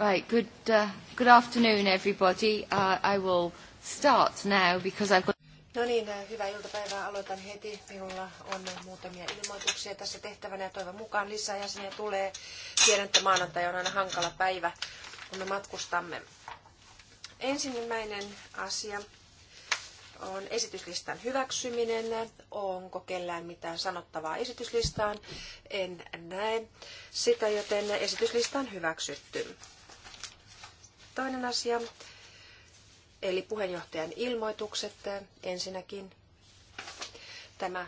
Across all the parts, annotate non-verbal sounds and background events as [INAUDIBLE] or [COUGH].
Right, good, uh, good afternoon everybody. Uh, I will start now because I've got... No niin, äh, hyvää iltapäivää. Aloitan heti. Minulla on muutamia ilmoituksia tässä tehtävänä ja toivon mukaan lisää jäseniä tulee. Tiedän, että maanantai on aina hankala päivä, kun me matkustamme. Ensimmäinen asia on esityslistan hyväksyminen. Onko kellään mitään sanottavaa esityslistaan? En näe sitä, joten esityslista on hyväksytty. Toinen asia, eli puheenjohtajan ilmoitukset ensinnäkin. Tämä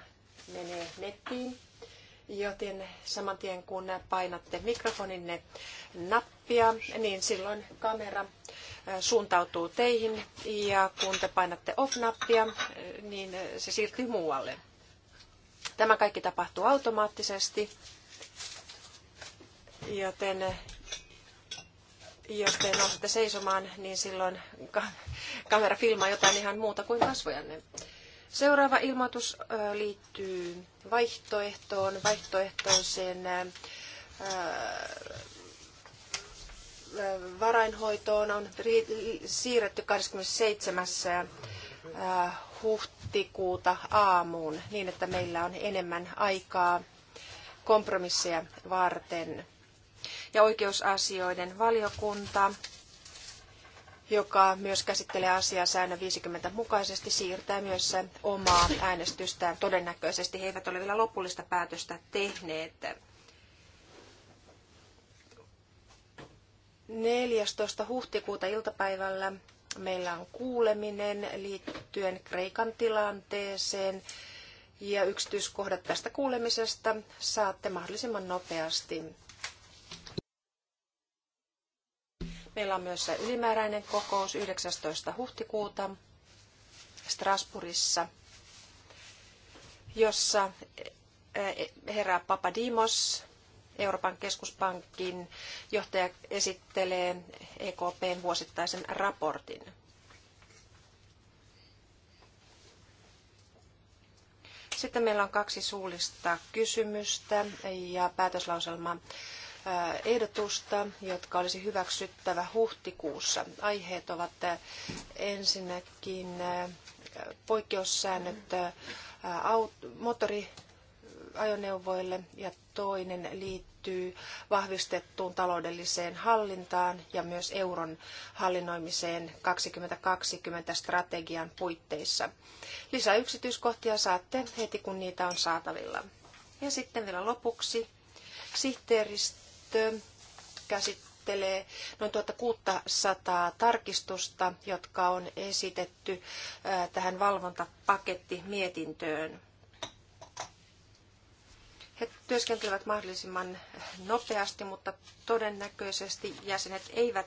menee nettiin, joten saman tien kun painatte mikrofoninne nappia, niin silloin kamera suuntautuu teihin ja kun te painatte off-nappia, niin se siirtyy muualle. Tämä kaikki tapahtuu automaattisesti, joten jos te nousette seisomaan, niin silloin kamera filmaa jotain ihan muuta kuin kasvojanne. Seuraava ilmoitus liittyy vaihtoehtoon, vaihtoehtoiseen varainhoitoon on siirretty 27. huhtikuuta aamuun niin, että meillä on enemmän aikaa kompromisseja varten ja oikeusasioiden valiokunta, joka myös käsittelee asiaa säännön 50 mukaisesti, siirtää myös omaa äänestystään. Todennäköisesti he eivät ole vielä lopullista päätöstä tehneet. 14. huhtikuuta iltapäivällä meillä on kuuleminen liittyen Kreikan tilanteeseen ja yksityiskohdat tästä kuulemisesta saatte mahdollisimman nopeasti. Meillä on myös ylimääräinen kokous 19. huhtikuuta Strasbourgissa, jossa eh, herra Papadimos, Euroopan keskuspankin johtaja, esittelee EKPn vuosittaisen raportin. Sitten meillä on kaksi suullista kysymystä ja päätöslauselma ehdotusta, jotka olisi hyväksyttävä huhtikuussa. Aiheet ovat ensinnäkin poikkeussäännöt moottoriajoneuvoille ja toinen liittyy vahvistettuun taloudelliseen hallintaan ja myös euron hallinnoimiseen 2020 strategian puitteissa. Lisää yksityiskohtia saatte heti kun niitä on saatavilla. Ja sitten vielä lopuksi sihteeristö käsittelee noin 1600 tarkistusta, jotka on esitetty tähän valvontapakettimietintöön. He työskentelevät mahdollisimman nopeasti, mutta todennäköisesti jäsenet eivät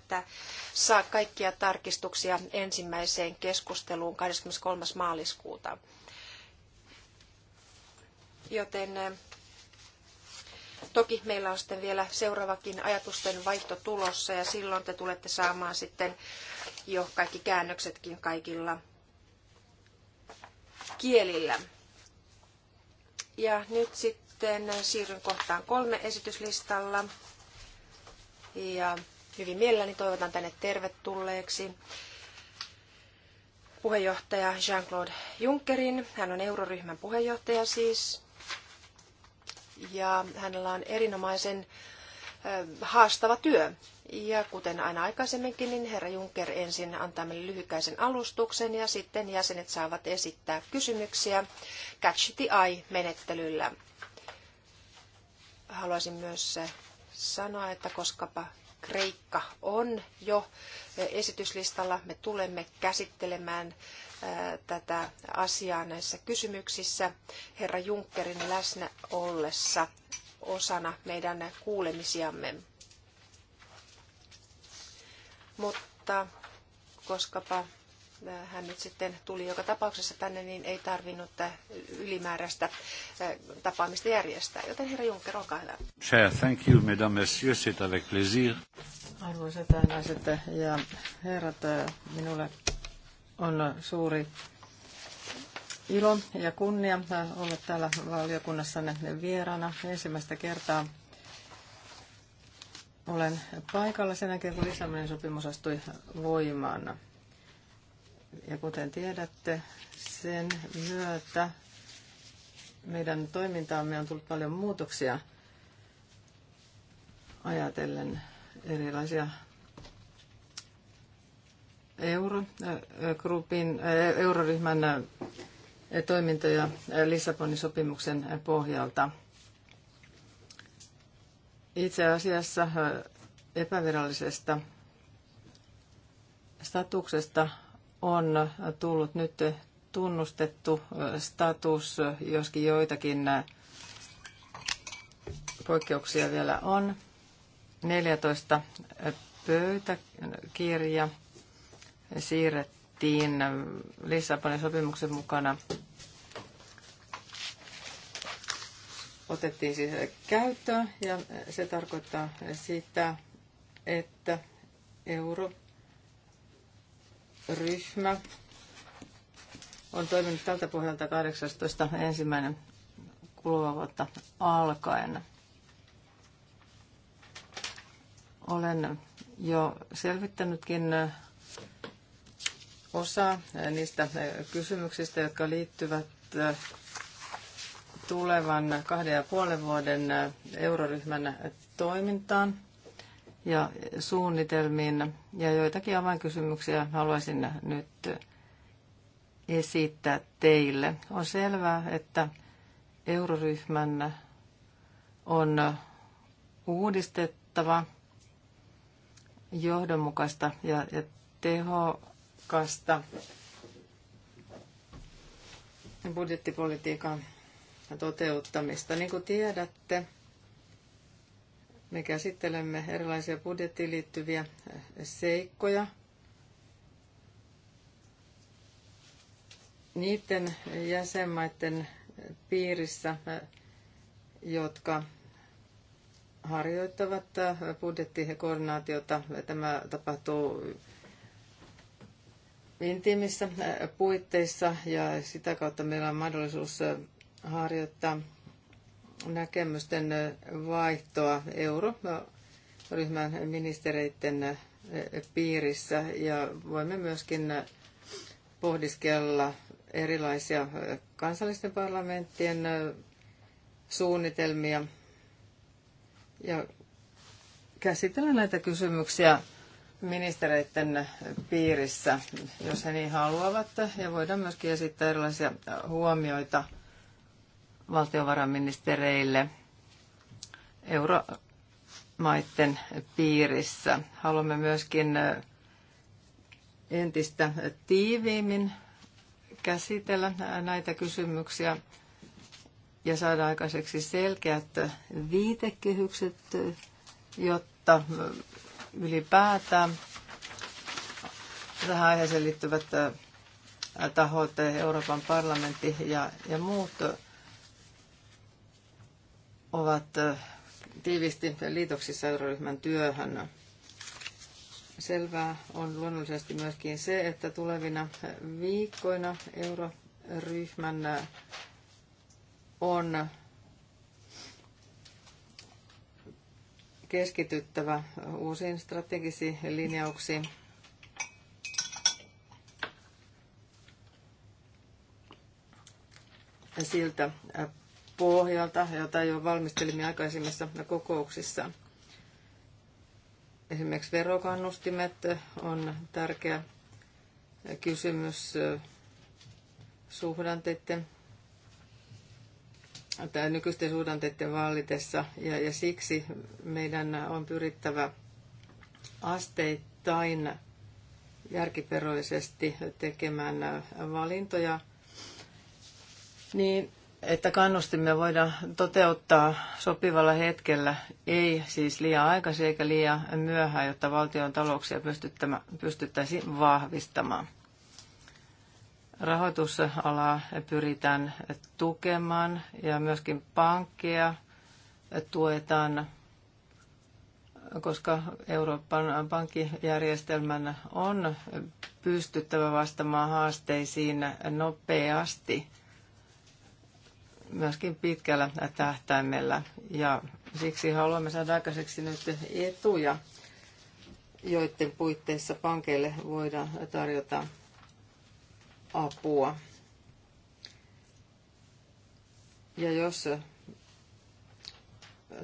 saa kaikkia tarkistuksia ensimmäiseen keskusteluun 23. maaliskuuta. Joten Toki meillä on sitten vielä seuraavakin ajatusten vaihto tulossa ja silloin te tulette saamaan sitten jo kaikki käännöksetkin kaikilla kielillä. Ja nyt sitten siirryn kohtaan kolme esityslistalla. Ja hyvin mielelläni toivotan tänne tervetulleeksi puheenjohtaja Jean-Claude Junckerin. Hän on euroryhmän puheenjohtaja siis ja hänellä on erinomaisen haastava työ. Ja kuten aina aikaisemminkin, niin herra Juncker ensin antaa meille lyhykäisen alustuksen ja sitten jäsenet saavat esittää kysymyksiä Catch the Eye-menettelyllä. Haluaisin myös sanoa, että koskapa Kreikka on jo esityslistalla, me tulemme käsittelemään tätä asiaa näissä kysymyksissä herra Junckerin läsnä ollessa osana meidän kuulemisiamme. Mutta koskapa hän nyt sitten tuli joka tapauksessa tänne, niin ei tarvinnut ylimääräistä tapaamista järjestää. Joten herra Juncker, olkaa hyvä. Chair, thank you, mesdames, messieurs, c'est avec plaisir. Arvoisat naiset ja herrat, minulle on suuri ilo ja kunnia olla täällä valiokunnassanne vieraana ensimmäistä kertaa. Olen paikalla sen jälkeen, kun Lissabonin sopimus astui voimaan. Ja kuten tiedätte, sen myötä meidän toimintaamme on tullut paljon muutoksia ajatellen erilaisia Eurogrupin, euroryhmän toimintoja Lissabonin sopimuksen pohjalta. Itse asiassa epävirallisesta statuksesta on tullut nyt tunnustettu status, joskin joitakin poikkeuksia vielä on. 14 pöytäkirja siirrettiin Lissabonin sopimuksen mukana. Otettiin siis käyttöön ja se tarkoittaa sitä, että euroryhmä on toiminut tältä pohjalta 18. ensimmäinen kuluvaa vuotta alkaen. Olen jo selvittänytkin osa niistä kysymyksistä, jotka liittyvät tulevan kahden ja puolen vuoden euroryhmän toimintaan ja suunnitelmiin. Ja joitakin avainkysymyksiä haluaisin nyt esittää teille. On selvää, että euroryhmän on uudistettava johdonmukaista ja, ja teho, tehokkaasta budjettipolitiikan toteuttamista. Niin kuin tiedätte, me käsittelemme erilaisia budjettiin liittyviä seikkoja. Niiden jäsenmaiden piirissä, jotka harjoittavat budjettikoordinaatiota. Tämä tapahtuu intiimissä äh, puitteissa ja sitä kautta meillä on mahdollisuus äh, harjoittaa näkemysten äh, vaihtoa euroryhmän ministereiden piirissä ja voimme myöskin pohdiskella erilaisia kansallisten parlamenttien suunnitelmia ja käsitellä näitä kysymyksiä ministereiden piirissä, jos he niin haluavat, ja voidaan myöskin esittää erilaisia huomioita valtiovarainministereille euromaiden piirissä. Haluamme myöskin entistä tiiviimmin käsitellä näitä kysymyksiä ja saada aikaiseksi selkeät viitekehykset, jotta ylipäätään tähän aiheeseen liittyvät äh, tahot, äh, Euroopan parlamentti ja, ja muut äh, ovat tiivisti liitoksissa euroryhmän työhön. Selvää on luonnollisesti myöskin se, että tulevina viikkoina euroryhmän on keskityttävä uusiin strategisiin linjauksiin. siltä pohjalta, jota jo valmistelimme aikaisemmissa kokouksissa. Esimerkiksi verokannustimet on tärkeä kysymys suhdanteiden tämä nykyisten suhdanteiden vallitessa ja, ja siksi meidän on pyrittävä asteittain järkiperoisesti tekemään valintoja niin, että kannustimme voidaan toteuttaa sopivalla hetkellä, ei siis liian aikaisin eikä liian myöhään, jotta valtion talouksia pystyttäisiin vahvistamaan rahoitusalaa pyritään tukemaan ja myöskin pankkeja tuetaan, koska Euroopan pankkijärjestelmän on pystyttävä vastaamaan haasteisiin nopeasti myöskin pitkällä tähtäimellä. Ja siksi haluamme saada aikaiseksi nyt etuja, joiden puitteissa pankeille voidaan tarjota apua. Ja jos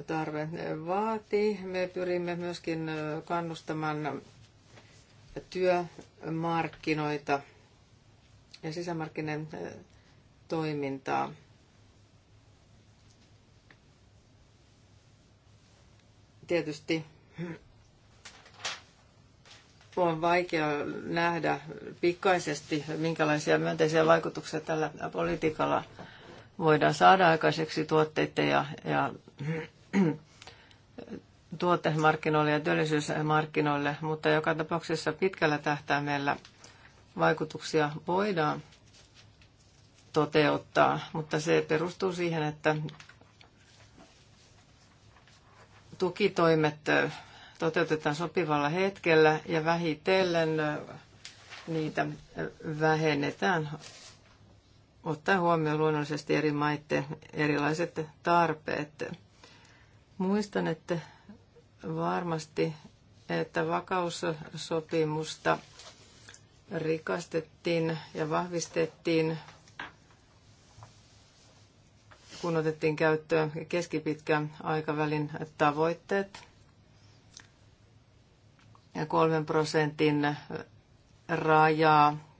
tarve vaatii, me pyrimme myöskin kannustamaan työmarkkinoita ja sisämarkkinen toimintaa. Tietysti on vaikea nähdä pikaisesti, minkälaisia myönteisiä vaikutuksia tällä politiikalla voidaan saada aikaiseksi tuotteiden ja, ja [CLEARS THROAT] tuotemarkkinoille ja työllisyysmarkkinoille, mutta joka tapauksessa pitkällä tähtäimellä vaikutuksia voidaan toteuttaa, mutta se perustuu siihen, että tukitoimet toteutetaan sopivalla hetkellä ja vähitellen niitä vähennetään ottaa huomioon luonnollisesti eri maiden erilaiset tarpeet. Muistan, että varmasti, että vakaussopimusta rikastettiin ja vahvistettiin, kun otettiin käyttöön keskipitkän aikavälin tavoitteet – kolmen prosentin äh, rajaa.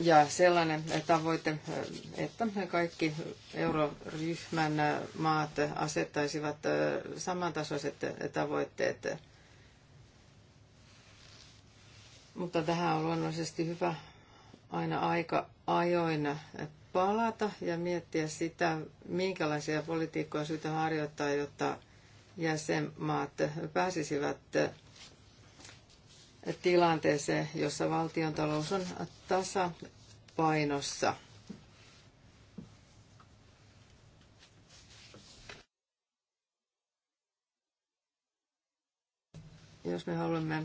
Ja sellainen tavoite, äh, että kaikki euroryhmän äh, maat asettaisivat samantasoiset tavoitteet. Mutta tähän on luonnollisesti hyvä aina aika ajoin palata ja miettiä sitä, minkälaisia politiikkoja syytä harjoittaa, jotta jäsenmaat pääsisivät tilanteeseen, jossa valtiontalous on tasapainossa. Jos me haluamme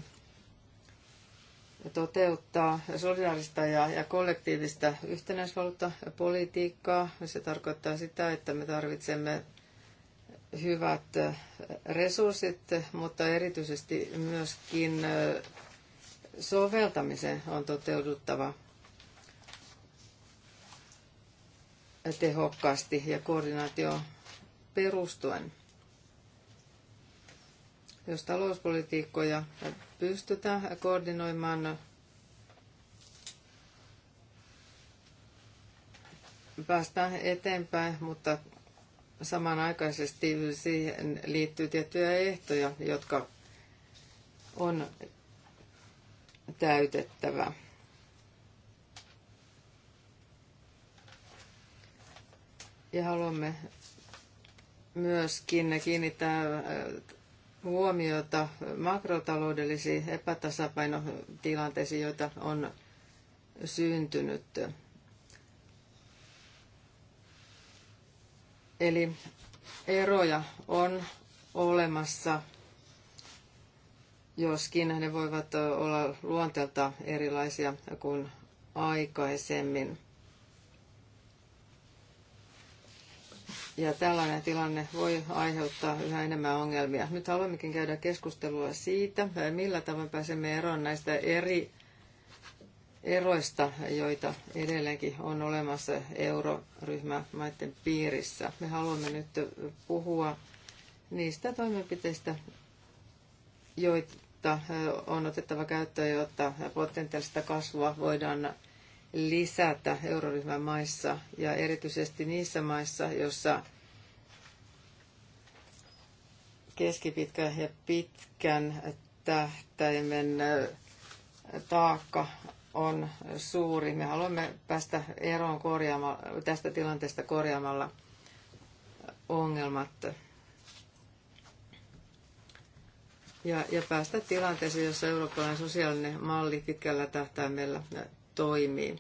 toteuttaa solidaarista ja, ja kollektiivista yhtenäisvaluuttapolitiikkaa. Se tarkoittaa sitä, että me tarvitsemme hyvät resurssit, mutta erityisesti myöskin soveltamisen on toteuduttava tehokkaasti ja koordinaatio perustuen. Jos talouspolitiikkoja pystytään koordinoimaan päästään eteenpäin, mutta samanaikaisesti siihen liittyy tiettyjä ehtoja, jotka on täytettävä. Ja haluamme myöskin kiinnittää äh, huomiota makrotaloudellisiin epätasapainotilanteisiin, joita on syntynyt. Eli eroja on olemassa, joskin ne voivat olla luonteelta erilaisia kuin aikaisemmin. Ja tällainen tilanne voi aiheuttaa yhä enemmän ongelmia. Nyt haluammekin käydä keskustelua siitä, millä tavoin pääsemme eroon näistä eri eroista, joita edelleenkin on olemassa euroryhmämaiden piirissä. Me haluamme nyt puhua niistä toimenpiteistä, joita on otettava käyttöön, jotta potentiaalista kasvua voidaan lisätä euroryhmän maissa ja erityisesti niissä maissa, joissa keskipitkä ja pitkän tähtäimen taakka on suuri. Me haluamme päästä eroon korjaamalla, tästä tilanteesta korjaamalla ongelmat ja, ja päästä tilanteeseen, jossa eurooppalainen sosiaalinen malli pitkällä tähtäimellä toimii.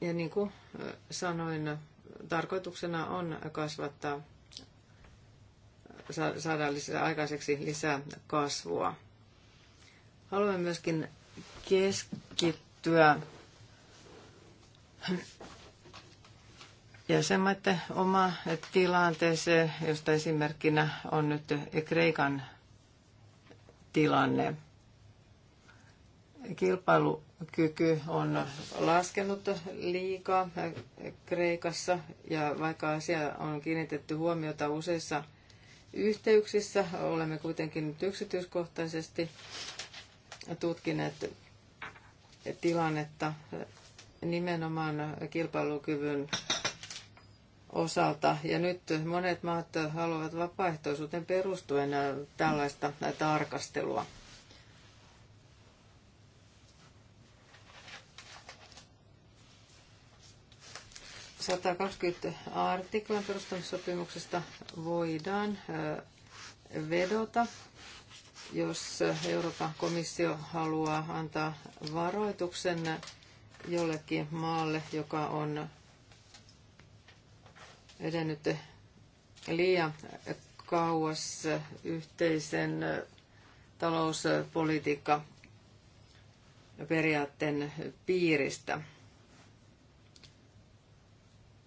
Ja niin kuin sanoin, tarkoituksena on kasvattaa saadaan lisää, aikaiseksi lisää kasvua. Haluamme myöskin keskittyä jäsenmaiden oma tilanteeseen, josta esimerkkinä on nyt Kreikan tilanne. Kilpailukyky on laskenut liikaa Kreikassa ja vaikka asia on kiinnitetty huomiota useissa yhteyksissä. Olemme kuitenkin nyt yksityiskohtaisesti tutkineet tilannetta nimenomaan kilpailukyvyn osalta. Ja nyt monet maat haluavat vapaaehtoisuuteen perustuen tällaista tarkastelua. 120 artiklan perustamissopimuksesta voidaan vedota, jos Euroopan komissio haluaa antaa varoituksen jollekin maalle, joka on edennyt liian kauas yhteisen talouspolitiikka periaatteen piiristä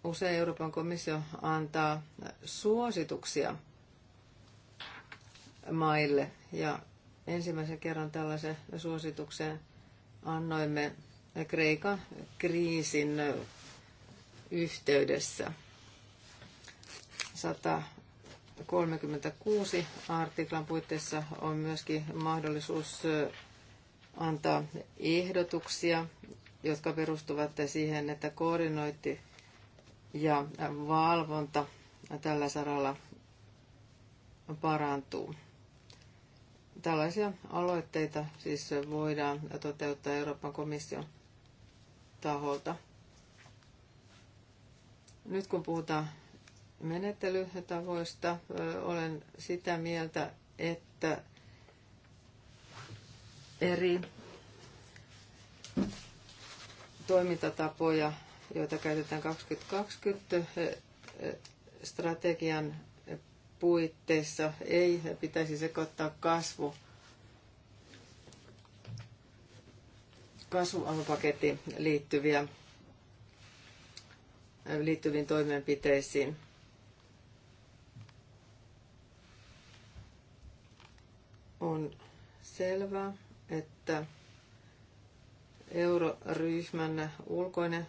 usein Euroopan komissio antaa suosituksia maille ja ensimmäisen kerran tällaisen suosituksen annoimme Kreikan kriisin yhteydessä. 136 artiklan puitteissa on myöskin mahdollisuus antaa ehdotuksia, jotka perustuvat siihen, että koordinointi ja valvonta tällä saralla parantuu. Tällaisia aloitteita siis voidaan toteuttaa Euroopan komission taholta. Nyt kun puhutaan menettelytavoista, olen sitä mieltä, että eri toimintatapoja joita käytetään 2020 eh, eh, strategian puitteissa, ei pitäisi sekoittaa kasvu kasvualupakettiin liittyviä, eh, liittyviin toimenpiteisiin. On selvää, että euroryhmän ulkoinen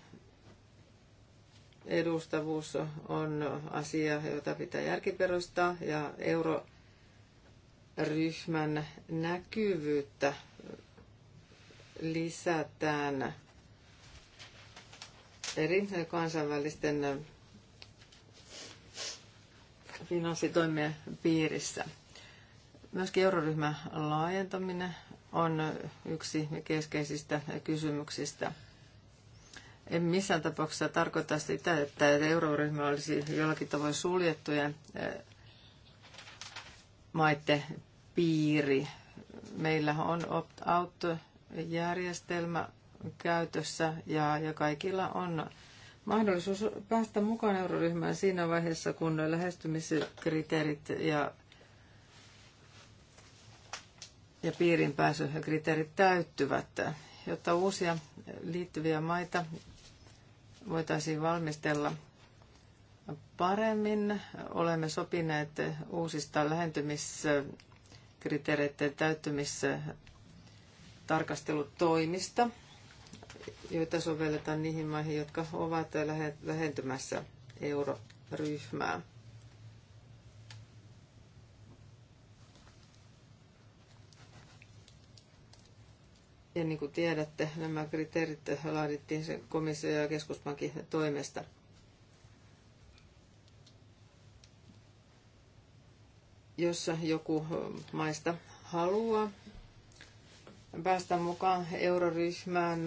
edustavuus on asia, jota pitää järkiperustaa ja euroryhmän näkyvyyttä lisätään eri kansainvälisten finanssitoimien piirissä. Myöskin euroryhmän laajentaminen on yksi keskeisistä kysymyksistä – en missään tapauksessa tarkoita sitä, että euroryhmä olisi jollakin tavoin suljettujen eh, maiden piiri. Meillä on opt-out-järjestelmä käytössä ja, ja kaikilla on mahdollisuus päästä mukaan euroryhmään siinä vaiheessa, kun lähestymiskriteerit ja, ja piirin pääsykriteerit täyttyvät, jotta uusia liittyviä maita voitaisiin valmistella paremmin. Olemme sopineet uusista lähentymiskriteereiden täyttymistarkastelutoimista, joita sovelletaan niihin maihin, jotka ovat lähentymässä euroryhmää. Ja niin kuin tiedätte, nämä kriteerit laadittiin sen komissio- ja keskuspankin toimesta. Jos joku maista haluaa päästä mukaan euroryhmään,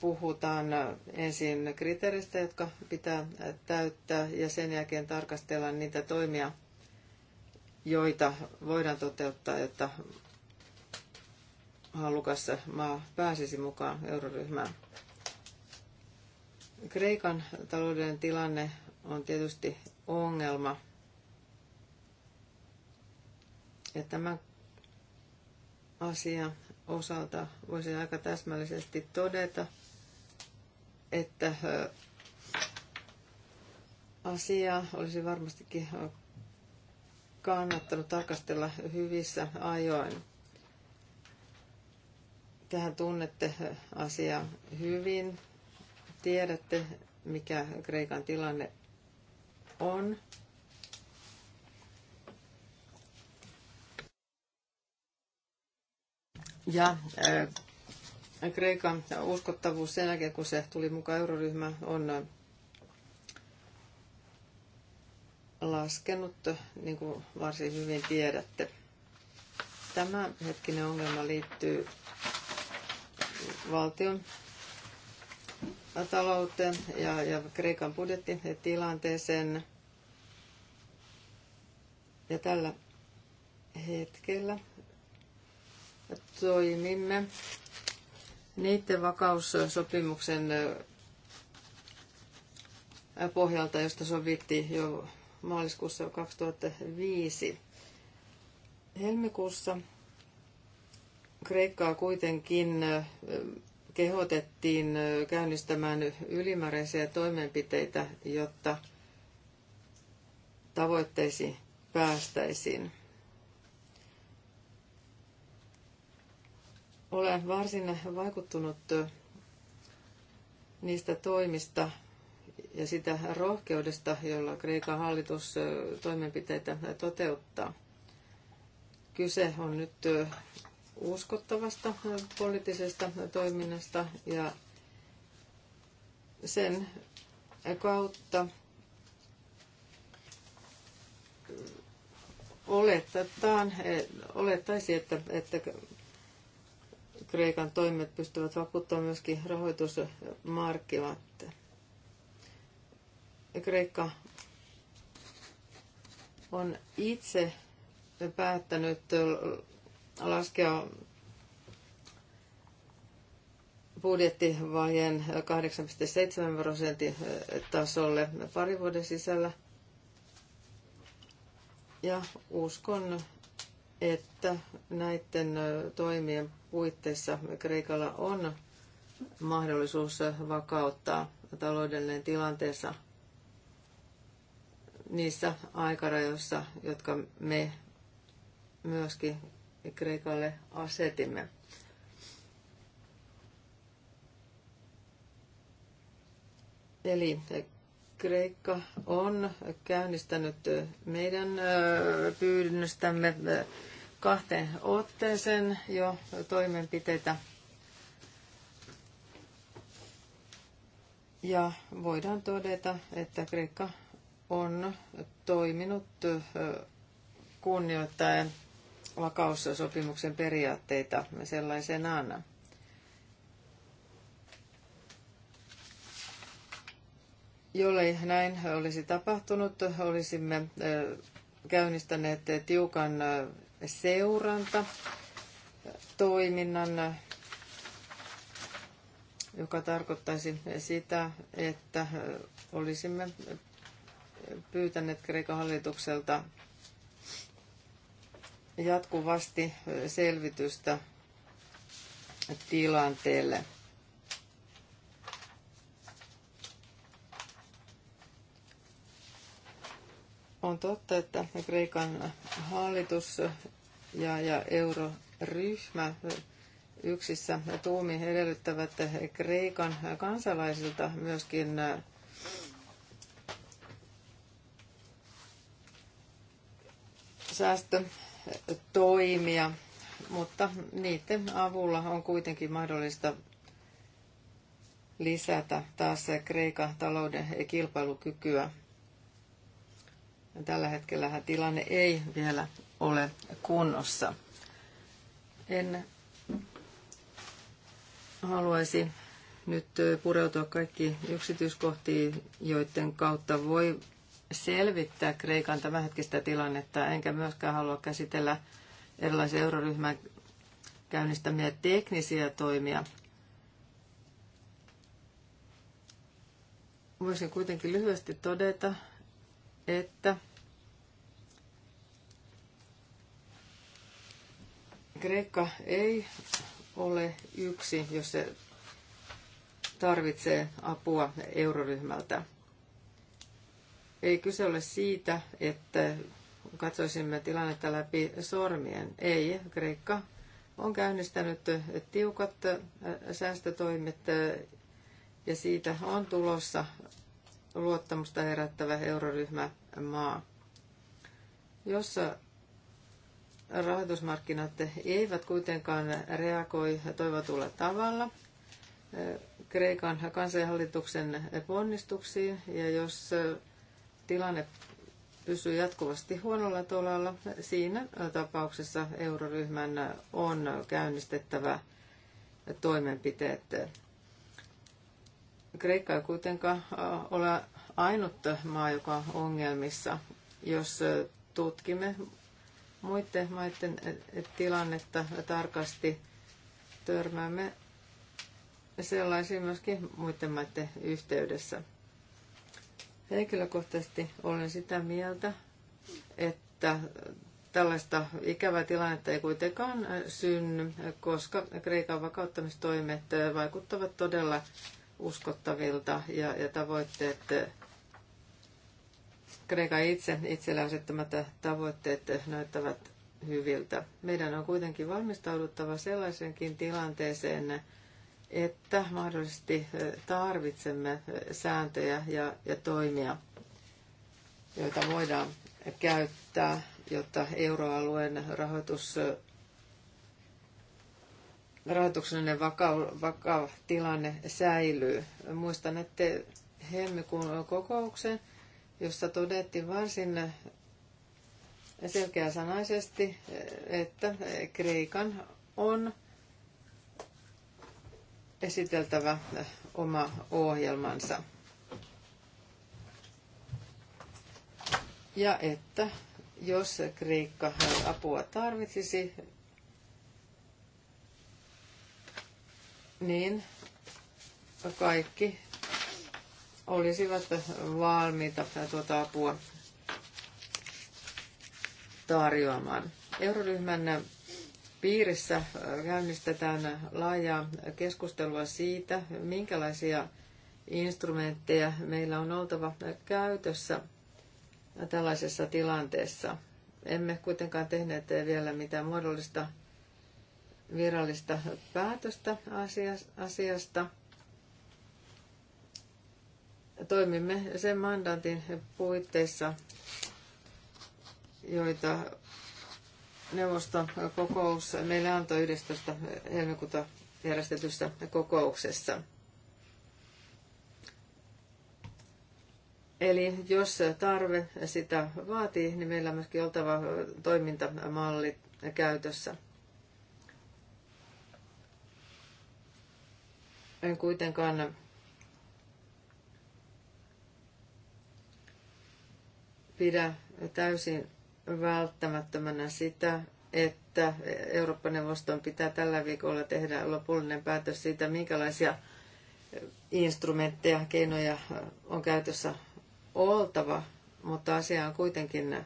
puhutaan ensin kriteereistä, jotka pitää täyttää, ja sen jälkeen tarkastellaan niitä toimia, joita voidaan toteuttaa, jotta halukas maa pääsisi mukaan euroryhmään. Kreikan taloudellinen tilanne on tietysti ongelma. Ja tämä asia osalta voisi aika täsmällisesti todeta, että asia olisi varmastikin kannattanut tarkastella hyvissä ajoin. Tähän tunnette asiaa hyvin. Tiedätte, mikä Kreikan tilanne on. Ja äh, Kreikan uskottavuus sen jälkeen, kun se tuli mukaan euroryhmä, on äh, laskenut, niin kuin varsin hyvin tiedätte. Tämä hetkinen ongelma liittyy valtion talouteen ja, ja Kreikan budjettitilanteeseen. Ja tällä hetkellä toimimme niiden vakaussopimuksen äh, pohjalta, josta sovittiin jo maaliskuussa 2005. Helmikuussa Kreikkaa kuitenkin kehotettiin käynnistämään ylimääräisiä toimenpiteitä, jotta tavoitteisiin päästäisiin. Olen varsin vaikuttunut niistä toimista ja sitä rohkeudesta, jolla Kreikan hallitus toimenpiteitä toteuttaa. Kyse on nyt uskottavasta poliittisesta toiminnasta ja sen kautta oletetaan, olettaisi, että, että Kreikan toimet pystyvät vakuuttamaan myöskin rahoitusmarkkinat. Kreikka on itse päättänyt laskea budjettivajeen 8,7 prosentin tasolle pari vuoden sisällä. Ja uskon, että näiden toimien puitteissa Kreikalla on mahdollisuus vakauttaa taloudellinen tilanteensa niissä aikarajoissa, jotka me myöskin Kreikalle asetimme. Eli Kreikka on käynnistänyt meidän pyynnöstämme kahteen otteeseen jo toimenpiteitä. Ja voidaan todeta, että Kreikka on toiminut kunnioittaen vakaussopimuksen periaatteita sellaisenaan. Jollei näin olisi tapahtunut, olisimme käynnistäneet tiukan seuranta toiminnan, joka tarkoittaisi sitä, että olisimme pyytäneet Kreikan hallitukselta jatkuvasti selvitystä tilanteelle. On totta, että Kreikan hallitus ja, ja euroryhmä yksissä tuumi edellyttävät Kreikan kansalaisilta myöskin säästö toimia, mutta niiden avulla on kuitenkin mahdollista lisätä taas Kreikan talouden kilpailukykyä. Tällä hetkellä tilanne ei vielä ole kunnossa. En haluaisi nyt pureutua kaikki yksityiskohtiin, joiden kautta voi selvittää Kreikan tämänhetkistä tilannetta, enkä myöskään halua käsitellä erilaisia euroryhmän käynnistämiä teknisiä toimia. Voisin kuitenkin lyhyesti todeta, että Kreikka ei ole yksi, jos se tarvitsee apua euroryhmältä. Ei kyse ole siitä, että katsoisimme tilannetta läpi sormien. Ei, Kreikka on käynnistänyt tiukat äh, säästötoimet äh, ja siitä on tulossa luottamusta herättävä euroryhmä maa. Jos äh, rahoitusmarkkinat eivät kuitenkaan reagoi toivotulla tavalla Kreikan kansanhallituksen ponnistuksiin ja jos tilanne pysyy jatkuvasti huonolla tolalla, siinä tapauksessa euroryhmän on käynnistettävä toimenpiteet. Kreikka ei kuitenkaan ole ainut maa, joka on ongelmissa. Jos tutkimme muiden maiden tilannetta tarkasti, törmäämme sellaisiin myöskin muiden maiden yhteydessä – Henkilökohtaisesti olen sitä mieltä, että tällaista ikävää tilannetta ei kuitenkaan synny, koska Kreikan vakauttamistoimet vaikuttavat todella uskottavilta ja, ja tavoitteet, Kreikan itse itsellään asettamat tavoitteet näyttävät hyviltä. Meidän on kuitenkin valmistauduttava sellaisenkin tilanteeseen, että mahdollisesti tarvitsemme sääntöjä ja, ja toimia, joita voidaan käyttää, jotta euroalueen rahoitus, rahoituksellinen vakava, vakava tilanne säilyy. Muistan, että helmikuun kokouksen, jossa todettiin varsin selkeäsanaisesti, että Kreikan on esiteltävä oma ohjelmansa. Ja että jos Kreikka apua tarvitsisi, niin kaikki olisivat valmiita tuota apua tarjoamaan. Euroryhmän piirissä käynnistetään laajaa keskustelua siitä, minkälaisia instrumentteja meillä on oltava käytössä tällaisessa tilanteessa. Emme kuitenkaan tehneet vielä mitään muodollista virallista päätöstä asiasta. Toimimme sen mandaatin puitteissa, joita neuvoston kokous meille antoi 11. helmikuuta järjestetyssä kokouksessa. Eli jos tarve sitä vaatii, niin meillä on myöskin oltava toimintamalli käytössä. En kuitenkaan pidä täysin välttämättömänä sitä, että Eurooppa-neuvoston pitää tällä viikolla tehdä lopullinen päätös siitä, minkälaisia instrumentteja, keinoja on käytössä oltava, mutta asia on kuitenkin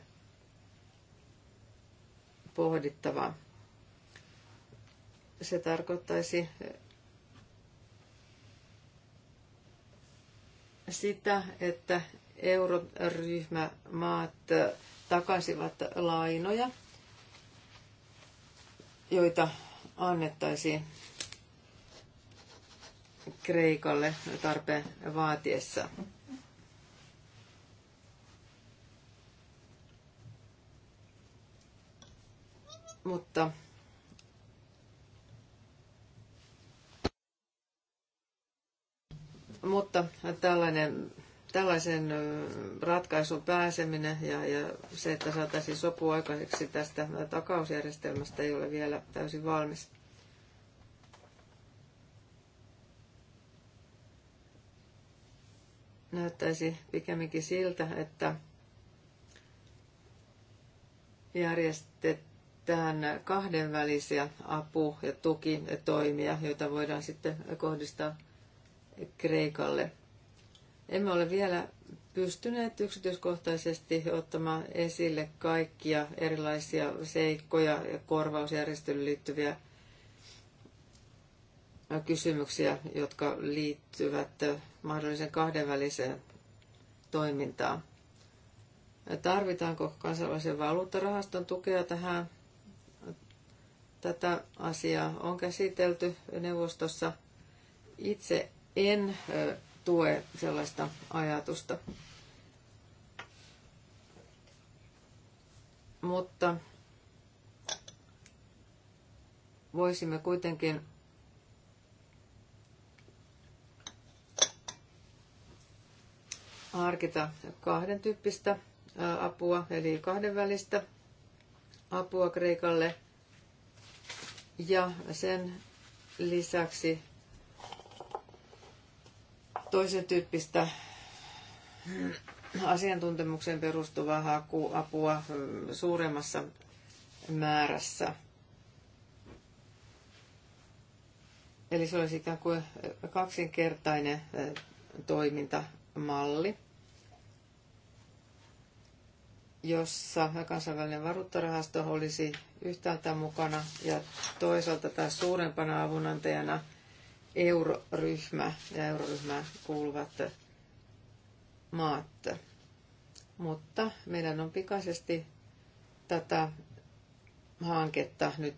pohdittava. Se tarkoittaisi sitä, että euroryhmämaat takaisivat lainoja, joita annettaisiin Kreikalle tarpeen vaatiessa. Mutta mutta tällainen tällaisen ratkaisun pääseminen ja, ja se, että saataisiin sopu aikaiseksi tästä takausjärjestelmästä ei ole vielä täysin valmis. Näyttäisi pikemminkin siltä, että järjestetään kahdenvälisiä apu- ja tukitoimia, joita voidaan sitten kohdistaa Kreikalle – emme ole vielä pystyneet yksityiskohtaisesti ottamaan esille kaikkia erilaisia seikkoja ja korvausjärjestelyyn liittyviä kysymyksiä, jotka liittyvät mahdollisen kahdenväliseen toimintaan. Tarvitaanko kansainvälisen valuuttarahaston tukea tähän? Tätä asiaa on käsitelty neuvostossa. Itse en tue sellaista ajatusta. Mutta voisimme kuitenkin harkita kahden tyyppistä apua, eli kahdenvälistä apua Kreikalle. Ja sen lisäksi toisen tyyppistä asiantuntemukseen perustuvaa haku, apua suuremmassa määrässä. Eli se olisi ikään kuin kaksinkertainen toimintamalli, jossa kansainvälinen varuuttarahasto olisi yhtäältä mukana ja toisaalta taas suurempana avunantajana – euroryhmä ja euroryhmään kuuluvat maat. Mutta meidän on pikaisesti tätä hanketta nyt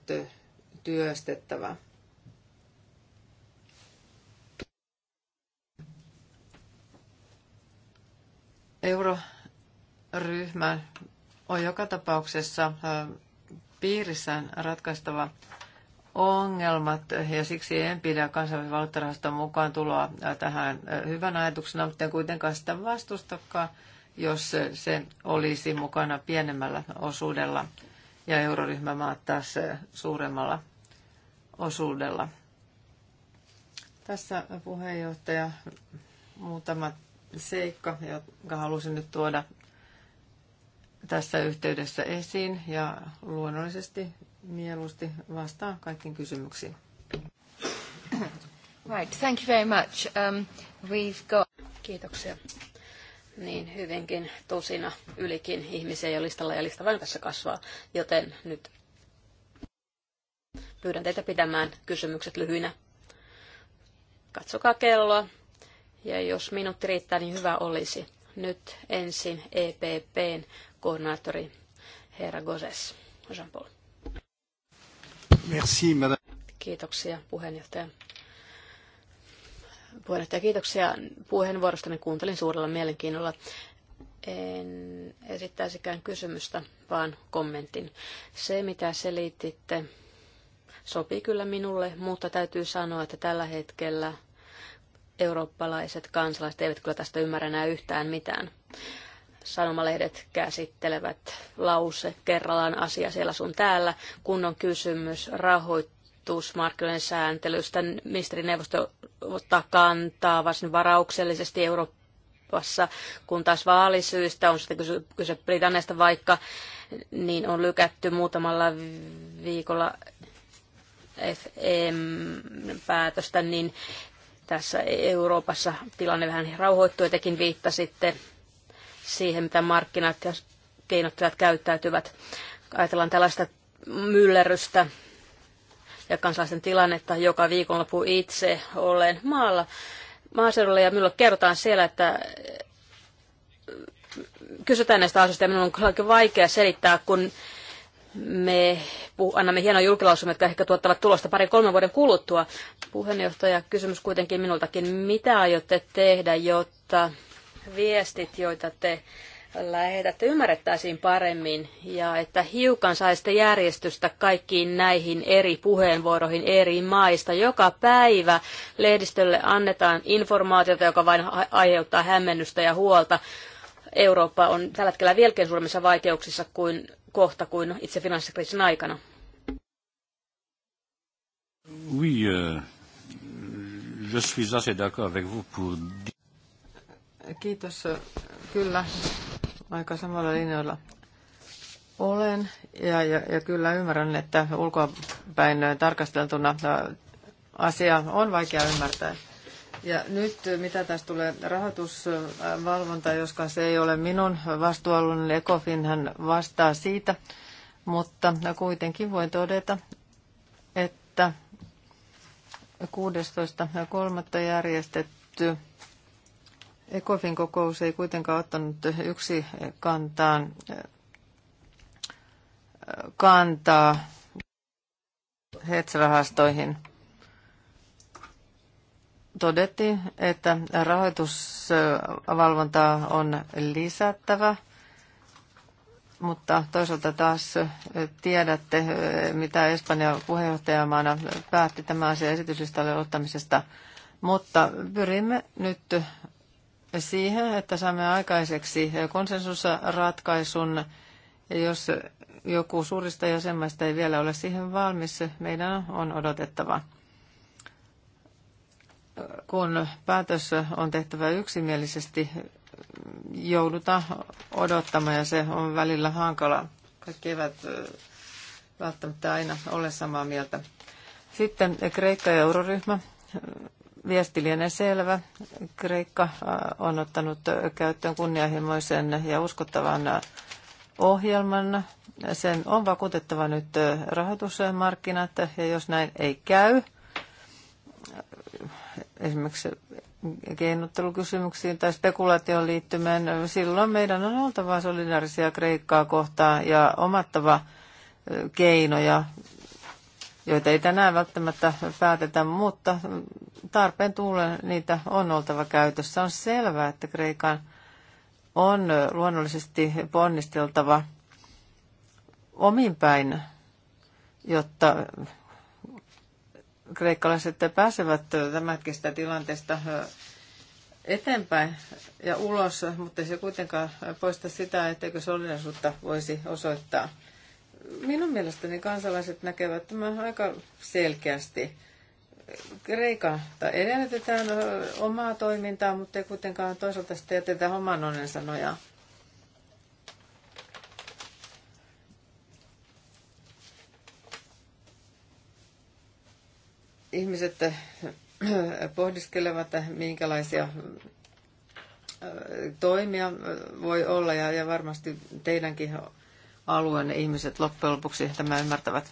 työstettävä. Euroryhmä on joka tapauksessa piirissään ratkaistava ongelmat ja siksi en pidä kansainvälisen valuuttarahaston mukaan tuloa tähän hyvän ajatuksena, mutta en kuitenkaan sitä vastustakaan, jos se olisi mukana pienemmällä osuudella ja euroryhmämaat taas suuremmalla osuudella. Tässä puheenjohtaja muutama seikka, jonka halusin nyt tuoda tässä yhteydessä esiin ja luonnollisesti mieluusti vastaan kaikkiin kysymyksiin. Right, thank you very much. Um, we've got... Kiitoksia. Niin, hyvinkin tusina ylikin ihmisiä jo listalla ja lista vain tässä kasvaa, joten nyt pyydän teitä pitämään kysymykset lyhyinä. Katsokaa kelloa ja jos minuutti riittää, niin hyvä olisi. Nyt ensin EPPn koordinaattori Herra Goses, Jean-Paul. Merci, madame. Kiitoksia puheenjohtaja. Puheenjohtaja, kiitoksia puheenvuorostani. Kuuntelin suurella mielenkiinnolla. En esittäisikään kysymystä, vaan kommentin. Se, mitä selititte, sopii kyllä minulle, mutta täytyy sanoa, että tällä hetkellä eurooppalaiset kansalaiset eivät kyllä tästä ymmärrä enää yhtään mitään sanomalehdet käsittelevät lause kerrallaan asia siellä sun täällä, kun on kysymys rahoitusmarkkinoiden sääntelystä. Ministerineuvosto ottaa kantaa varsin varauksellisesti Euroopassa, kun taas vaalisyistä on sitten kyse, kyse Britanniasta vaikka, niin on lykätty muutamalla viikolla FM-päätöstä, niin tässä Euroopassa tilanne vähän rauhoittui, tekin viittasitte siihen, mitä markkinat ja keinottajat käyttäytyvät. Ajatellaan tällaista myllerrystä ja kansalaisten tilannetta. Joka viikonloppu itse olen maalla maaseudulla ja minulle kerrotaan siellä, että kysytään näistä asioista ja minun on kyllä vaikea selittää, kun me annamme hienoja julkilausumia, jotka ehkä tuottavat tulosta pari kolmen vuoden kuluttua. Puheenjohtaja, kysymys kuitenkin minultakin. Mitä aiotte tehdä, jotta viestit, joita te lähetätte, ymmärrettäisiin paremmin ja että hiukan saisitte järjestystä kaikkiin näihin eri puheenvuoroihin eri maista. Joka päivä lehdistölle annetaan informaatiota, joka vain aiheuttaa hämmennystä ja huolta. Eurooppa on tällä hetkellä vieläkin suuremmissa vaikeuksissa kuin kohta kuin itse finanssikriisin aikana. Oui, euh, je suis assez d'accord avec vous pour Kiitos. Kyllä, aika samalla linjoilla olen ja, ja, ja kyllä ymmärrän, että ulkopäin tarkasteltuna äh, asia on vaikea ymmärtää. Ja nyt äh, mitä tässä tulee rahoitusvalvonta, äh, joskaan se ei ole minun vastuualueeni, niin hän vastaa siitä, mutta kuitenkin voin todeta, että 16.3. järjestetty Ekofin kokous ei kuitenkaan ottanut yksi kantaan kantaa HETS-rahastoihin. Todettiin, että rahoitusvalvontaa on lisättävä, mutta toisaalta taas tiedätte, mitä Espanja puheenjohtajamaana päätti tämän asian esityslistalle ottamisesta. Mutta pyrimme nyt siihen, että saamme aikaiseksi konsensusratkaisun, jos joku suurista jäsenmaista ei vielä ole siihen valmis, meidän on odotettava. Kun päätös on tehtävä yksimielisesti, jouduta odottamaan ja se on välillä hankala. Kaikki eivät välttämättä aina ole samaa mieltä. Sitten Kreikka ja euroryhmä. Viesti lienee selvä. Kreikka äh, on ottanut äh, käyttöön kunnianhimoisen ja uskottavan äh, ohjelman. Sen on vakuutettava nyt rahoitusmarkkinat, ja jos näin ei käy, esimerkiksi keinottelukysymyksiin tai spekulaation liittymään, silloin meidän on oltava solidaarisia Kreikkaa kohtaan ja omattava keinoja joita ei tänään välttämättä päätetä, mutta tarpeen tullen niitä on oltava käytössä. On selvää, että Kreikan on luonnollisesti ponnisteltava ominpäin, jotta kreikkalaiset pääsevät tämänhetkisestä tilanteesta eteenpäin ja ulos, mutta se kuitenkaan poista sitä, etteikö solidaisuutta voisi osoittaa. Minun mielestäni kansalaiset näkevät tämän aika selkeästi. Kreikalta edellytetään omaa toimintaa, mutta ei kuitenkaan toisaalta sitten jätetä oman onnen sanoja. Ihmiset [CLEARS THROAT] pohdiskelevat, minkälaisia toimia voi olla ja varmasti teidänkin alueen ihmiset loppujen lopuksi tämä ymmärtävät.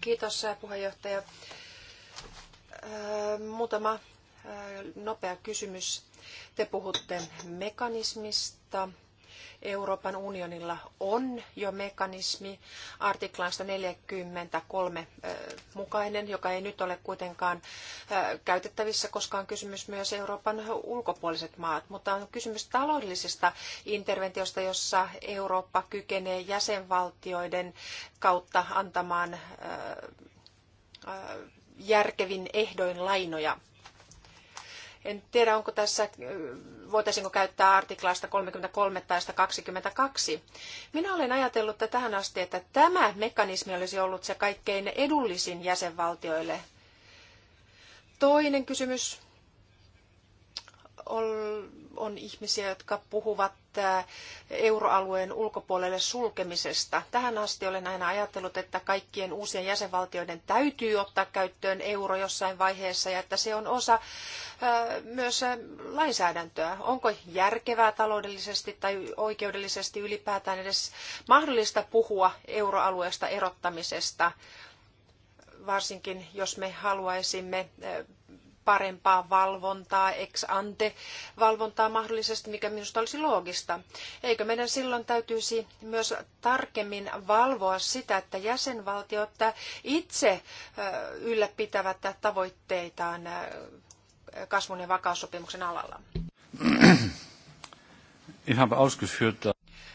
Kiitos puheenjohtaja. Äh, muutama äh, nopea kysymys. Te puhutte mekanismista, Euroopan unionilla on jo mekanismi artiklan 43 mukainen, joka ei nyt ole kuitenkaan käytettävissä, koska on kysymys myös Euroopan ulkopuoliset maat. Mutta on kysymys taloudellisesta interventiosta, jossa Eurooppa kykenee jäsenvaltioiden kautta antamaan järkevin ehdoin lainoja en tiedä, onko tässä, voitaisiinko käyttää artiklaista 33 tai 22. Minä olen ajatellut tähän asti, että tämä mekanismi olisi ollut se kaikkein edullisin jäsenvaltioille. Toinen kysymys on ihmisiä, jotka puhuvat äh, euroalueen ulkopuolelle sulkemisesta. Tähän asti olen aina ajatellut, että kaikkien uusien jäsenvaltioiden täytyy ottaa käyttöön euro jossain vaiheessa ja että se on osa äh, myös äh, lainsäädäntöä. Onko järkevää taloudellisesti tai oikeudellisesti ylipäätään edes mahdollista puhua euroalueesta erottamisesta? varsinkin jos me haluaisimme parempaa valvontaa, ex ante valvontaa mahdollisesti, mikä minusta olisi loogista. Eikö meidän silloin täytyisi myös tarkemmin valvoa sitä, että jäsenvaltiot itse ylläpitävät tavoitteitaan kasvun ja vakaussopimuksen alalla? [CLEARS THROAT]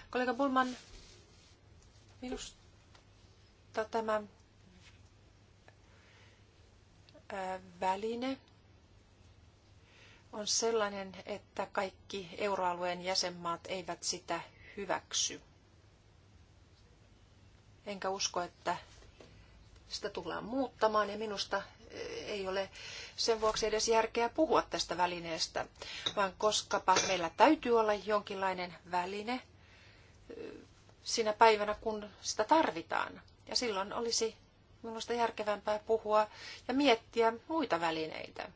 Kollega Bullman, minusta tämä väline on sellainen, että kaikki euroalueen jäsenmaat eivät sitä hyväksy. Enkä usko, että sitä tullaan muuttamaan ja minusta eh, ei ole sen vuoksi edes järkeä puhua tästä välineestä, vaan koskapa meillä täytyy olla jonkinlainen väline eh, sinä päivänä, kun sitä tarvitaan. Ja silloin olisi minusta järkevämpää puhua ja miettiä muita välineitä.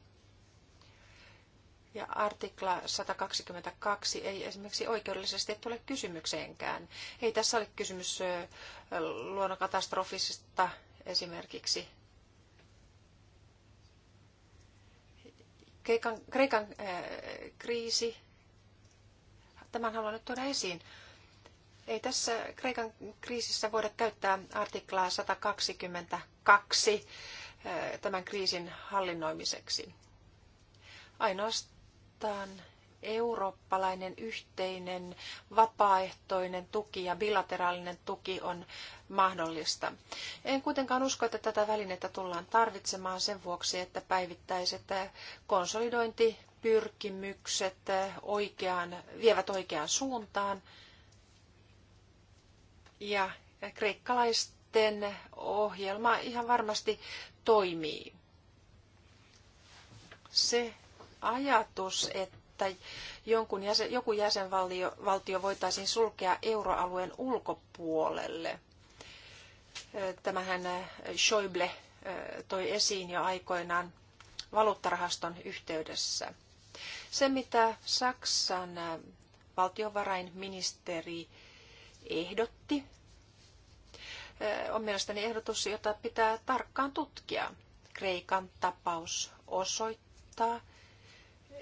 Ja artikla 122 ei esimerkiksi oikeudellisesti tule kysymykseenkään. Ei tässä ole kysymys luonnonkatastrofista esimerkiksi. Kreikan, Kreikan äh, kriisi, tämän haluan nyt tuoda esiin. Ei tässä Kreikan kriisissä voida käyttää artiklaa 122 tämän kriisin hallinnoimiseksi. Ainoastaan vastaan eurooppalainen yhteinen vapaaehtoinen tuki ja bilateraalinen tuki on mahdollista. En kuitenkaan usko, että tätä välinettä tullaan tarvitsemaan sen vuoksi, että päivittäiset konsolidointipyrkimykset oikeaan, vievät oikeaan suuntaan. Ja kreikkalaisten ohjelma ihan varmasti toimii. Se ajatus, että jonkun jäsen, joku jäsenvaltio voitaisiin sulkea euroalueen ulkopuolelle. Tämähän Schäuble toi esiin jo aikoinaan valuuttarahaston yhteydessä. Se, mitä Saksan valtiovarainministeri ehdotti, on mielestäni ehdotus, jota pitää tarkkaan tutkia. Kreikan tapaus osoittaa,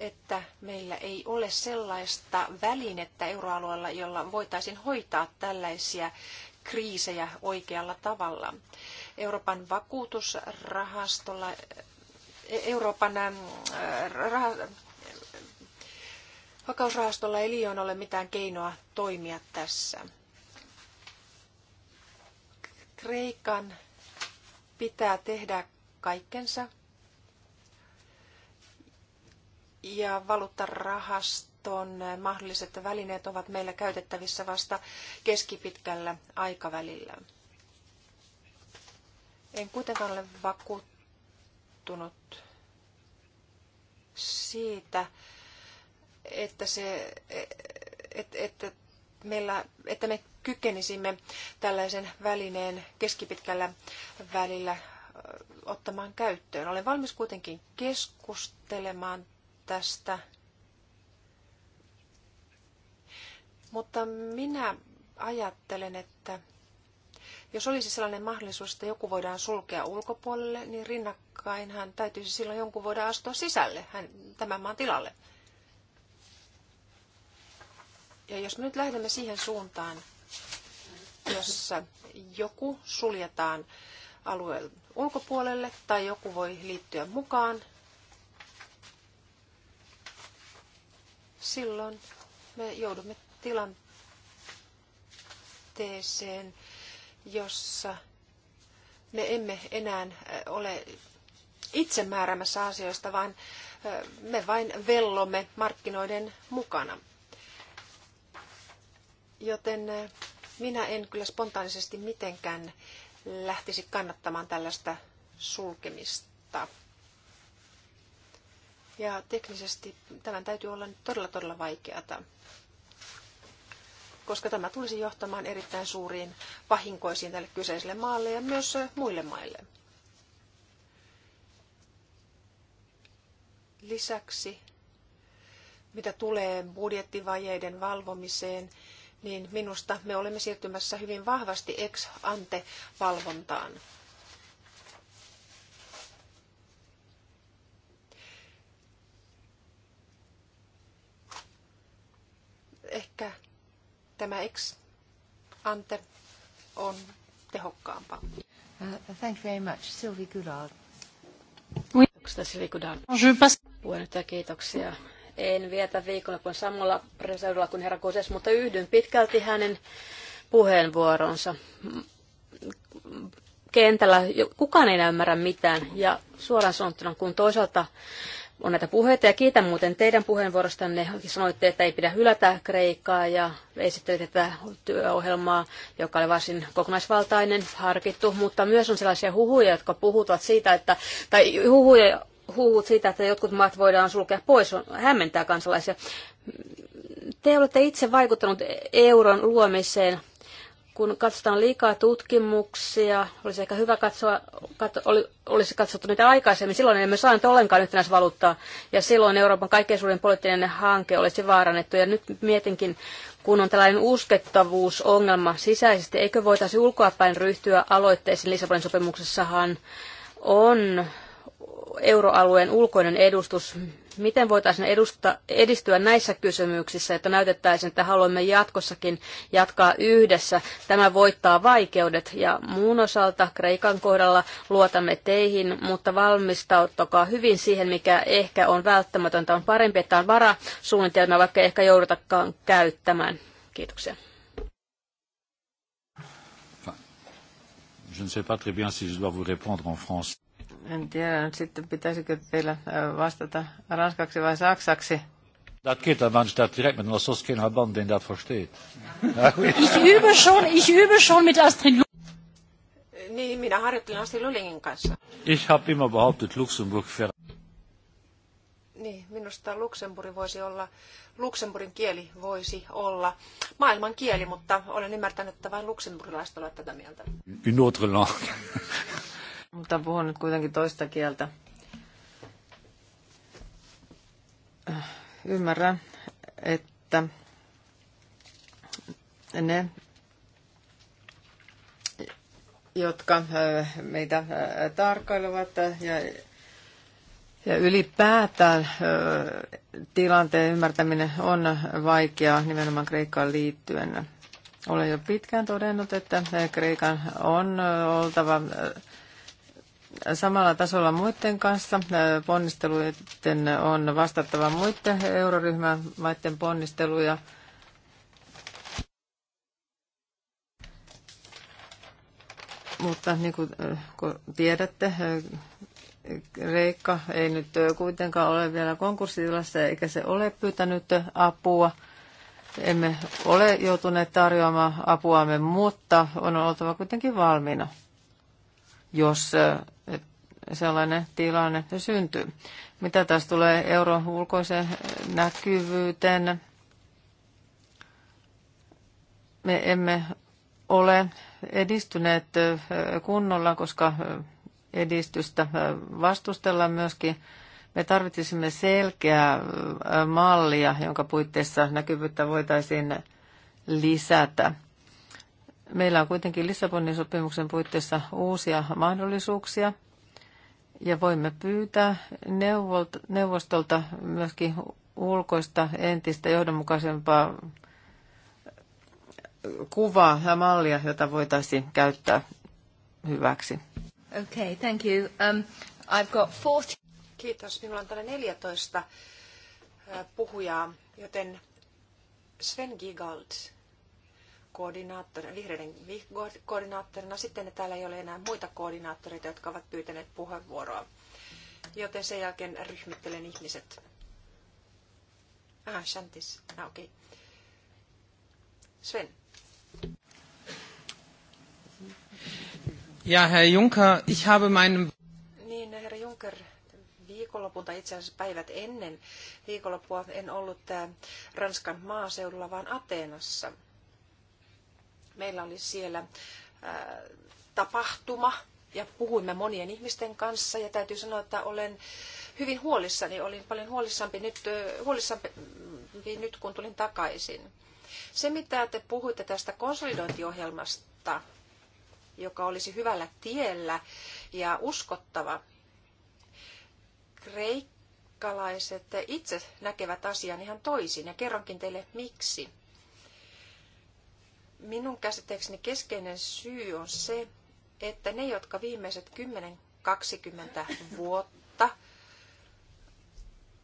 että meillä ei ole sellaista välinettä euroalueella, jolla voitaisiin hoitaa tällaisia kriisejä oikealla tavalla. Euroopan vakuutusrahastolla, e, Euroopan raha, vakausrahastolla ei liian ole mitään keinoa toimia tässä. Kreikan pitää tehdä kaikkensa ja valuuttarahaston mahdolliset välineet ovat meillä käytettävissä vasta keskipitkällä aikavälillä. En kuitenkaan ole vakuuttunut siitä, että, se, että, että, meillä, että me kykenisimme tällaisen välineen keskipitkällä välillä ottamaan käyttöön. Olen valmis kuitenkin keskustelemaan tästä. Mutta minä ajattelen, että jos olisi sellainen mahdollisuus, että joku voidaan sulkea ulkopuolelle, niin hän täytyisi silloin jonkun voida astua sisälle hän, tämän maan tilalle. Ja jos me nyt lähdemme siihen suuntaan, jossa joku suljetaan alueen ulkopuolelle tai joku voi liittyä mukaan, silloin me joudumme tilanteeseen, jossa me emme enää äh, ole itse määräämässä asioista, vaan äh, me vain vellomme markkinoiden mukana. Joten äh, minä en kyllä spontaanisesti mitenkään lähtisi kannattamaan tällaista sulkemista. Ja teknisesti tämän täytyy olla nyt todella, todella vaikeata, koska tämä tulisi johtamaan erittäin suuriin vahinkoisiin tälle kyseiselle maalle ja myös muille maille. Lisäksi, mitä tulee budjettivajeiden valvomiseen, niin minusta me olemme siirtymässä hyvin vahvasti ex ante valvontaan. ehkä tämä ex ante on tehokkaampaa. Uh, thank you very much. Sylvie Goulard. Kiitoksia Sylvie Goulard. Puheenjohtaja, kiitoksia. En vietä kuin samalla reseudulla kuin herra Koses, mutta yhdyn pitkälti hänen puheenvuoronsa. Kentällä kukaan ei ymmärrä mitään ja suoraan sanottuna, kun toisaalta on näitä puheita ja kiitän muuten teidän puheenvuorostanne. Sanoitte, että ei pidä hylätä Kreikkaa ja esittelitte tätä työohjelmaa, joka oli varsin kokonaisvaltainen, harkittu, mutta myös on sellaisia huhuja, jotka puhuvat siitä, että, tai huhuja, huhut siitä, että jotkut maat voidaan sulkea pois, on, hämmentää kansalaisia. Te olette itse vaikuttanut euron luomiseen kun katsotaan liikaa tutkimuksia, olisi ehkä hyvä katsoa, kat, oli, olisi katsottu niitä aikaisemmin. Silloin emme saaneet ollenkaan yhtenäisvaluuttaa, ja silloin Euroopan kaikkein suurin poliittinen hanke olisi vaarannettu. Ja nyt mietinkin, kun on tällainen uskettavuusongelma sisäisesti, eikö voitaisi ulkoapäin ryhtyä aloitteisiin? Lissabonin sopimuksessahan on euroalueen ulkoinen edustus. Miten voitaisiin edusta, edistyä näissä kysymyksissä, että näytettäisiin, että haluamme jatkossakin jatkaa yhdessä? Tämä voittaa vaikeudet ja muun osalta Kreikan kohdalla luotamme teihin, mutta valmistauttakaa hyvin siihen, mikä ehkä on välttämätöntä. On parempi, että on varasuunnitelma, vaikka ei ehkä joudutakaan käyttämään. Kiitoksia. Je ne sais pas très bien si je dois vous répondre en en tiedä nyt sitten, pitäisikö teillä vastata ranskaksi vai saksaksi. Das geht, dann werde ich das direkt mit einem lassos den das versteht. ich übe schon, ich übe schon mit Astrid Lulling. Niin, minä harjoittelen Astrid Lullingin kanssa. Ich habe immer behauptet, Luxemburg für. Niin, minusta Luxemburg voisi olla, Luxemburgin kieli voisi olla maailman kieli, mutta olen ymmärtänyt, että vain luksemburilaiset ovat tätä mieltä. Une autre langue. Mutta puhun nyt kuitenkin toista kieltä. Ymmärrän, että ne, jotka meitä tarkkailevat ja, ja ylipäätään tilanteen ymmärtäminen on vaikeaa nimenomaan Kreikkaan liittyen. Olen jo pitkään todennut, että Kreikan on oltava samalla tasolla muiden kanssa. Ponnisteluiden on vastattava muiden euroryhmän maiden ponnisteluja. Mutta niin kuin äh, tiedätte, äh, Kreikka ei nyt äh, kuitenkaan ole vielä konkurssitilassa eikä se ole pyytänyt apua. Emme ole joutuneet tarjoamaan apuamme, mutta on oltava kuitenkin valmiina jos sellainen tilanne syntyy. Mitä taas tulee euron ulkoiseen näkyvyyteen, me emme ole edistyneet kunnolla, koska edistystä vastustellaan myöskin. Me tarvitsisimme selkeää mallia, jonka puitteissa näkyvyyttä voitaisiin lisätä. Meillä on kuitenkin Lissabonin sopimuksen puitteissa uusia mahdollisuuksia ja voimme pyytää neuvostolta myöskin ulkoista entistä johdonmukaisempaa eh, kuvaa ja mallia, jota voitaisiin käyttää hyväksi. Okay, thank you. Um, I've got 40... Kiitos. Minulla on täällä 14 eh, puhujaa, joten Sven Gigalds vihreiden koordinaattorina. Sitten täällä ei ole enää muita koordinaattoreita, jotka ovat pyytäneet puheenvuoroa. Joten sen jälkeen ryhmittelen ihmiset. Ah, Shantis. Ah, Okay. Sven. Ja Herr Juncker, ich habe meinen... Niin, Herra Juncker, viikonlopun tai itse asiassa päivät ennen viikonloppua en ollut äh, Ranskan maaseudulla, vaan Ateenassa – Meillä oli siellä tapahtuma ja puhuimme monien ihmisten kanssa ja täytyy sanoa, että olen hyvin huolissani, olin paljon huolissampi nyt, huolissampi mm, nyt kun tulin takaisin. Se, mitä te puhuitte tästä konsolidointiohjelmasta, joka olisi hyvällä tiellä ja uskottava, kreikkalaiset itse näkevät asian ihan toisin ja kerronkin teille miksi. Minun käsitteekseni keskeinen syy on se, että ne, jotka viimeiset 10-20 vuotta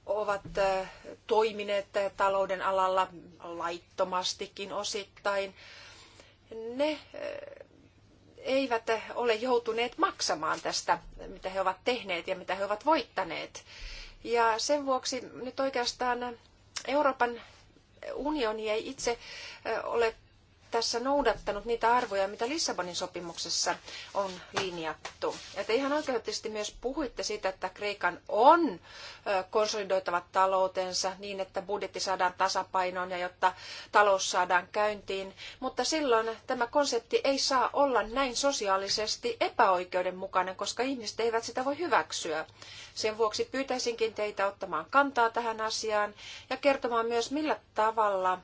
ovat toimineet talouden alalla laittomastikin osittain, ne eivät ole joutuneet maksamaan tästä, mitä he ovat tehneet ja mitä he ovat voittaneet. Ja sen vuoksi nyt oikeastaan Euroopan unioni ei itse ole tässä noudattanut niitä arvoja, mitä Lissabonin sopimuksessa on linjattu. Ja te ihan oikeutettavasti myös puhuitte siitä, että Kreikan on konsolidoitava taloutensa niin, että budjetti saadaan tasapainoon ja jotta talous saadaan käyntiin. Mutta silloin tämä konsepti ei saa olla näin sosiaalisesti epäoikeudenmukainen, koska ihmiset eivät sitä voi hyväksyä. Sen vuoksi pyytäisinkin teitä ottamaan kantaa tähän asiaan ja kertomaan myös, millä tavalla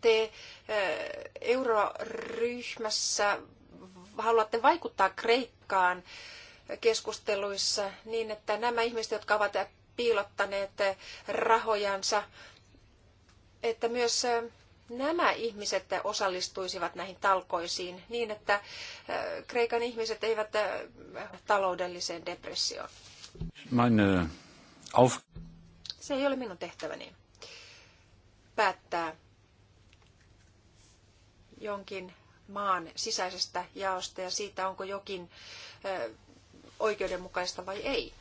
te eh, euroryhmässä haluatte vaikuttaa Kreikkaan keskusteluissa niin, että nämä ihmiset, jotka ovat piilottaneet rahojansa, että myös eh, nämä ihmiset osallistuisivat näihin talkoisiin niin, että eh, Kreikan ihmiset eivät taloudelliseen depressioon. Meine auf... Se ei ole minun tehtäväni päättää jonkin maan sisäisestä jaosta ja siitä, onko jokin oikeudenmukaista vai ei.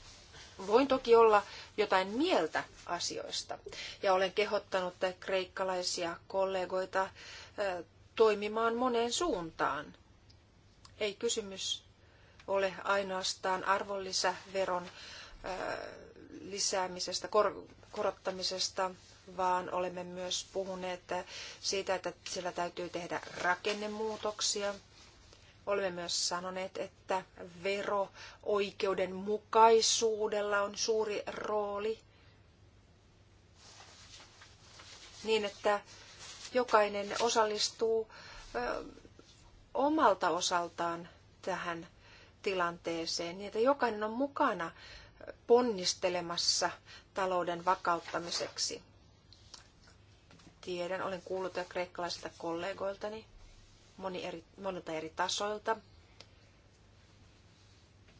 Voin toki olla jotain mieltä asioista ja olen kehottanut kreikkalaisia kollegoita toimimaan moneen suuntaan. Ei kysymys ole ainoastaan arvonlisäveron lisäämisestä, korottamisesta, vaan olemme myös puhuneet siitä, että sillä täytyy tehdä rakennemuutoksia. Olemme myös sanoneet, että vero-oikeudenmukaisuudella on suuri rooli niin, että jokainen osallistuu omalta osaltaan tähän tilanteeseen, niin että jokainen on mukana ponnistelemassa talouden vakauttamiseksi. Tiedän, olen kuullut jo kreikkalaisilta kollegoiltani moni eri, monilta eri tasoilta,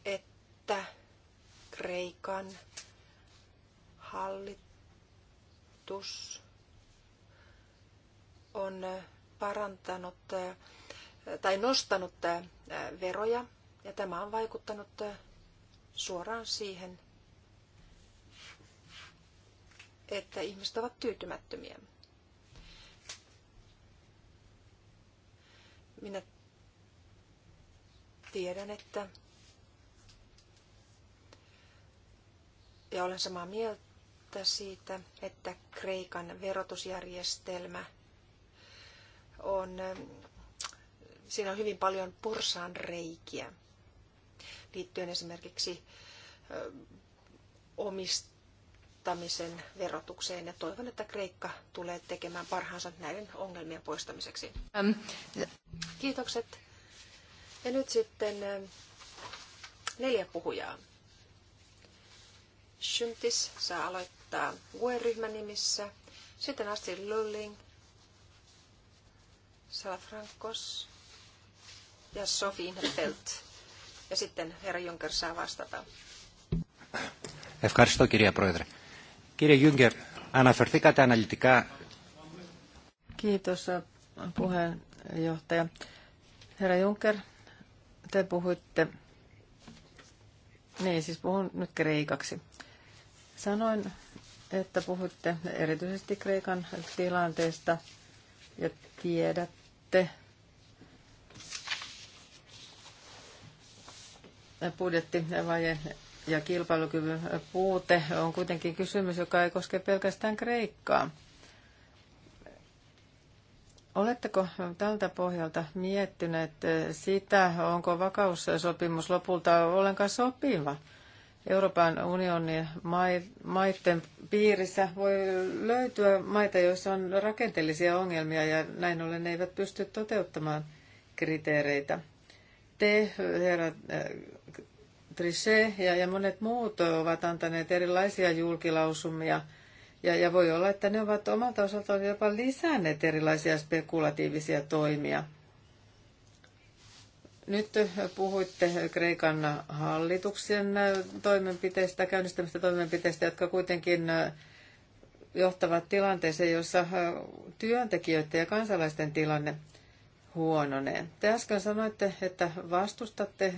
että Kreikan hallitus on parantanut tai nostanut veroja ja tämä on vaikuttanut suoraan siihen, että ihmiset ovat tyytymättömiä. Minä tiedän, että ja olen samaa mieltä siitä, että Kreikan verotusjärjestelmä on, siinä on hyvin paljon porsaan reikiä liittyen esimerkiksi omistamisen verotukseen ja toivon, että Kreikka tulee tekemään parhaansa näiden ongelmien poistamiseksi. Um, Kiitokset. Ja nyt sitten neljä puhujaa. Syntis saa aloittaa UE-ryhmän nimissä. Sitten Asti Lulling, Salafrankos ja Sofi Inhefelt. Ja sitten herra Juncker saa vastata. Ευχαριστώ κυρία Πρόεδρε. Κύριε Γιούγκερ, αναφερθήκατε αναλυτικά. Kiitos puheen johtaja. Herra Juncker, te puhuitte, niin siis puhun nyt kreikaksi. Sanoin, että puhuitte erityisesti Kreikan tilanteesta ja tiedätte vaje ja kilpailukyvyn puute on kuitenkin kysymys, joka ei koske pelkästään Kreikkaa. Oletteko tältä pohjalta miettineet eh, sitä, onko vakaussopimus lopulta ollenkaan sopiva? Euroopan unionin maiden piirissä voi löytyä maita, joissa on rakenteellisia ongelmia ja näin ollen ne eivät pysty toteuttamaan kriteereitä. Te, herra eh, Trichet ja, ja monet muut ovat antaneet erilaisia julkilausumia – ja, ja voi olla, että ne ovat omalta osaltaan jopa lisänneet erilaisia spekulatiivisia toimia. Nyt puhuitte Kreikan hallituksen toimenpiteistä, käynnistämistä toimenpiteistä, jotka kuitenkin johtavat tilanteeseen, jossa työntekijöiden ja kansalaisten tilanne huononee. Te äsken sanoitte, että vastustatte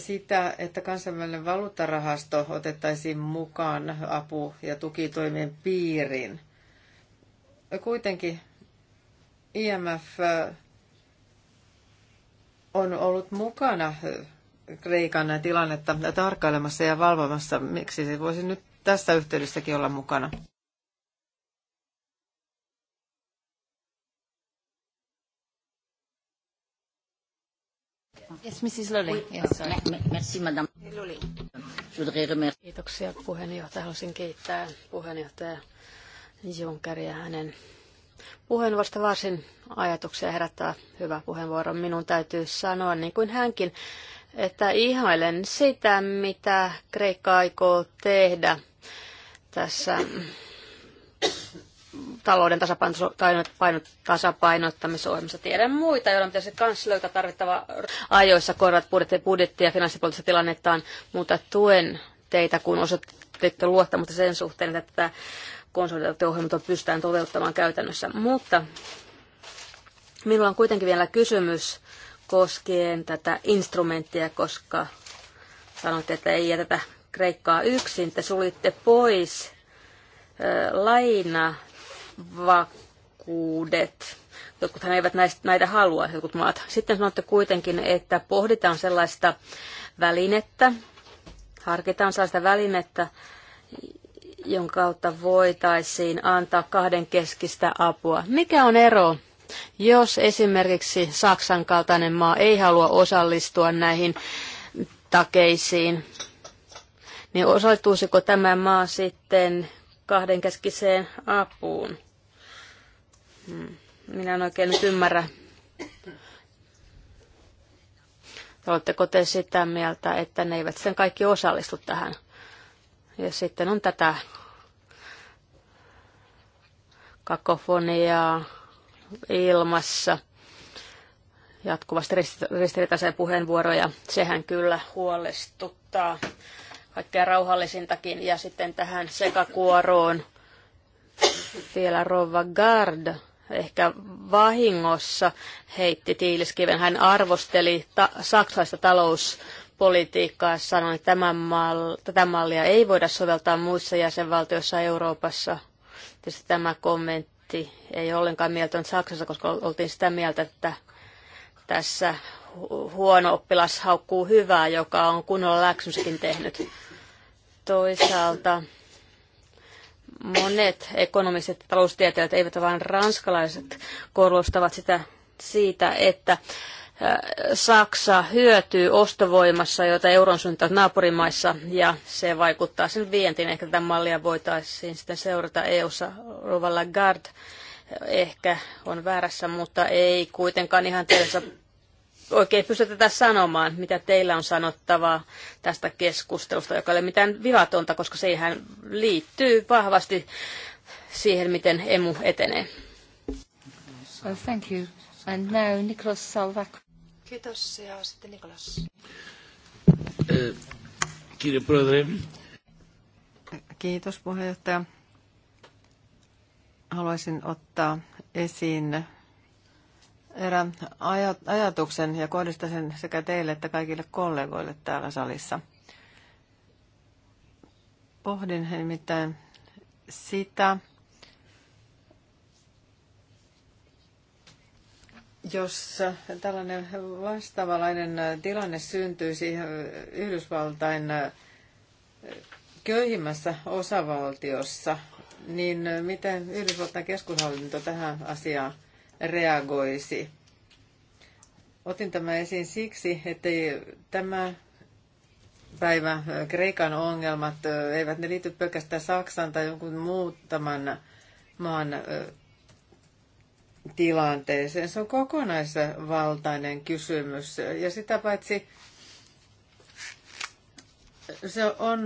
sitä, että kansainvälinen valuuttarahasto otettaisiin mukaan apu- ja tukitoimien piiriin. Kuitenkin IMF äh, on ollut mukana äh, Kreikan tilannetta tarkkailemassa ja valvomassa. Miksi se voisi nyt tässä yhteydessäkin olla mukana? Yes, Mrs. Kiitoksia puheenjohtaja. Haluaisin kiittää puheenjohtaja Junckeria hänen puheenvuorosta varsin ajatuksia herättää hyvä puheenvuoro. Minun täytyy sanoa, niin kuin hänkin, että ihailen sitä, mitä Kreikka aikoo tehdä tässä talouden tasapainottamisohjelmassa. Tiedän muita, joilla pitäisi myös löytää tarvittava ajoissa korvat budjetti, budjetti- ja finanssipoliittista tilannettaan, mutta tuen teitä, kun osoititte luottamusta sen suhteen, että tätä konsolidaatio-ohjelmaa pystytään toteuttamaan käytännössä. Mutta minulla on kuitenkin vielä kysymys koskien tätä instrumenttia, koska sanoitte, että ei jätetä Kreikkaa yksin, te sulitte pois laina vakuudet. Jotkuthan eivät näistä, näitä halua, jotkut maat. Sitten sanotte kuitenkin, että pohditaan sellaista välinettä, harkitaan sellaista välinettä, jonka kautta voitaisiin antaa kahden keskistä apua. Mikä on ero, jos esimerkiksi Saksan kaltainen maa ei halua osallistua näihin takeisiin, niin osallistuisiko tämä maa sitten kahdenkeskiseen apuun. Hmm. Minä en oikein nyt ymmärrä. Oletteko te sitä mieltä, että ne eivät sen kaikki osallistu tähän? Ja sitten on tätä kakofoniaa ilmassa, jatkuvasti ristiriitaisia puheenvuoroja. Sehän kyllä huolestuttaa kaikkea rauhallisintakin. Ja sitten tähän sekakuoroon vielä Rova Gard ehkä vahingossa heitti tiiliskiven. Hän arvosteli ta- saksalaista talouspolitiikkaa, sanoi, että tämän mal- tätä mallia ei voida soveltaa muissa jäsenvaltioissa Euroopassa. Tietysti tämä kommentti ei ollenkaan mieltä Saksassa, koska oltiin sitä mieltä, että tässä huono oppilas haukkuu hyvää, joka on kunnolla läksynsäkin tehnyt. Toisaalta monet ekonomiset ja taloustieteilijät, eivät vain ranskalaiset, korostavat sitä siitä, että Saksa hyötyy ostovoimassa, jota euron suuntaa naapurimaissa, ja se vaikuttaa sen vientiin. Ehkä tätä mallia voitaisiin sitten seurata EU-ssa Rovalla Gard ehkä on väärässä, mutta ei kuitenkaan ihan teillä oikein pysty tätä sanomaan, mitä teillä on sanottavaa tästä keskustelusta, joka ei ole mitään vivatonta, koska siihen liittyy vahvasti siihen, miten emu etenee. Well, thank you. And now Nicholas Salvak. Kiitos ja sitten Nikolas. Eh, Kiitos Kiitos puheenjohtaja. Haluaisin ottaa esiin erään ajatuksen ja kohdistan sen sekä teille että kaikille kollegoille täällä salissa. Pohdin nimittäin sitä, jos tällainen vastaavalainen tilanne syntyisi Yhdysvaltain köyhimmässä osavaltiossa, niin miten Yhdysvaltain keskushallinto tähän asiaan reagoisi. Otin tämä esiin siksi, että tämä päivä äh, Kreikan ongelmat äh, eivät ne liity pelkästään Saksan tai jonkun muutaman maan äh, tilanteeseen. Se on kokonaisvaltainen kysymys. Ja sitä paitsi se on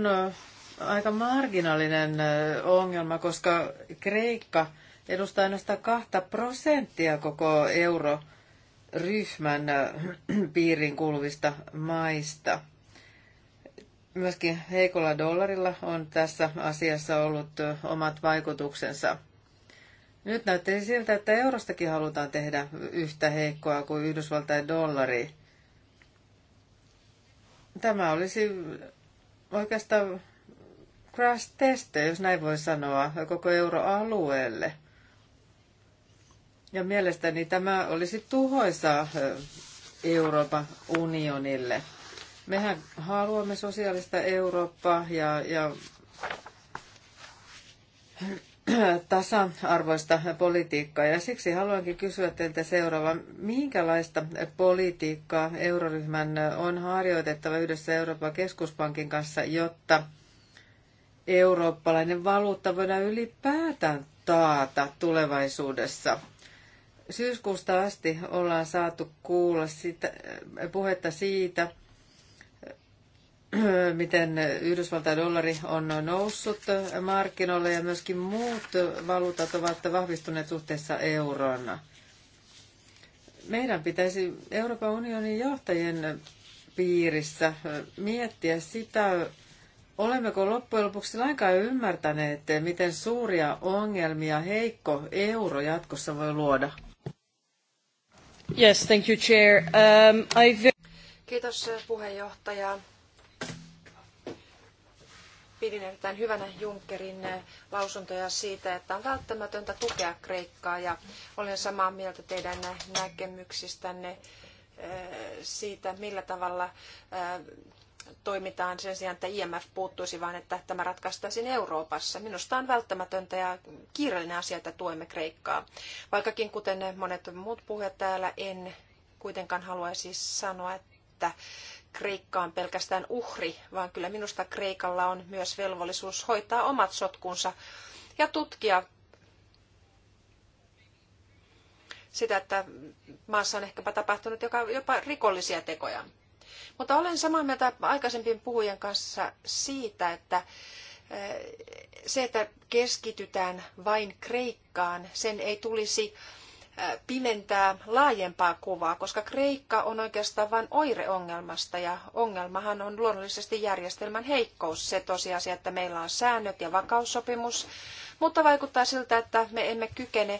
aika marginaalinen ongelma, koska Kreikka – edustaa ainoastaan kahta prosenttia koko euroryhmän äh, [CLEARS THROAT] piiriin kuuluvista maista. Myöskin heikolla dollarilla on tässä asiassa ollut äh, omat vaikutuksensa. Nyt näyttäisi siltä, että eurostakin halutaan tehdä yhtä heikkoa kuin Yhdysvaltain dollari. Tämä olisi oikeastaan crash test, jos näin voi sanoa, koko euroalueelle – ja mielestäni tämä olisi tuhoisa Euroopan unionille. Mehän haluamme sosiaalista Eurooppaa ja, ja [CLEARS THROAT] tasa-arvoista politiikkaa. Ja siksi haluankin kysyä teiltä seuraava, Minkälaista politiikkaa euroryhmän on harjoitettava yhdessä Euroopan keskuspankin kanssa, jotta eurooppalainen valuutta voidaan ylipäätään taata tulevaisuudessa? Syyskuusta asti ollaan saatu kuulla sitä, äh, puhetta siitä, äh, miten Yhdysvaltain dollari on noussut markkinoille ja myöskin muut valuutat ovat vahvistuneet suhteessa euroon. Meidän pitäisi Euroopan unionin johtajien piirissä äh, miettiä sitä, olemmeko loppujen lopuksi lainkaan ymmärtäneet, miten suuria ongelmia heikko euro jatkossa voi luoda. Yes, thank you, Chair. Um, I've... Kiitos eh, puheenjohtaja. Pidin erittäin hyvänä Junckerin eh, lausuntoja siitä, että on välttämätöntä tukea Kreikkaa ja olen samaa mieltä teidän näkemyksistänne eh, siitä, millä tavalla toimitaan sen sijaan, että IMF puuttuisi, vaan että tämä ratkaistaisiin Euroopassa. Minusta on välttämätöntä ja kiireellinen asia, että tuemme Kreikkaa. Vaikkakin kuten monet muut puhujat täällä, en kuitenkaan haluaisi sanoa, että Kreikka on pelkästään uhri, vaan kyllä minusta Kreikalla on myös velvollisuus hoitaa omat sotkunsa ja tutkia sitä, että maassa on ehkäpä tapahtunut jopa rikollisia tekoja. Mutta olen samaa mieltä aikaisempien puhujien kanssa siitä, että eh, se, että keskitytään vain Kreikkaan, sen ei tulisi eh, pimentää laajempaa kuvaa, koska Kreikka on oikeastaan vain oire ongelmasta ja ongelmahan on luonnollisesti järjestelmän heikkous, se tosiasia, että meillä on säännöt ja vakaussopimus, mutta vaikuttaa siltä, että me emme kykene eh,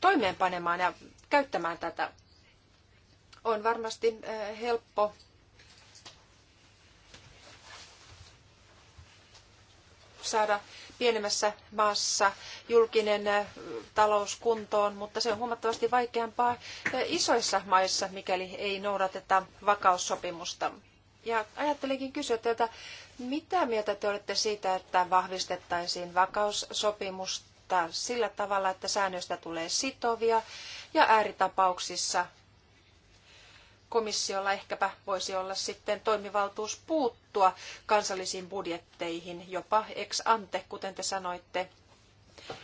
toimeenpanemaan ja käyttämään tätä. On varmasti helppo saada pienemmässä maassa julkinen äh, talous kuntoon, mutta se on huomattavasti vaikeampaa äh, isoissa maissa, mikäli ei noudateta vakaussopimusta. Ja ajattelinkin kysyä teiltä, mitä mieltä te olette siitä, että vahvistettaisiin vakaussopimusta sillä tavalla, että säännöistä tulee sitovia ja ääritapauksissa komissiolla ehkäpä voisi olla sitten toimivaltuus puuttua kansallisiin budjetteihin, jopa ex ante, kuten te sanoitte.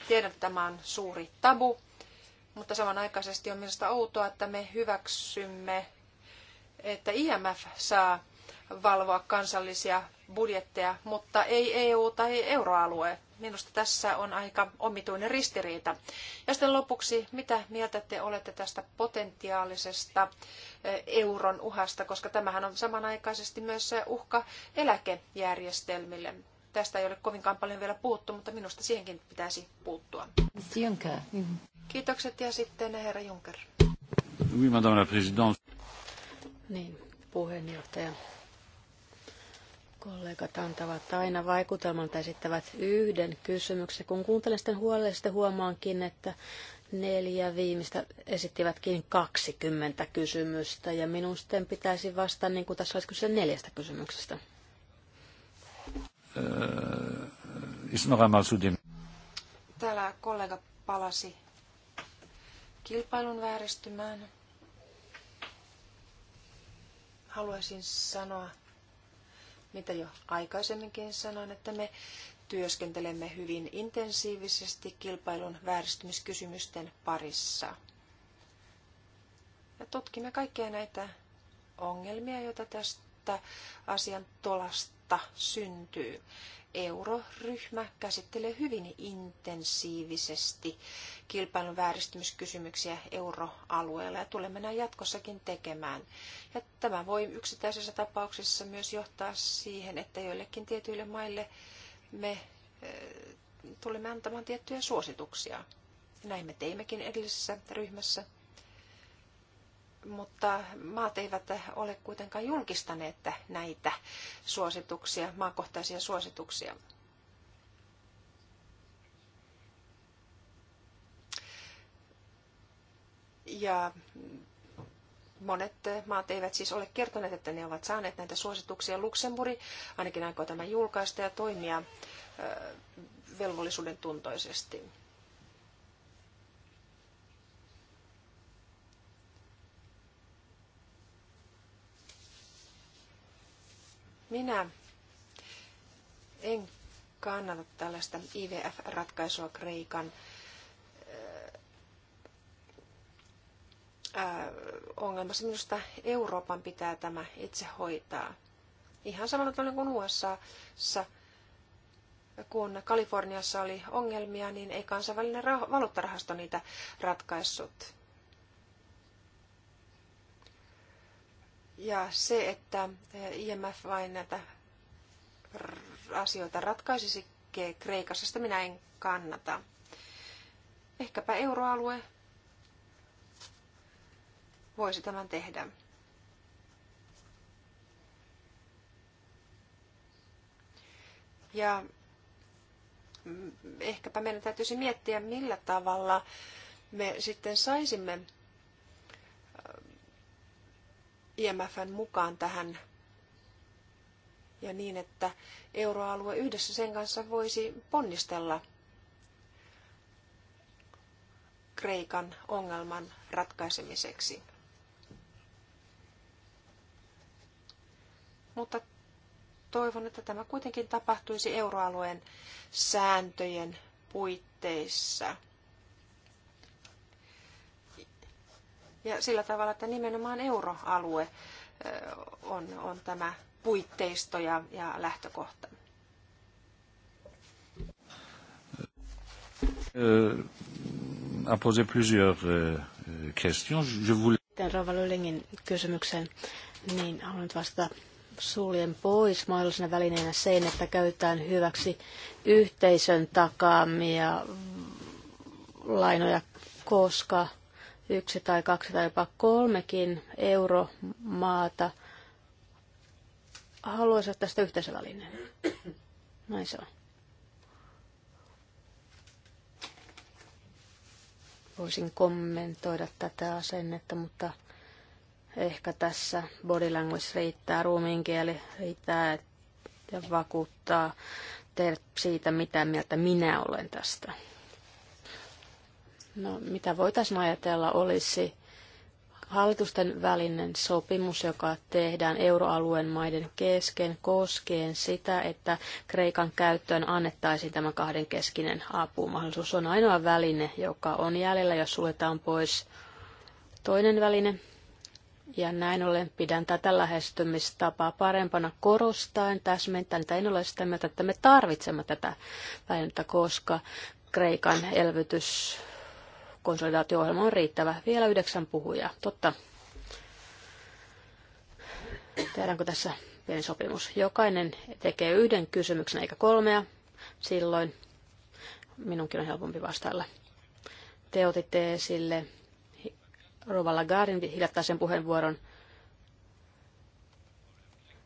Tiedän, että tämä on suuri tabu, mutta samanaikaisesti on mielestäni outoa, että me hyväksymme, että IMF saa valvoa kansallisia budjetteja, mutta ei EU tai euroalue. Minusta tässä on aika omituinen ristiriita. Ja sitten lopuksi, mitä mieltä te olette tästä potentiaalisesta eh, euron uhasta, koska tämähän on samanaikaisesti myös eh, uhka eläkejärjestelmille. Tästä ei ole kovinkaan paljon vielä puhuttu, mutta minusta siihenkin pitäisi puuttua. Kiitokset ja sitten herra Juncker. Niin, puheenjohtaja Kollegat antavat aina vaikutelman tai esittävät yhden kysymyksen. Kun kuuntelen sitten huolellisesti, niin huomaankin, että neljä viimeistä esittivätkin 20 kysymystä ja minun sitten pitäisi vastata niin kuin tässä olisi kyse neljästä kysymyksestä. Äh, Täällä kollega palasi kilpailun vääristymään. Haluaisin sanoa, mitä jo aikaisemminkin sanoin, että me työskentelemme hyvin intensiivisesti kilpailun vääristymiskysymysten parissa. Ja tutkimme kaikkia näitä ongelmia, joita tästä asian tolasta kautta syntyy. Euroryhmä käsittelee hyvin intensiivisesti kilpailun vääristymiskysymyksiä euroalueella ja tulemme näin jatkossakin tekemään. Ja tämä voi yksittäisessä tapauksessa myös johtaa siihen, että joillekin tietyille maille me eh, tulemme antamaan tiettyjä suosituksia. Näin me teimmekin edellisessä ryhmässä mutta maat eivät ole kuitenkaan julkistaneet näitä suosituksia, maakohtaisia suosituksia. Ja monet maat eivät siis ole kertoneet, että ne ovat saaneet näitä suosituksia. Luxemburg ainakin aikoo tämän julkaista ja toimia velvollisuuden tuntoisesti. Minä en kannata tällaista IVF-ratkaisua Kreikan ongelmassa. Minusta Euroopan pitää tämä itse hoitaa. Ihan samalla tavalla kuin USAssa, kun Kaliforniassa oli ongelmia, niin ei kansainvälinen valuuttarahasto niitä ratkaissut. Ja se, että IMF vain näitä asioita ratkaisisi Kreikassa, sitä minä en kannata. Ehkäpä euroalue voisi tämän tehdä. Ja ehkäpä meidän täytyisi miettiä, millä tavalla me sitten saisimme IMFn mukaan tähän ja niin, että euroalue yhdessä sen kanssa voisi ponnistella Kreikan ongelman ratkaisemiseksi. Mutta toivon, että tämä kuitenkin tapahtuisi euroalueen sääntöjen puitteissa – ja sillä tavalla, että nimenomaan euroalue on, on tämä puitteisto ja, ja lähtökohta. Euh, a posé plusieurs euh, euh questions. Je voulais... kysymykseen, niin haluan nyt vastata suljen pois mahdollisena välineenä sen, että käytetään hyväksi yhteisön takaamia lainoja, koska yksi tai kaksi tai jopa kolmekin euromaata haluaisivat tästä yhteisövälineen. Näin se on. Voisin kommentoida tätä asennetta, mutta ehkä tässä body language riittää, kieli riittää ja vakuuttaa teidät siitä, mitä mieltä minä olen tästä. No, mitä voitaisiin ajatella olisi hallitusten välinen sopimus, joka tehdään euroalueen maiden kesken koskien sitä, että Kreikan käyttöön annettaisiin tämä kahdenkeskinen apumahdollisuus. Se on ainoa väline, joka on jäljellä, jos suljetaan pois toinen väline. Ja näin ollen pidän tätä lähestymistapaa parempana korostaen, täsmentäen, että en ole sitä mieltä, että me tarvitsemme tätä välinettä, koska Kreikan elvytys konsolidaatio-ohjelma on riittävä. Vielä yhdeksän puhujaa. Totta. Tehdäänkö tässä pieni sopimus? Jokainen tekee yhden kysymyksen eikä kolmea. Silloin minunkin on helpompi vastailla. Te otitte esille Rova Lagardin hiljattaisen puheenvuoron.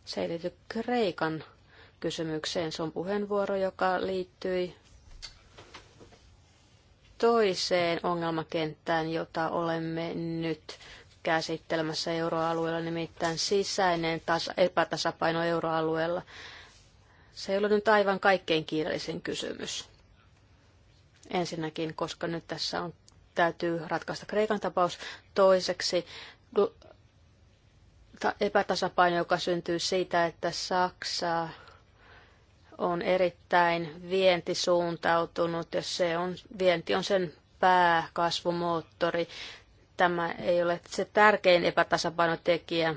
Se ei liity Kreikan kysymykseen. Se on puheenvuoro, joka liittyi toiseen ongelmakenttään, jota olemme nyt käsittelemässä euroalueella, nimittäin sisäinen tasa- epätasapaino euroalueella. Se ei ole nyt aivan kaikkein kiireellisin kysymys. Ensinnäkin, koska nyt tässä on, täytyy ratkaista Kreikan tapaus. Toiseksi, epätasapaino, joka syntyy siitä, että Saksa on erittäin vientisuuntautunut ja se on, vienti on sen pääkasvumoottori. Tämä ei ole se tärkein epätasapainotekijä,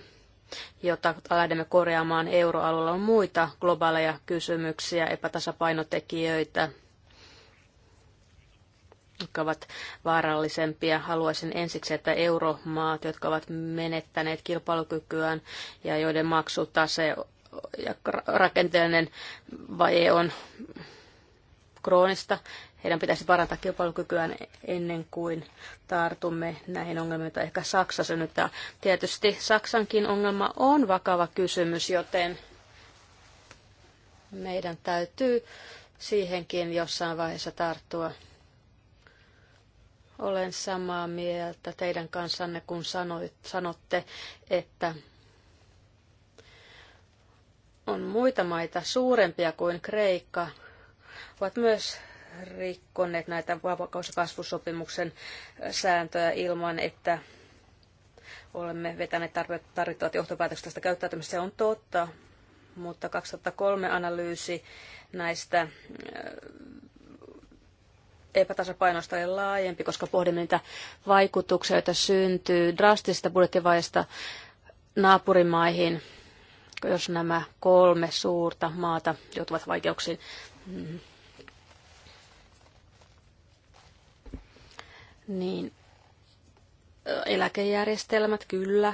jota lähdemme korjaamaan euroalueella. On muita globaaleja kysymyksiä, epätasapainotekijöitä, jotka ovat vaarallisempia. Haluaisin ensiksi, että euromaat, jotka ovat menettäneet kilpailukykyään ja joiden maksutase ja rakenteellinen vaje on kroonista. Heidän pitäisi parantaa kilpailukykyään ennen kuin tartumme näihin ongelmiin, joita ehkä Saksa synnyttää. Tietysti Saksankin ongelma on vakava kysymys, joten meidän täytyy siihenkin jossain vaiheessa tarttua. Olen samaa mieltä teidän kanssanne, kun sanoit, sanotte, että on muita maita suurempia kuin Kreikka, ovat myös rikkoneet näitä vapauskasvusopimuksen sääntöjä ilman, että olemme vetäneet tarvittavat johtopäätökset tästä käyttäytymisestä. Se on totta, mutta 2003 analyysi näistä äh, epätasapainosta oli laajempi, koska pohdimme niitä vaikutuksia, joita syntyy drastisista budjettivaista naapurimaihin – jos nämä kolme suurta maata joutuvat vaikeuksiin. Mm, niin eläkejärjestelmät, kyllä.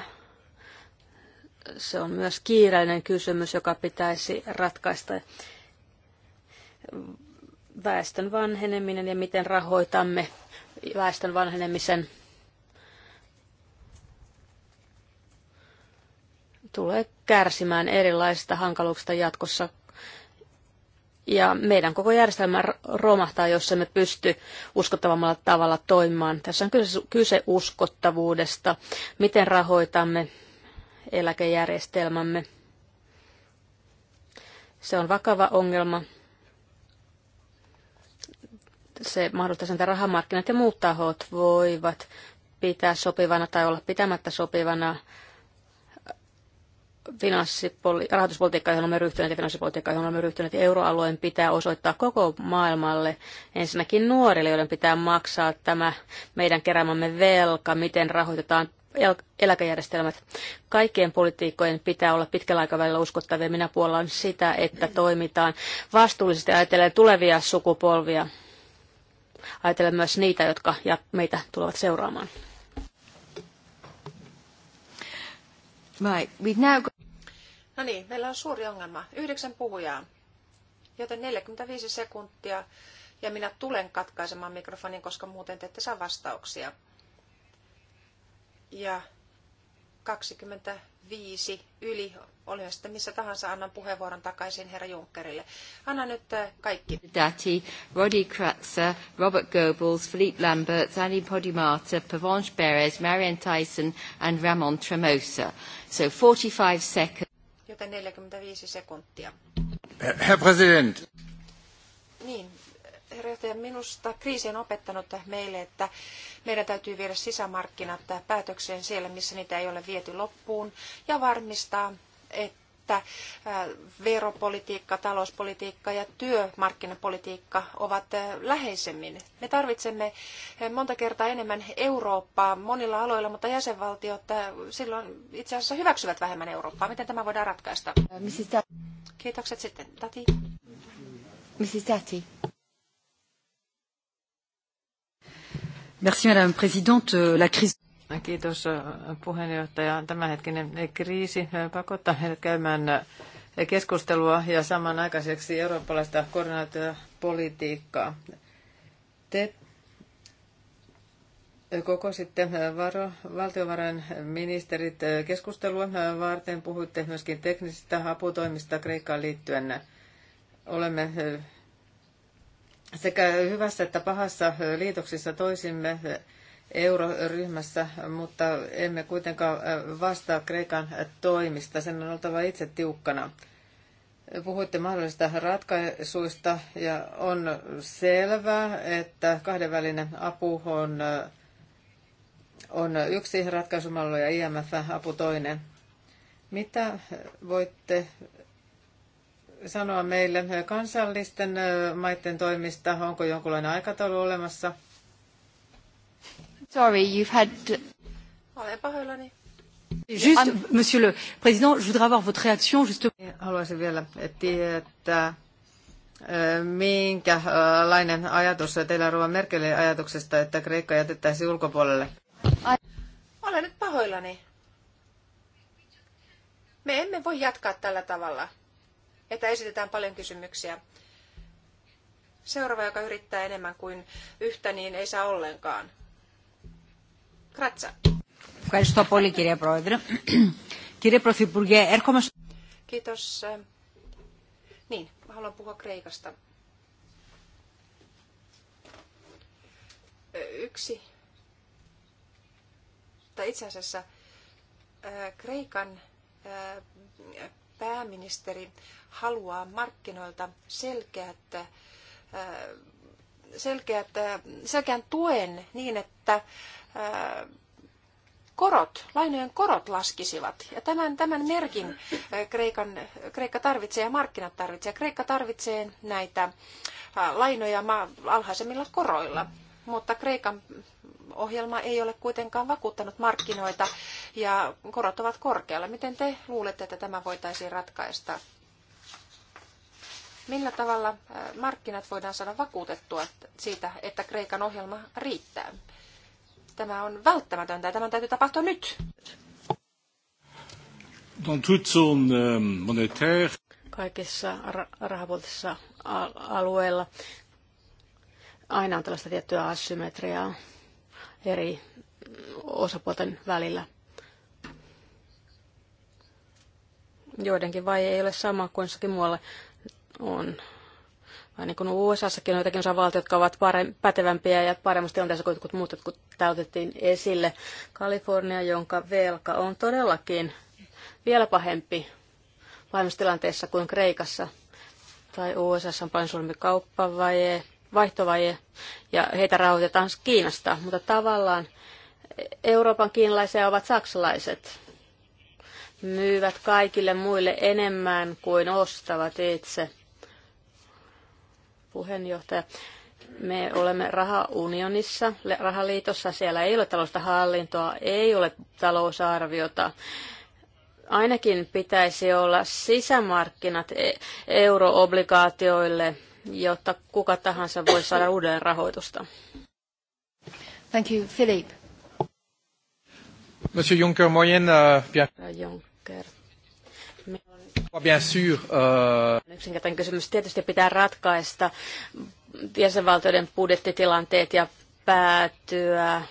Se on myös kiireinen kysymys, joka pitäisi ratkaista väestön vanheneminen ja miten rahoitamme väestön vanhenemisen tulee kärsimään erilaisista hankaluuksista jatkossa. Ja meidän koko järjestelmä romahtaa, jos emme pysty uskottavammalla tavalla toimimaan. Tässä on kyse uskottavuudesta, miten rahoitamme eläkejärjestelmämme. Se on vakava ongelma. Se mahdollistaa sen, että rahamarkkinat ja muut tahot voivat pitää sopivana tai olla pitämättä sopivana finanssipoli- rahoituspolitiikka, johon olemme ryhtyneet ja finanssipolitiikka, johon olemme ryhtyneet, ja euroalueen pitää osoittaa koko maailmalle, ensinnäkin nuorille, joiden pitää maksaa tämä meidän keräämämme velka, miten rahoitetaan el- eläkejärjestelmät. Kaikkien politiikkojen pitää olla pitkällä aikavälillä uskottavia. Minä puollan sitä, että toimitaan vastuullisesti ajatellen tulevia sukupolvia. Ajatellen myös niitä, jotka ja meitä tulevat seuraamaan. Right. We've now got... No niin, meillä on suuri ongelma. Yhdeksän puhujaa, joten 45 sekuntia ja minä tulen katkaisemaan mikrofonin, koska muuten te ette saa vastauksia. Ja 25 yli, olen sitten missä tahansa, annan puheenvuoron takaisin herra Junckerille. Anna nyt äh, kaikki. Dati, Roddy Kratzer, Robert Goebbels, Philippe Lambert, Annie Podimata, Pavanche Perez, Marian Tyson and Ramon Tremosa. So 45 seconds joten 45 sekuntia. Herr President. Niin, herra minusta kriisi on opettanut meille, että meidän täytyy viedä sisämarkkinat päätökseen siellä, missä niitä ei ole viety loppuun, ja varmistaa, että että veropolitiikka, talouspolitiikka ja työmarkkinapolitiikka ovat läheisemmin. Me tarvitsemme monta kertaa enemmän Eurooppaa monilla aloilla, mutta jäsenvaltiot silloin itse asiassa hyväksyvät vähemmän Eurooppaa. Miten tämä voidaan ratkaista? Kiitokset sitten. Tati. Mrs. Tati. Merci, Madame Présidente. Euh, la crise... Kiitos puheenjohtaja. Tämänhetkinen kriisi pakottaa meidät käymään keskustelua ja samanaikaiseksi eurooppalaista koordinaatiopolitiikkaa. Te koko sitten varo, valtiovarainministerit keskustelua varten. Puhuitte myöskin teknisistä aputoimista Kreikkaan liittyen. Olemme sekä hyvässä että pahassa liitoksissa toisimme euroryhmässä, mutta emme kuitenkaan äh, vastaa Kreikan toimista. Sen on oltava itse tiukkana. Puhuitte mahdollisista ratkaisuista ja on selvää, että kahdenvälinen apu on, äh, on yksi ratkaisumallo ja IMF-apu toinen. Mitä voitte sanoa meille kansallisten äh, maiden toimista? Onko jonkinlainen aikataulu olemassa – Sorry, you've had... Olen monsieur le président, je voudrais avoir votre réaction juste... Haluaisin vielä tietää, eh, minkälainen ajatus teillä Ruoan Merkelin ajatuksesta, että Kreikka jätettäisiin ulkopuolelle? Olen nyt pahoillani. Me emme voi jatkaa tällä tavalla, että esitetään paljon kysymyksiä. Seuraava, joka yrittää enemmän kuin yhtä, niin ei saa ollenkaan. Kratsa. Ευχαριστώ πολύ κυρία Πρόεδρε. Κύριε Πρωθυπουργέ, έρχομαι... Kiitos. Niin, haluan puhua Kreikasta. Yksi, tai itse asiassa Kreikan pääministeri haluaa markkinoilta selkeät, selkeät, selkeän tuen niin, että korot, lainojen korot laskisivat. Ja tämän, tämän merkin Kreikan, Kreikka tarvitsee ja markkinat tarvitsee. Kreikka tarvitsee näitä lainoja alhaisemmilla koroilla. Mutta Kreikan ohjelma ei ole kuitenkaan vakuuttanut markkinoita ja korot ovat korkealla. Miten te luulette, että tämä voitaisiin ratkaista? Millä tavalla markkinat voidaan saada vakuutettua siitä, että Kreikan ohjelma riittää? Tämä on välttämätöntä ja tämän täytyy tapahtua nyt. Euh, Kaikissa rahapuolisissa alueilla aina on tällaista tiettyä asymmetriaa eri osapuolten välillä. Joidenkin vai ei ole sama kuin jossakin muualla on vai niin kuin USAssakin on joitakin osavaltioita, jotka ovat parem- pätevämpiä ja paremmassa tilanteessa kuin jotkut muut, jotkut täytettiin esille. Kalifornia, jonka velka on todellakin vielä pahempi pahemmassa tilanteessa kuin Kreikassa. Tai USAssa on paljon suurempi kauppavaje, vaihtovaje ja heitä rahoitetaan Kiinasta. Mutta tavallaan Euroopan kiinalaisia ovat saksalaiset. Myyvät kaikille muille enemmän kuin ostavat itse puheenjohtaja. Me olemme rahaunionissa, rahaliitossa. Siellä ei ole talousta hallintoa, ei ole talousarviota. Ainakin pitäisi olla sisämarkkinat e- euroobligaatioille, jotta kuka tahansa voi saada uuden rahoitusta. Thank you, Philippe. Monsieur Juncker, moyenne... Uh, bien. Juncker Bien sûr, uh... Yksinkertainen kysymys. Tietysti pitää ratkaista jäsenvaltioiden budjettitilanteet ja päätyä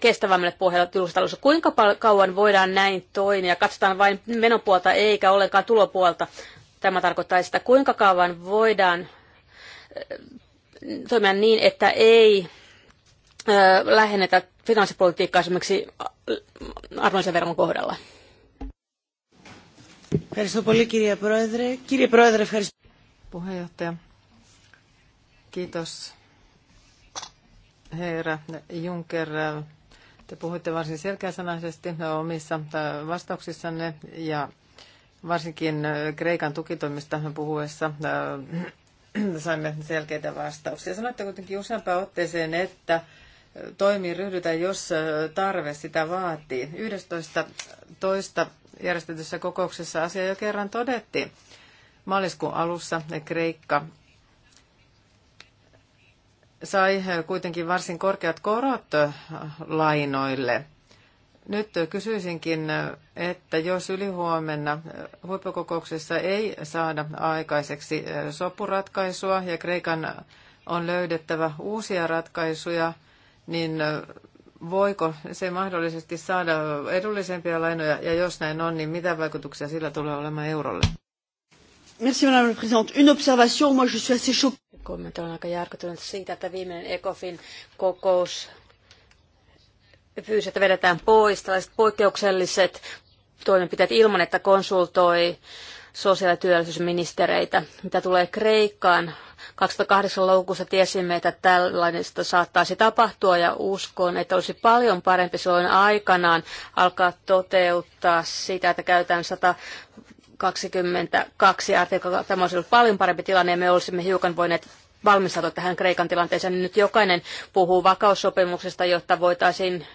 kestävämmälle pohjalle julkistaloudessa. Kuinka kauan voidaan näin toimia? Katsotaan vain menopuolta eikä ollenkaan tulopuolta. Tämä tarkoittaa sitä, kuinka kauan voidaan toimia niin, että ei lähennetä finanssipolitiikkaa esimerkiksi arvonlisäveron kohdalla. Ευχαριστώ πολύ κύριε Πρόεδρε. Κύριε Πρόεδρε, ευχαριστώ. Puheenjohtaja. Kiitos herra Juncker. Te puhuitte varsin selkeäsanaisesti omissa äh, vastauksissanne ja varsinkin äh, Kreikan tukitoimista puhuessa äh, [CLEARS THROAT] saimme selkeitä vastauksia. Sanoitte kuitenkin useampaan otteeseen, että toimiin ryhdytään, jos tarve sitä vaatii. 11. toista järjestetyssä kokouksessa asia jo kerran todettiin. Maaliskuun alussa Kreikka sai kuitenkin varsin korkeat korot lainoille. Nyt kysyisinkin, että jos ylihuomenna huippukokouksessa ei saada aikaiseksi sopuratkaisua ja Kreikan on löydettävä uusia ratkaisuja, niin voiko se mahdollisesti saada edullisempia lainoja, ja jos näin on, niin mitä vaikutuksia sillä tulee olemaan eurolle? Merci madame la présidente. Une observation, moi je suis assez choquée. Kommentti on aika järkyttynyt siitä, että viimeinen ECOFIN kokous pyysi, että vedetään pois tällaiset poikkeukselliset toimenpiteet ilman, että konsultoi sosiaali- ja työllisyysministereitä. Mitä tulee Kreikkaan, 2008 loukussa tiesimme, että tällaista saattaisi tapahtua ja uskon, että olisi paljon parempi silloin aikanaan alkaa toteuttaa sitä, että käytetään 122 22 Tämä olisi ollut paljon parempi tilanne ja me olisimme hiukan voineet valmistautua tähän Kreikan tilanteeseen. Nyt jokainen puhuu vakaussopimuksesta, jotta voitaisiin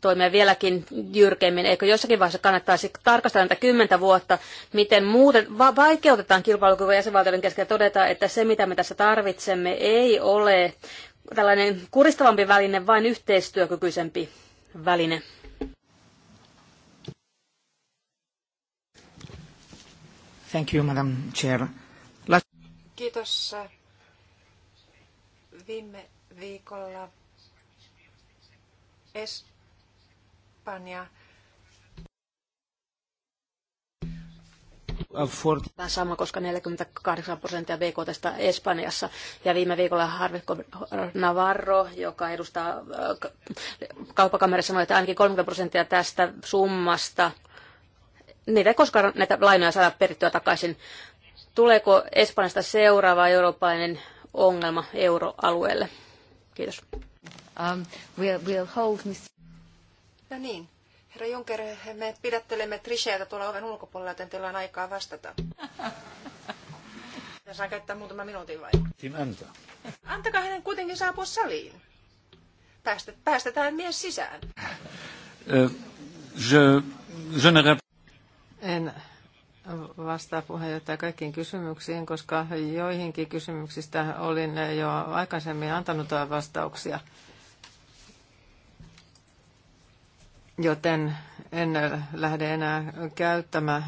toimia vieläkin jyrkemmin. Eikö jossakin vaiheessa kannattaisi tarkastella näitä kymmentä vuotta, miten muuten va- vaikeutetaan kilpailukykyä jäsenvaltioiden kesken todeta, että se mitä me tässä tarvitsemme ei ole tällainen kuristavampi väline, vain yhteistyökykyisempi väline. Thank you, Madam Chair. Last... Kiitos. Viime viikolla es, kampanja. Tämä sama, koska 48 prosenttia BKTstä Espanjassa. Ja viime viikolla Harvey Navarro, joka edustaa äh, kauppakamerissa, sanoi, että ainakin 30 prosenttia tästä summasta, niitä ei koskaan näitä lainoja saada perittyä takaisin. Tuleeko Espanjasta seuraava eurooppalainen ongelma euroalueelle? Kiitos. Um, we'll, we'll hold... No niin, herra Juncker, me pidättelemme Trisheitä tuolla oven ulkopuolella, joten teillä on aikaa vastata. Ja [LAUGHS] saa käyttää muutama minuutin vai? Tim antaa. Antakaa hänen kuitenkin saapua saliin. Päästet, päästetään mies sisään. Je, je ne... En vastaa puheenjohtaja kaikkiin kysymyksiin, koska joihinkin kysymyksistä olin jo aikaisemmin antanut vastauksia. joten en lähde enää käyttämään,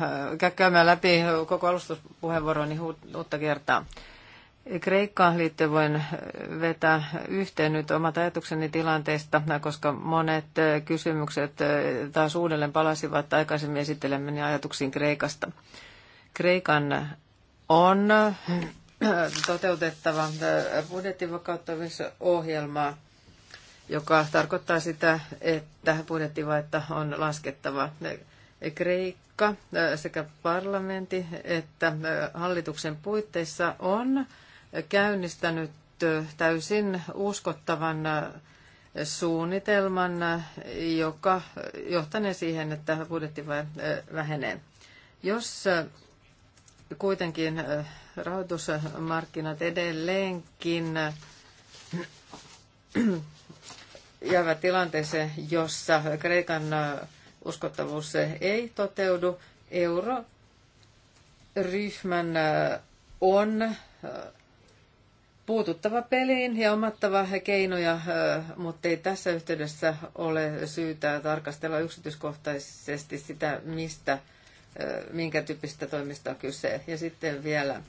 käymään läpi koko alustuspuheenvuoroni uutta kertaa. Kreikkaan liittyen voin vetää yhteen nyt omat ajatukseni tilanteesta, koska monet kysymykset taas uudelleen palasivat aikaisemmin esittelemäni ajatuksiin Kreikasta. Kreikan on toteutettava budjettivakauttamisohjelmaa joka tarkoittaa sitä, että budjettivaihto on laskettava. Kreikka äh, sekä parlamentti että äh, hallituksen puitteissa on käynnistänyt äh, täysin uskottavan suunnitelman, joka johtanee siihen, että budjetti vähenee. Jos kuitenkin rahoitusmarkkinat edelleenkin jäävä tilanteeseen, jossa Kreikan uskottavuus ei toteudu. Euroryhmän on puututtava peliin ja omattava keinoja, mutta ei tässä yhteydessä ole syytä tarkastella yksityiskohtaisesti sitä, mistä, minkä tyyppistä toimista on kyse. Ja sitten vielä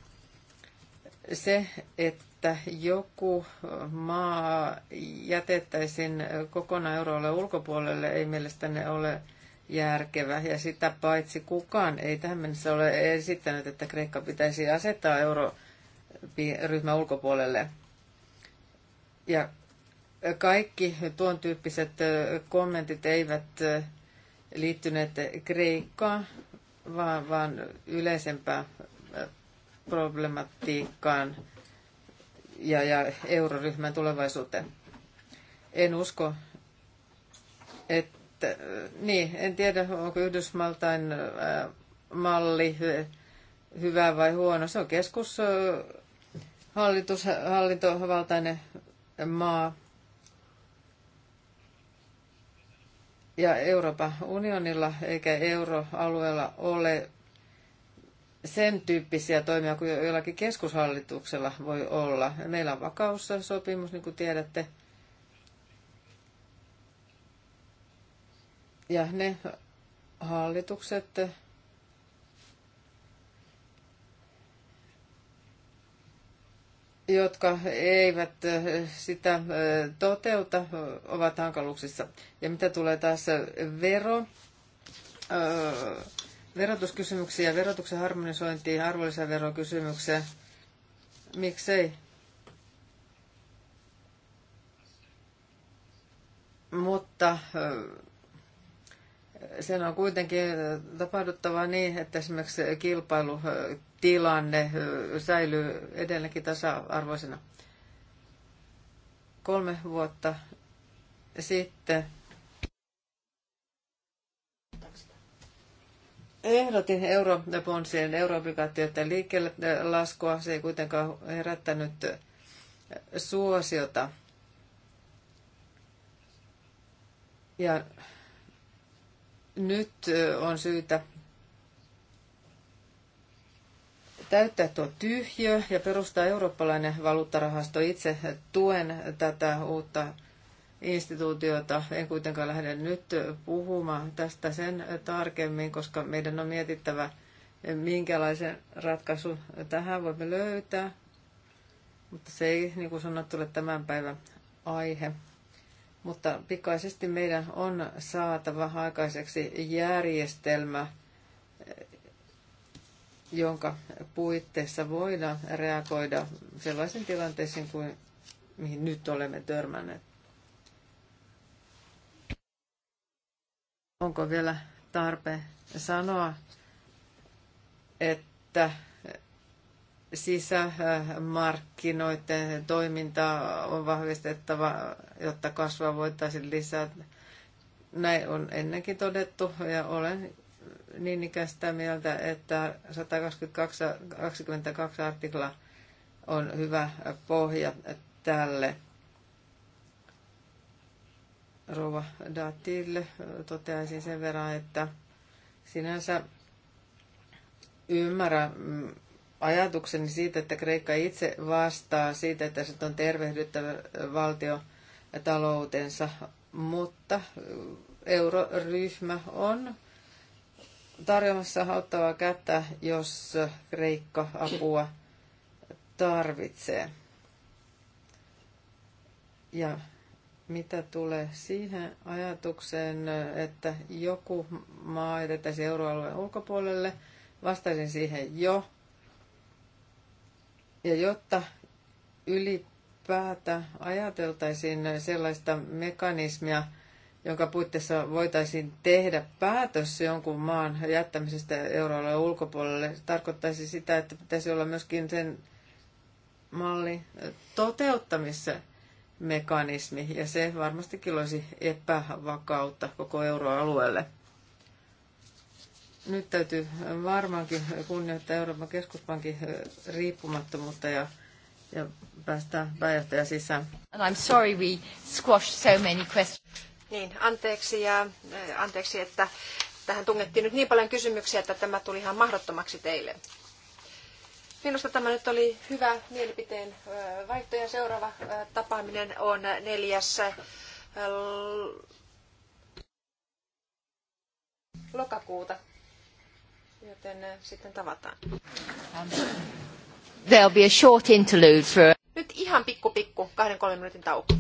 se, että joku maa jätettäisiin kokonaan euroalueen ulkopuolelle, ei mielestäni ole järkevä. Ja sitä paitsi kukaan ei tähän mennessä ole esittänyt, että Kreikka pitäisi asettaa euroryhmän ulkopuolelle. Ja kaikki tuon tyyppiset kommentit eivät liittyneet Kreikkaan, vaan, vaan yleisempään problematiikkaan ja, ja euroryhmän tulevaisuuteen. En usko, että, niin, en tiedä, onko Yhdysvaltain äh, malli hyvä vai huono. Se on keskus, äh, hallitus, hallintovaltainen maa. Ja Euroopan unionilla eikä euroalueella ole sen tyyppisiä toimia kuin jollakin keskushallituksella voi olla. Meillä on vakaussopimus, niin kuin tiedätte. Ja ne hallitukset, jotka eivät sitä toteuta, ovat hankaluuksissa. Ja mitä tulee taas vero, verotuskysymyksiä, verotuksen harmonisointiin, arvonlisäverokysymykseen. Miksei? Mutta sen on kuitenkin tapahduttava niin, että esimerkiksi kilpailutilanne säilyy edelleenkin tasa-arvoisena. Kolme vuotta sitten ehdotin eurobondsien euroobligaatioiden liikkeelle laskua. Se ei kuitenkaan herättänyt suosiota. Ja nyt on syytä täyttää tuo tyhjö ja perustaa eurooppalainen valuuttarahasto. Itse tuen tätä uutta instituutiota. En kuitenkaan lähde nyt puhumaan tästä sen tarkemmin, koska meidän on mietittävä, minkälaisen ratkaisun tähän voimme löytää. Mutta se ei, niin kuin sanottu, ole tämän päivän aihe. Mutta pikaisesti meidän on saatava aikaiseksi järjestelmä, jonka puitteissa voidaan reagoida sellaisiin tilanteisiin kuin mihin nyt olemme törmänneet. Onko vielä tarpeen sanoa, että sisämarkkinoiden toimintaa on vahvistettava, jotta kasvua voitaisiin lisätä. Näin on ennenkin todettu ja olen niin ikään sitä mieltä, että 122 artikla on hyvä pohja tälle. Rova Datille toteaisin sen verran, että sinänsä ymmärrä mm, ajatukseni siitä, että Kreikka itse vastaa siitä, että se on tervehdyttävä valtio taloutensa, mutta euroryhmä on tarjoamassa auttavaa kättä, jos Kreikka apua tarvitsee. Ja mitä tulee siihen ajatukseen, että joku maa jätettäisiin euroalueen ulkopuolelle, vastaisin siihen jo. Ja jotta ylipäätä ajateltaisiin sellaista mekanismia, jonka puitteissa voitaisiin tehdä päätös jonkun maan jättämisestä euroalueen ulkopuolelle, se tarkoittaisi sitä, että pitäisi olla myöskin sen malli toteuttamisessa mekanismi, ja se varmastikin loisi epävakautta koko euroalueelle. Nyt täytyy varmaankin kunnioittaa Euroopan keskuspankin riippumattomuutta ja, ja päästä pääjohtaja sisään. And I'm sorry we squashed so many questions. Niin, anteeksi, ja, anteeksi että tähän tungettiin nyt niin paljon kysymyksiä, että tämä tuli ihan mahdottomaksi teille. Minusta tämä nyt oli hyvä mielipiteen vaihto ja seuraava tapaaminen on neljässä lokakuuta, joten sitten tavataan. There'll be a short interlude for... Nyt ihan pikku pikku, kahden kolmen minuutin tauko.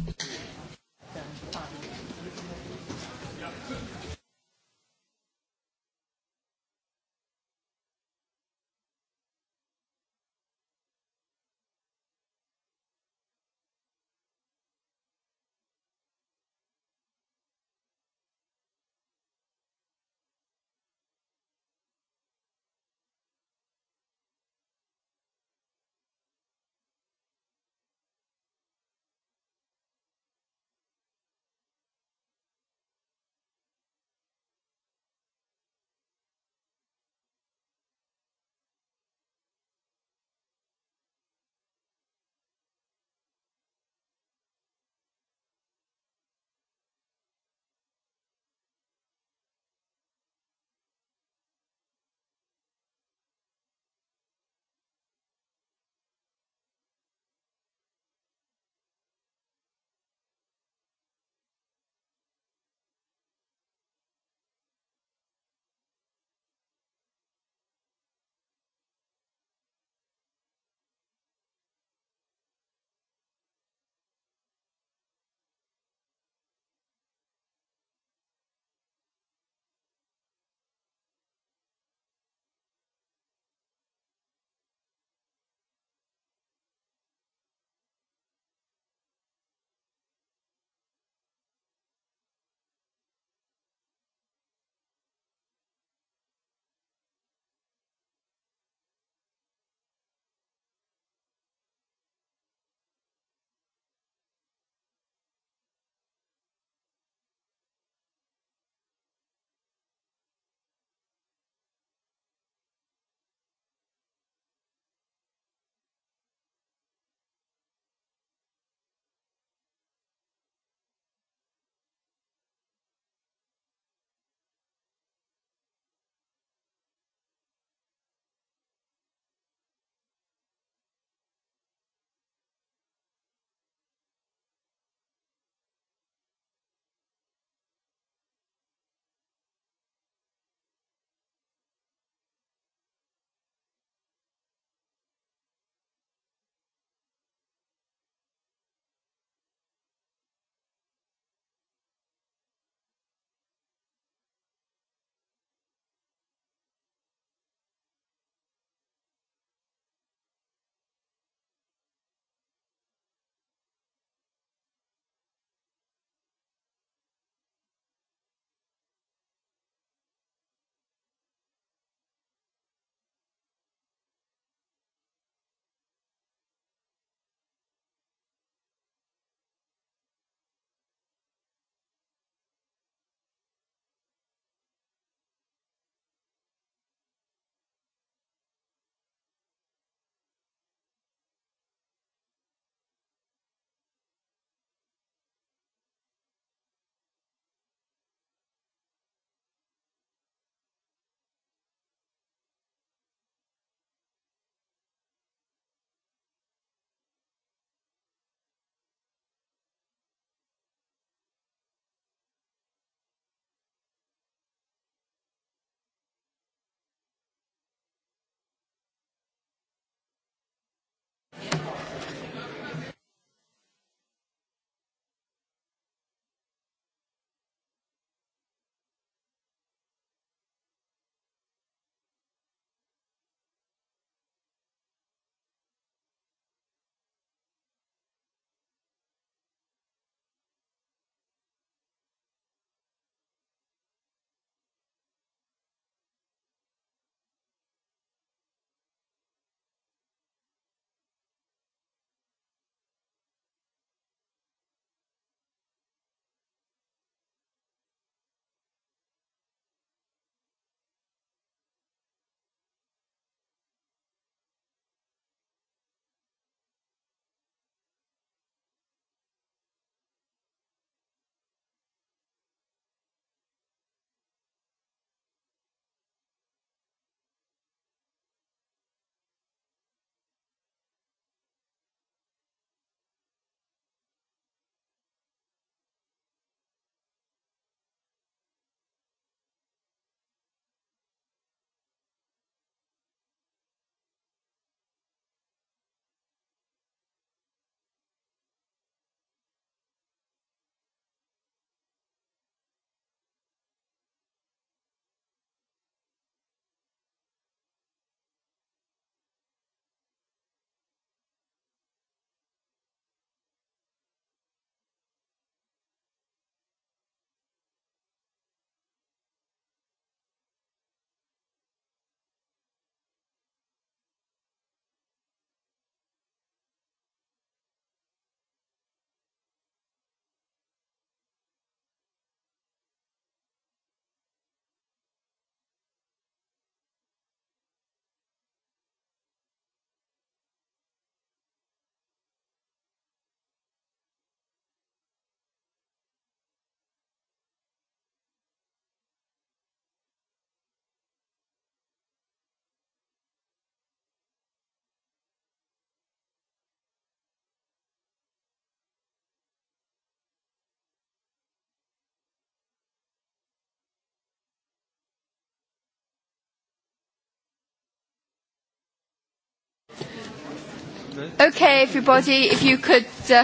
Okay, everybody, if you could... Uh...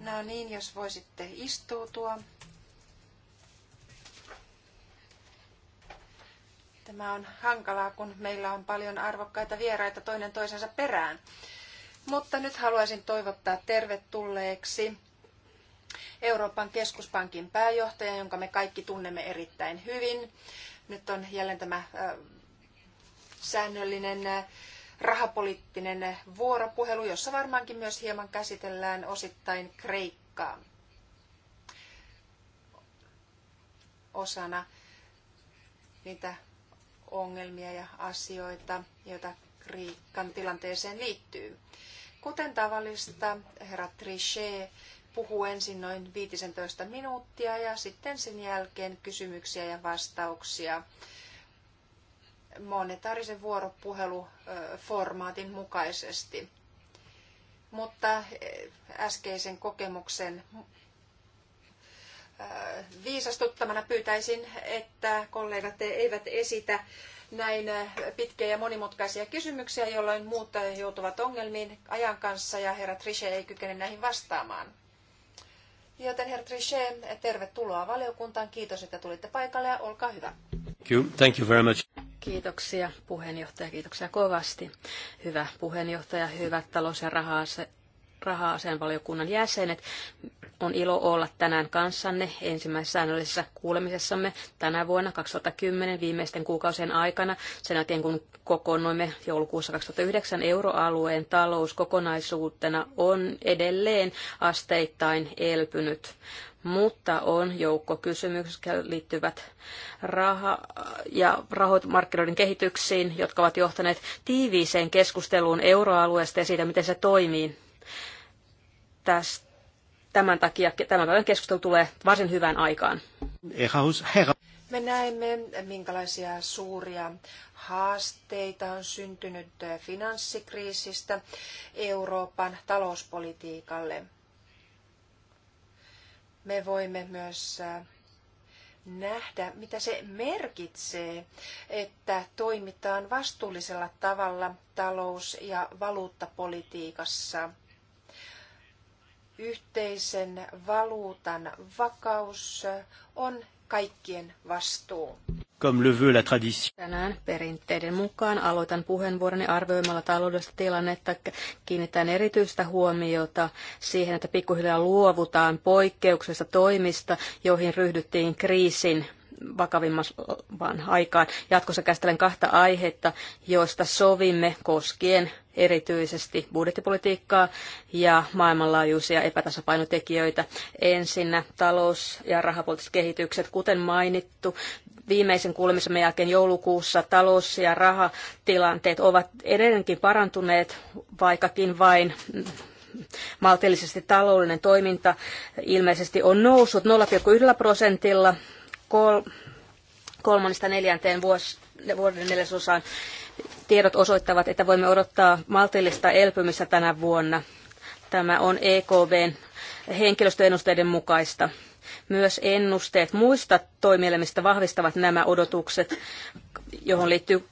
No niin, jos voisitte istuutua. Tämä on hankalaa, kun meillä on paljon arvokkaita vieraita toinen toisensa perään. Mutta nyt haluaisin toivottaa tervetulleeksi Euroopan keskuspankin pääjohtaja, jonka me kaikki tunnemme erittäin hyvin. Nyt on jälleen tämä säännöllinen rahapoliittinen vuoropuhelu, jossa varmaankin myös hieman käsitellään osittain Kreikkaa osana niitä ongelmia ja asioita, joita Kreikan tilanteeseen liittyy. Kuten tavallista, herra Trichet puhuu ensin noin 15 minuuttia ja sitten sen jälkeen kysymyksiä ja vastauksia monetaarisen vuoropuheluformaatin mukaisesti. Mutta eh, äskeisen kokemuksen eh, viisastuttamana pyytäisin, että kollegat eivät esitä näin eh, pitkiä ja monimutkaisia kysymyksiä, jolloin muut joutuvat ongelmiin ajan kanssa ja herra Trichet ei kykene näihin vastaamaan. Joten herra Trichet, tervetuloa valiokuntaan. Kiitos, että tulitte paikalle ja olkaa hyvä. Thank you. Thank you very much. Kiitoksia puheenjohtaja, kiitoksia kovasti. Hyvä puheenjohtaja, hyvät talous- ja raha-asianvaliokunnan jäsenet. On ilo olla tänään kanssanne ensimmäisessä säännöllisessä kuulemisessamme tänä vuonna 2010 viimeisten kuukausien aikana, sen jälkeen kun kokoonnoimme joulukuussa 2009 euroalueen talous kokonaisuutena on edelleen asteittain elpynyt mutta on joukko kysymyksiä, jotka liittyvät raha- ja rahoitusmarkkinoiden kehityksiin, jotka ovat johtaneet tiiviiseen keskusteluun euroalueesta ja siitä, miten se toimii tämän takia tämän päivän keskustelu tulee varsin hyvään aikaan. Me näemme, minkälaisia suuria haasteita on syntynyt finanssikriisistä Euroopan talouspolitiikalle. Me voimme myös äh, nähdä, mitä se merkitsee, että toimitaan vastuullisella tavalla talous- ja valuuttapolitiikassa – yhteisen valuutan vakaus on kaikkien vastuu. Comme le veut la tradition. Tänään perinteiden mukaan aloitan puheenvuoroni arvioimalla taloudellista tilannetta. Kiinnitän erityistä huomiota siihen, että pikkuhiljaa luovutaan poikkeuksesta toimista, joihin ryhdyttiin kriisin vakavimman aikaan. Jatkossa käsittelen kahta aihetta, joista sovimme koskien erityisesti budjettipolitiikkaa ja maailmanlaajuisia epätasapainotekijöitä. Ensinnä talous- ja rahapoliittiset kehitykset, kuten mainittu, viimeisen kuulemisen jälkeen joulukuussa talous- ja rahatilanteet ovat edelleenkin parantuneet, vaikkakin vain maltillisesti taloudellinen toiminta ilmeisesti on noussut 0,1 prosentilla kol, kolmannesta neljänteen vuos, vuoden neljäsosaan. Tiedot osoittavat, että voimme odottaa maltillista elpymistä tänä vuonna. Tämä on EKV:n henkilöstöennusteiden mukaista. Myös ennusteet muista toimielimistä vahvistavat nämä odotukset, johon liittyy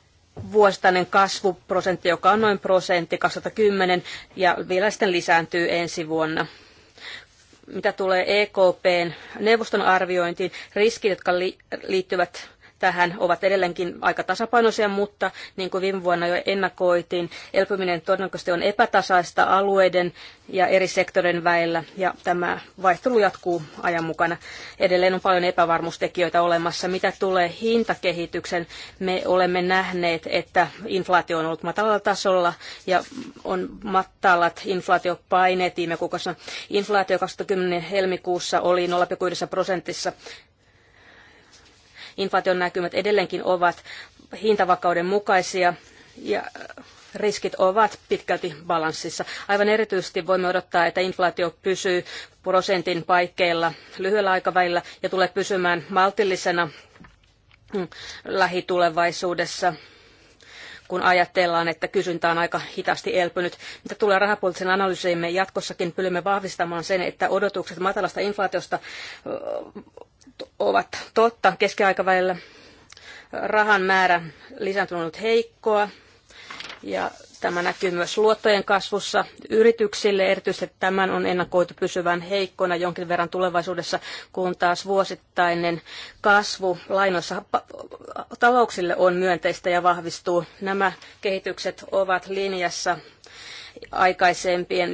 vuosittainen kasvuprosentti, joka on noin prosentti 2010, ja vielä sitten lisääntyy ensi vuonna mitä tulee EKPn neuvoston arviointiin, riskit, jotka liittyvät tähän ovat edelleenkin aika tasapainoisia, mutta niin kuin viime vuonna jo ennakoitiin, elpyminen todennäköisesti on epätasaista alueiden ja eri sektoreiden väillä ja tämä vaihtelu jatkuu ajan mukana. Edelleen on paljon epävarmuustekijöitä olemassa. Mitä tulee hintakehityksen, me olemme nähneet, että inflaatio on ollut matalalla tasolla ja on matalat inflaatiopaineet viime kuukausina. Inflaatio 2010 helmikuussa oli 0,1 prosentissa inflaation näkymät edelleenkin ovat hintavakauden mukaisia ja äh, riskit ovat pitkälti balanssissa. Aivan erityisesti voimme odottaa, että inflaatio pysyy prosentin paikkeilla lyhyellä aikavälillä ja tulee pysymään maltillisena mm, lähitulevaisuudessa kun ajatellaan, että kysyntä on aika hitaasti elpynyt. Mitä tulee rahapoliittisen analyysiimme, jatkossakin pyrimme vahvistamaan sen, että odotukset matalasta inflaatiosta ovat totta keskiaikavälillä. Rahan määrä lisääntynyt heikkoa ja tämä näkyy myös luottojen kasvussa yrityksille. Erityisesti tämän on ennakoitu pysyvän heikkona jonkin verran tulevaisuudessa, kun taas vuosittainen kasvu lainoissa talouksille on myönteistä ja vahvistuu. Nämä kehitykset ovat linjassa aikaisempien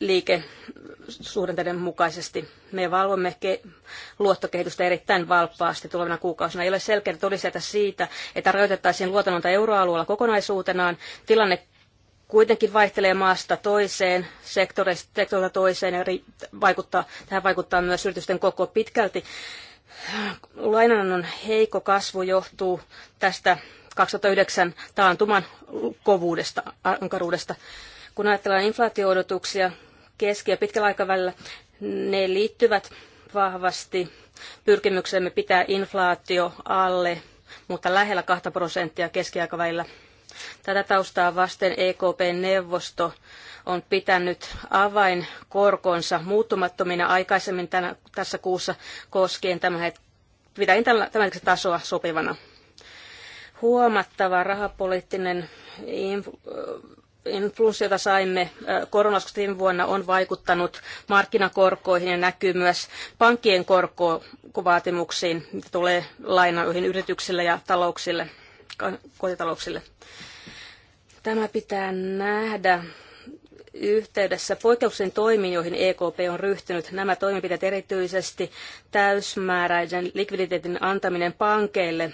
liikesuhdanteiden mukaisesti. Me valvomme ke- luottokehitystä erittäin valppaasti tulevina kuukausina. Ei ole selkeää todisteita siitä, että rajoitettaisiin luotononta euroalueella kokonaisuutenaan. Tilanne kuitenkin vaihtelee maasta toiseen, sektorista toiseen ja vaikuttaa, tähän vaikuttaa myös yritysten koko pitkälti. Lainanannon heikko kasvu johtuu tästä 2009 taantuman kovuudesta, ankaruudesta. Kun ajatellaan inflaatioodotuksia, keski- ja pitkällä aikavälillä, ne liittyvät vahvasti pyrkimyksemme pitää inflaatio alle, mutta lähellä 2 prosenttia keskiaikavälillä. Tätä taustaa vasten EKP-neuvosto on pitänyt avainkorkonsa muuttumattomina aikaisemmin tänä, tässä kuussa koskien tämän, pitäen tämän, tämän tasoa sopivana. Huomattava rahapoliittinen inf- influenssi, jota saimme koronaskustin viime vuonna, on vaikuttanut markkinakorkoihin ja näkyy myös pankkien korkovaatimuksiin, mitä tulee lainoihin yrityksille ja talouksille, kotitalouksille. Tämä pitää nähdä yhteydessä poikkeuksellisiin toimiin, joihin EKP on ryhtynyt. Nämä toimenpiteet erityisesti täysmääräisen likviditeetin antaminen pankeille,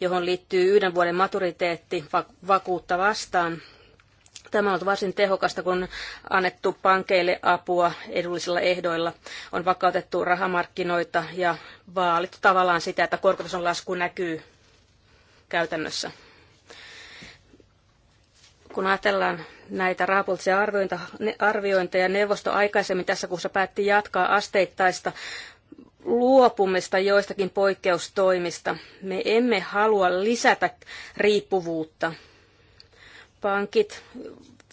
johon liittyy yhden vuoden maturiteetti vakuutta vastaan – Tämä on ollut varsin tehokasta, kun annettu pankeille apua edullisilla ehdoilla. On vakautettu rahamarkkinoita ja vaalittu tavallaan sitä, että korkotason lasku näkyy käytännössä. Kun ajatellaan näitä raportisia arviointeja, neuvosto aikaisemmin tässä kuussa päätti jatkaa asteittaista luopumista joistakin poikkeustoimista. Me emme halua lisätä riippuvuutta pankit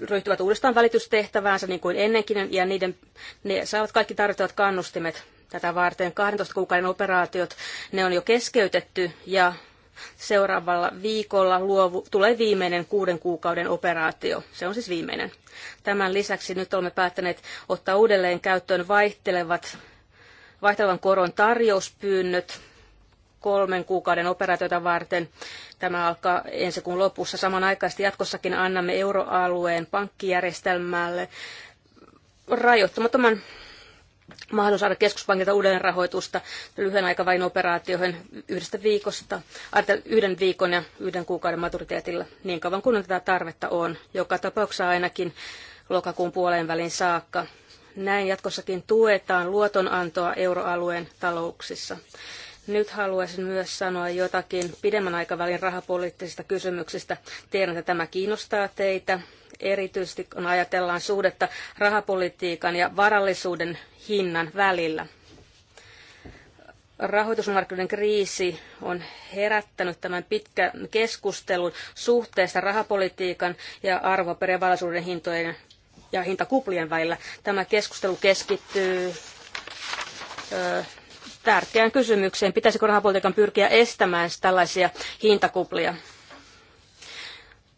ryhtyvät uudestaan välitystehtäväänsä niin kuin ennenkin, ja niiden, ne saavat kaikki tarvittavat kannustimet tätä varten. 12 kuukauden operaatiot, ne on jo keskeytetty, ja seuraavalla viikolla luovu, tulee viimeinen kuuden kuukauden operaatio. Se on siis viimeinen. Tämän lisäksi nyt olemme päättäneet ottaa uudelleen käyttöön vaihtelevat, vaihtelevan koron tarjouspyynnöt kolmen kuukauden operaatiota varten. Tämä alkaa ensi kuun lopussa. Samanaikaisesti jatkossakin annamme euroalueen pankkijärjestelmälle rajoittamattoman mahdollisuus saada keskuspankilta uudelleen rahoitusta lyhyen aikavälin operaatioihin yhdestä viikosta, äh, yhden viikon ja yhden kuukauden maturiteetilla, niin kauan kuin tätä tarvetta on, joka tapauksessa ainakin lokakuun puoleen välin saakka. Näin jatkossakin tuetaan luotonantoa euroalueen talouksissa. Nyt haluaisin myös sanoa jotakin pidemmän aikavälin rahapoliittisista kysymyksistä. Tiedän, että tämä kiinnostaa teitä, erityisesti kun ajatellaan suhdetta rahapolitiikan ja varallisuuden hinnan välillä. Rahoitusmarkkinoiden kriisi on herättänyt tämän pitkän keskustelun suhteesta rahapolitiikan ja arvoperivalaisuuden hintojen ja hintakuplien välillä. Tämä keskustelu keskittyy tärkeään kysymykseen. Pitäisikö rahapolitiikan pyrkiä estämään tällaisia hintakuplia?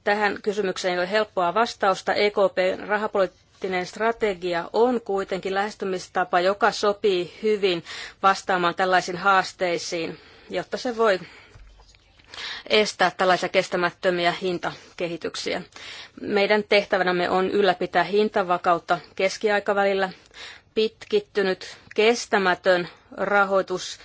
Tähän kysymykseen ei ole helppoa vastausta. EKPn rahapoliittinen strategia on kuitenkin lähestymistapa, joka sopii hyvin vastaamaan tällaisiin haasteisiin, jotta se voi estää tällaisia kestämättömiä hintakehityksiä. Meidän tehtävänämme on ylläpitää hintavakautta keskiaikavälillä. Pitkittynyt kestämätön rahoitus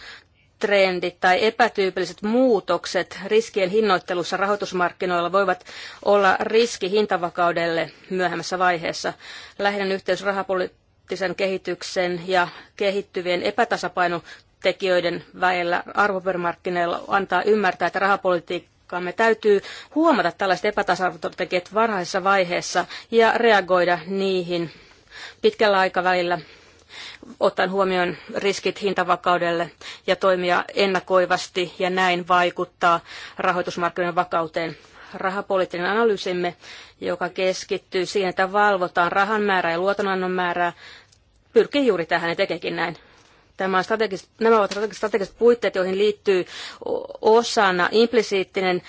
trendit tai epätyypilliset muutokset riskien hinnoittelussa rahoitusmarkkinoilla voivat olla riski hintavakaudelle myöhemmässä vaiheessa. Lähinnä yhteys rahapoliittisen kehityksen ja kehittyvien epätasapainotekijöiden välillä arvopaperimarkkinoilla antaa ymmärtää, että rahapolitiikkaamme täytyy huomata tällaiset epätasapainotekijät varhaisessa vaiheessa ja reagoida niihin pitkällä aikavälillä ottaen huomioon riskit hintavakaudelle ja toimia ennakoivasti ja näin vaikuttaa rahoitusmarkkinoiden vakauteen. Rahapoliittinen analyysimme, joka keskittyy siihen, että valvotaan rahan määrää ja luotonannon määrää, pyrkii juuri tähän ja tekeekin näin. Tämä on nämä ovat strategiset puitteet, joihin liittyy osana implisiittinen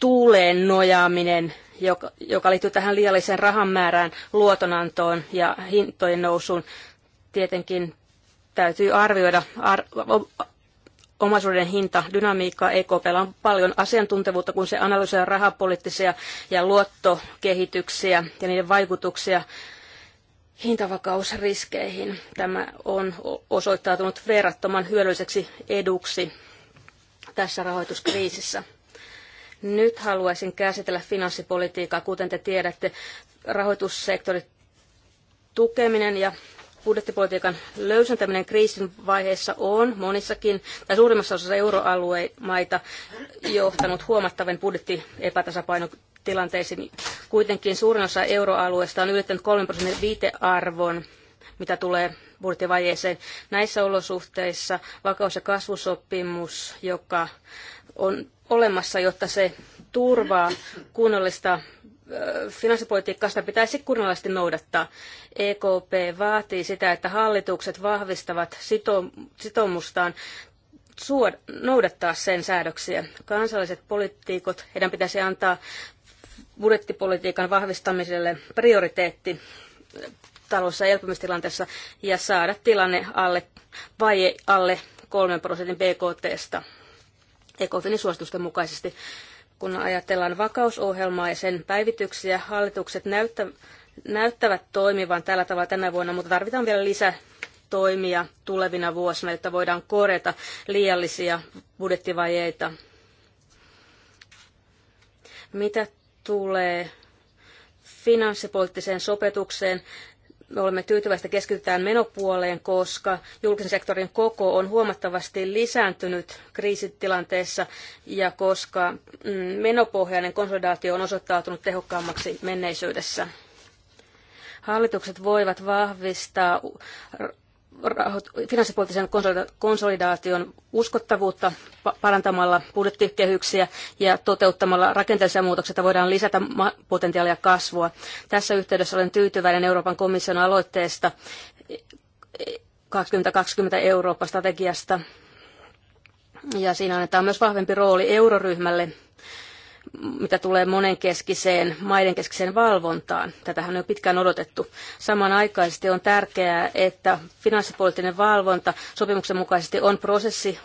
tuuleen nojaaminen, joka, joka liittyy tähän liialliseen rahan määrään, luotonantoon ja hintojen nousuun. Tietenkin täytyy arvioida ar- omaisuuden hinta, dynamiikkaa. EKPllä on paljon asiantuntevuutta, kun se analysoi rahapoliittisia ja luottokehityksiä ja niiden vaikutuksia hintavakausriskeihin. Tämä on osoittautunut verrattoman hyödylliseksi eduksi tässä rahoituskriisissä. Nyt haluaisin käsitellä finanssipolitiikkaa. Kuten te tiedätte, rahoitussektorin tukeminen ja budjettipolitiikan löysentäminen kriisin vaiheessa on monissakin tai suurimmassa osassa euroaluemaita johtanut huomattavien budjettiepätasapainotilanteisiin. Kuitenkin suurin osa euroalueesta on ylittänyt 3 prosentin viitearvon mitä tulee budjettivajeeseen. Näissä olosuhteissa vakaus- ja kasvusopimus, joka on olemassa, jotta se turvaa kunnollista finanssipolitiikkaista pitäisi kunnollisesti noudattaa. EKP vaatii sitä, että hallitukset vahvistavat sitoumustaan noudattaa sen säädöksiä. Kansalliset poliitikot, heidän pitäisi antaa budjettipolitiikan vahvistamiselle prioriteetti ja elpymistilanteessa ja saada tilanne alle vaje alle kolmen prosentin BKTstä. ECOFINin suositusten mukaisesti kun ajatellaan vakausohjelmaa ja sen päivityksiä, hallitukset näyttä, näyttävät toimivan tällä tavalla tänä vuonna, mutta tarvitaan vielä lisää toimia tulevina vuosina, jotta voidaan korjata liiallisia budjettivajeita. Mitä tulee finanssipoliittiseen sopetukseen, me olemme tyytyväistä keskitytään menopuoleen, koska julkisen sektorin koko on huomattavasti lisääntynyt kriisitilanteessa ja koska mm, menopohjainen konsolidaatio on osoittautunut tehokkaammaksi menneisyydessä. Hallitukset voivat vahvistaa finanssipoliittisen konsolidaation uskottavuutta parantamalla budjettikehyksiä ja toteuttamalla rakenteellisia muutoksia voidaan lisätä potentiaalia kasvua. Tässä yhteydessä olen tyytyväinen Euroopan komission aloitteesta 2020 e- Eurooppa-strategiasta. Ja siinä annetaan myös vahvempi rooli euroryhmälle mitä tulee monenkeskiseen, maiden keskiseen valvontaan. Tätähän on jo pitkään odotettu. Samanaikaisesti on tärkeää, että finanssipoliittinen valvonta sopimuksen mukaisesti on prosessi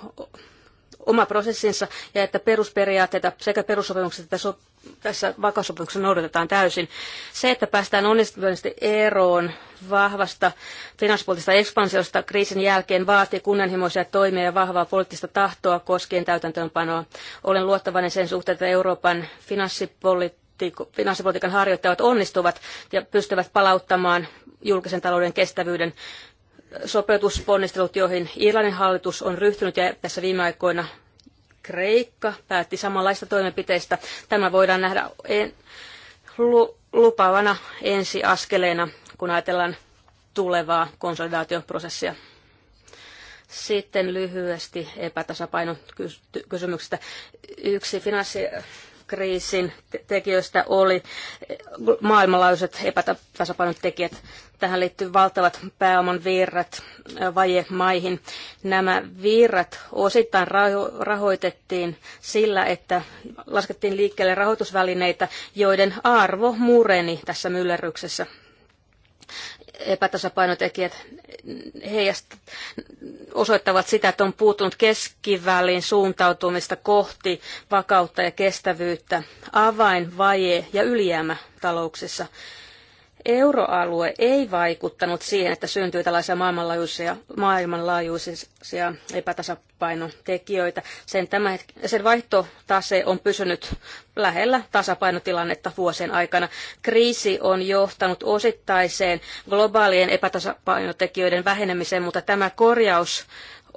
oma prosessinsa ja että perusperiaatteita sekä perussopimukset että so, tässä vakaussopimuksessa noudatetaan täysin. Se, että päästään onnistuneesti eroon vahvasta finanssipoliittisesta ekspansiosta kriisin jälkeen vaatii kunnianhimoisia toimia ja vahvaa poliittista tahtoa koskien täytäntöönpanoa. Olen luottavainen sen suhteen, että Euroopan finanssipolitiikan harjoittajat onnistuvat ja pystyvät palauttamaan julkisen talouden kestävyyden sopeutusponnistelut, joihin Irlannin hallitus on ryhtynyt ja tässä viime aikoina Kreikka päätti samanlaista toimenpiteistä. Tämä voidaan nähdä en, lu, lupaavana ensiaskeleena, kun ajatellaan tulevaa konsolidaatioprosessia. Sitten lyhyesti epätasapainokysymyksestä. Yksi finanssi kriisin tekijöistä oli maailmanlaajuiset epätasapainot tekijät. Tähän liittyy valtavat pääoman virrat vajemaihin. Nämä virrat osittain rahoitettiin sillä, että laskettiin liikkeelle rahoitusvälineitä, joiden arvo mureni tässä myllerryksessä epätasapainotekijät heijast, osoittavat sitä, että on puuttunut keskivälin suuntautumista kohti vakautta ja kestävyyttä, avainvaje ja ylijäämä talouksissa euroalue ei vaikuttanut siihen, että syntyi tällaisia maailmanlaajuisia, maailmanlaajuisia epätasapainotekijöitä. Sen, tämä, sen vaihtotase on pysynyt lähellä tasapainotilannetta vuosien aikana. Kriisi on johtanut osittaiseen globaalien epätasapainotekijöiden vähenemiseen, mutta tämä korjaus